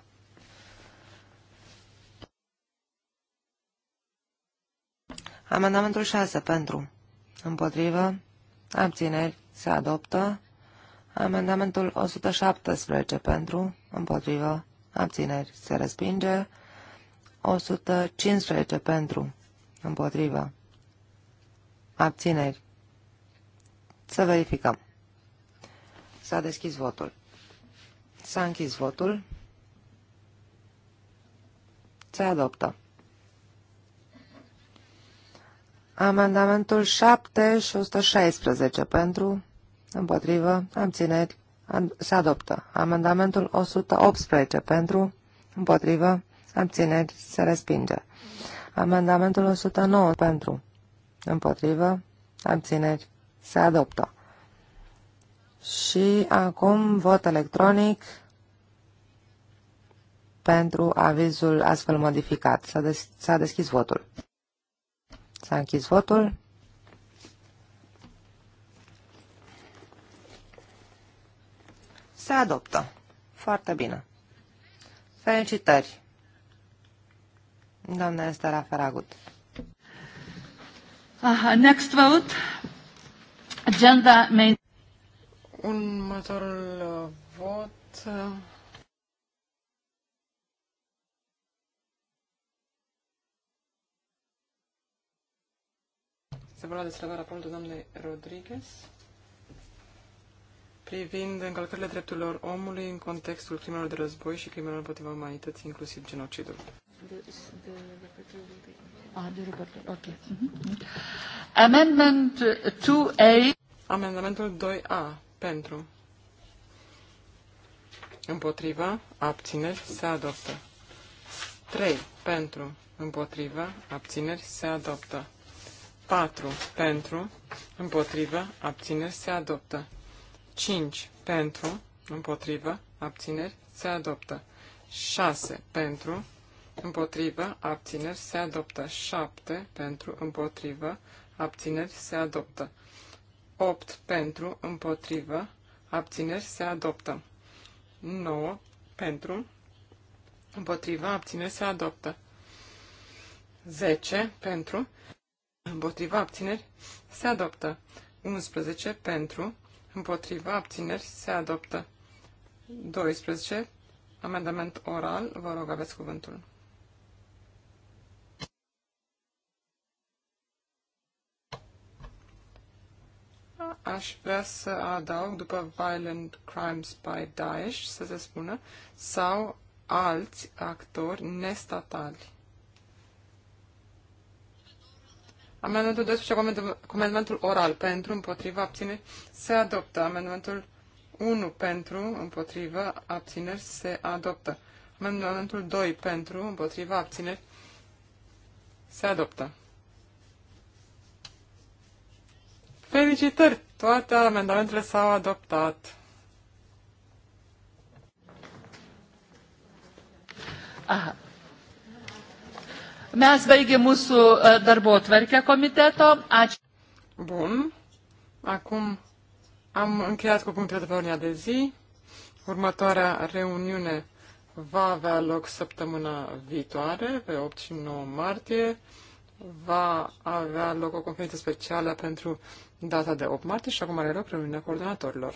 Amendamentul 6 pentru. Împotrivă. Abțineri se adoptă. Amendamentul 117 pentru. Împotrivă. Abțineri se respinge. 115 pentru, împotrivă, abțineri. Să verificăm. S-a deschis votul. S-a închis votul. Se adoptă. Amendamentul 7 și 116 pentru, împotrivă, abțineri, se adoptă. Amendamentul 118 pentru, împotrivă, Abțineri. Se respinge. Amendamentul 109 pentru. Împotrivă. Abțineri. Se adoptă. Și acum vot electronic pentru avizul astfel modificat. S-a des deschis votul. S-a închis votul. Se adoptă. Foarte bine. Felicitări Doamna Estera Feragut. Uh, next vote. Agenda main. Următorul uh, vot. Uh, se vorba despre raportul doamnei Rodriguez privind încălcările drepturilor omului în contextul crimelor de război și crimelor împotriva umanității, inclusiv genocidul. Ah, mhm. Amendment 2A. Amendamentul 2A. Pentru. Împotriva. Abțineri. Se adoptă. 3. Pentru. Împotriva. Abțineri. Se adoptă. 4. Pentru. Împotriva. Abțineri. Se adoptă. 5. Pentru. Împotriva. Abțineri. Se adoptă. 6. Pentru împotrivă, abțineri, se adoptă. 7 pentru, împotrivă, abțineri, se adoptă. 8 pentru, împotrivă, abțineri, se adoptă. 9 pentru, împotrivă, abțineri, se adoptă. 10 pentru, împotrivă, abțineri, se adoptă. 11 pentru, împotrivă, abțineri, se adoptă. 12. Amendament oral, vă rog, aveți cuvântul. aș vrea să adaug după Violent Crimes by Daesh, să se spună, sau alți actori nestatali. Amendamentul 12, comandamentul oral pentru, împotriva, abțineri, se adoptă. Amendamentul 1 pentru, împotriva, abțineri, se adoptă. Amendamentul 2 pentru, împotriva, abțineri, se adoptă. Felicitări! Toate amendamentele s-au adoptat. Aha. Mes baigėm mūsų darbo atverkę komiteto. Bun. Acum am încheiat cu punctul de pe ordinea de zi. Următoarea reuniune va avea loc săptămâna viitoare, pe 8 și 9 martie. Va avea loc o conferință specială pentru data de 8 martie și acum are loc reuniunea coordonatorilor.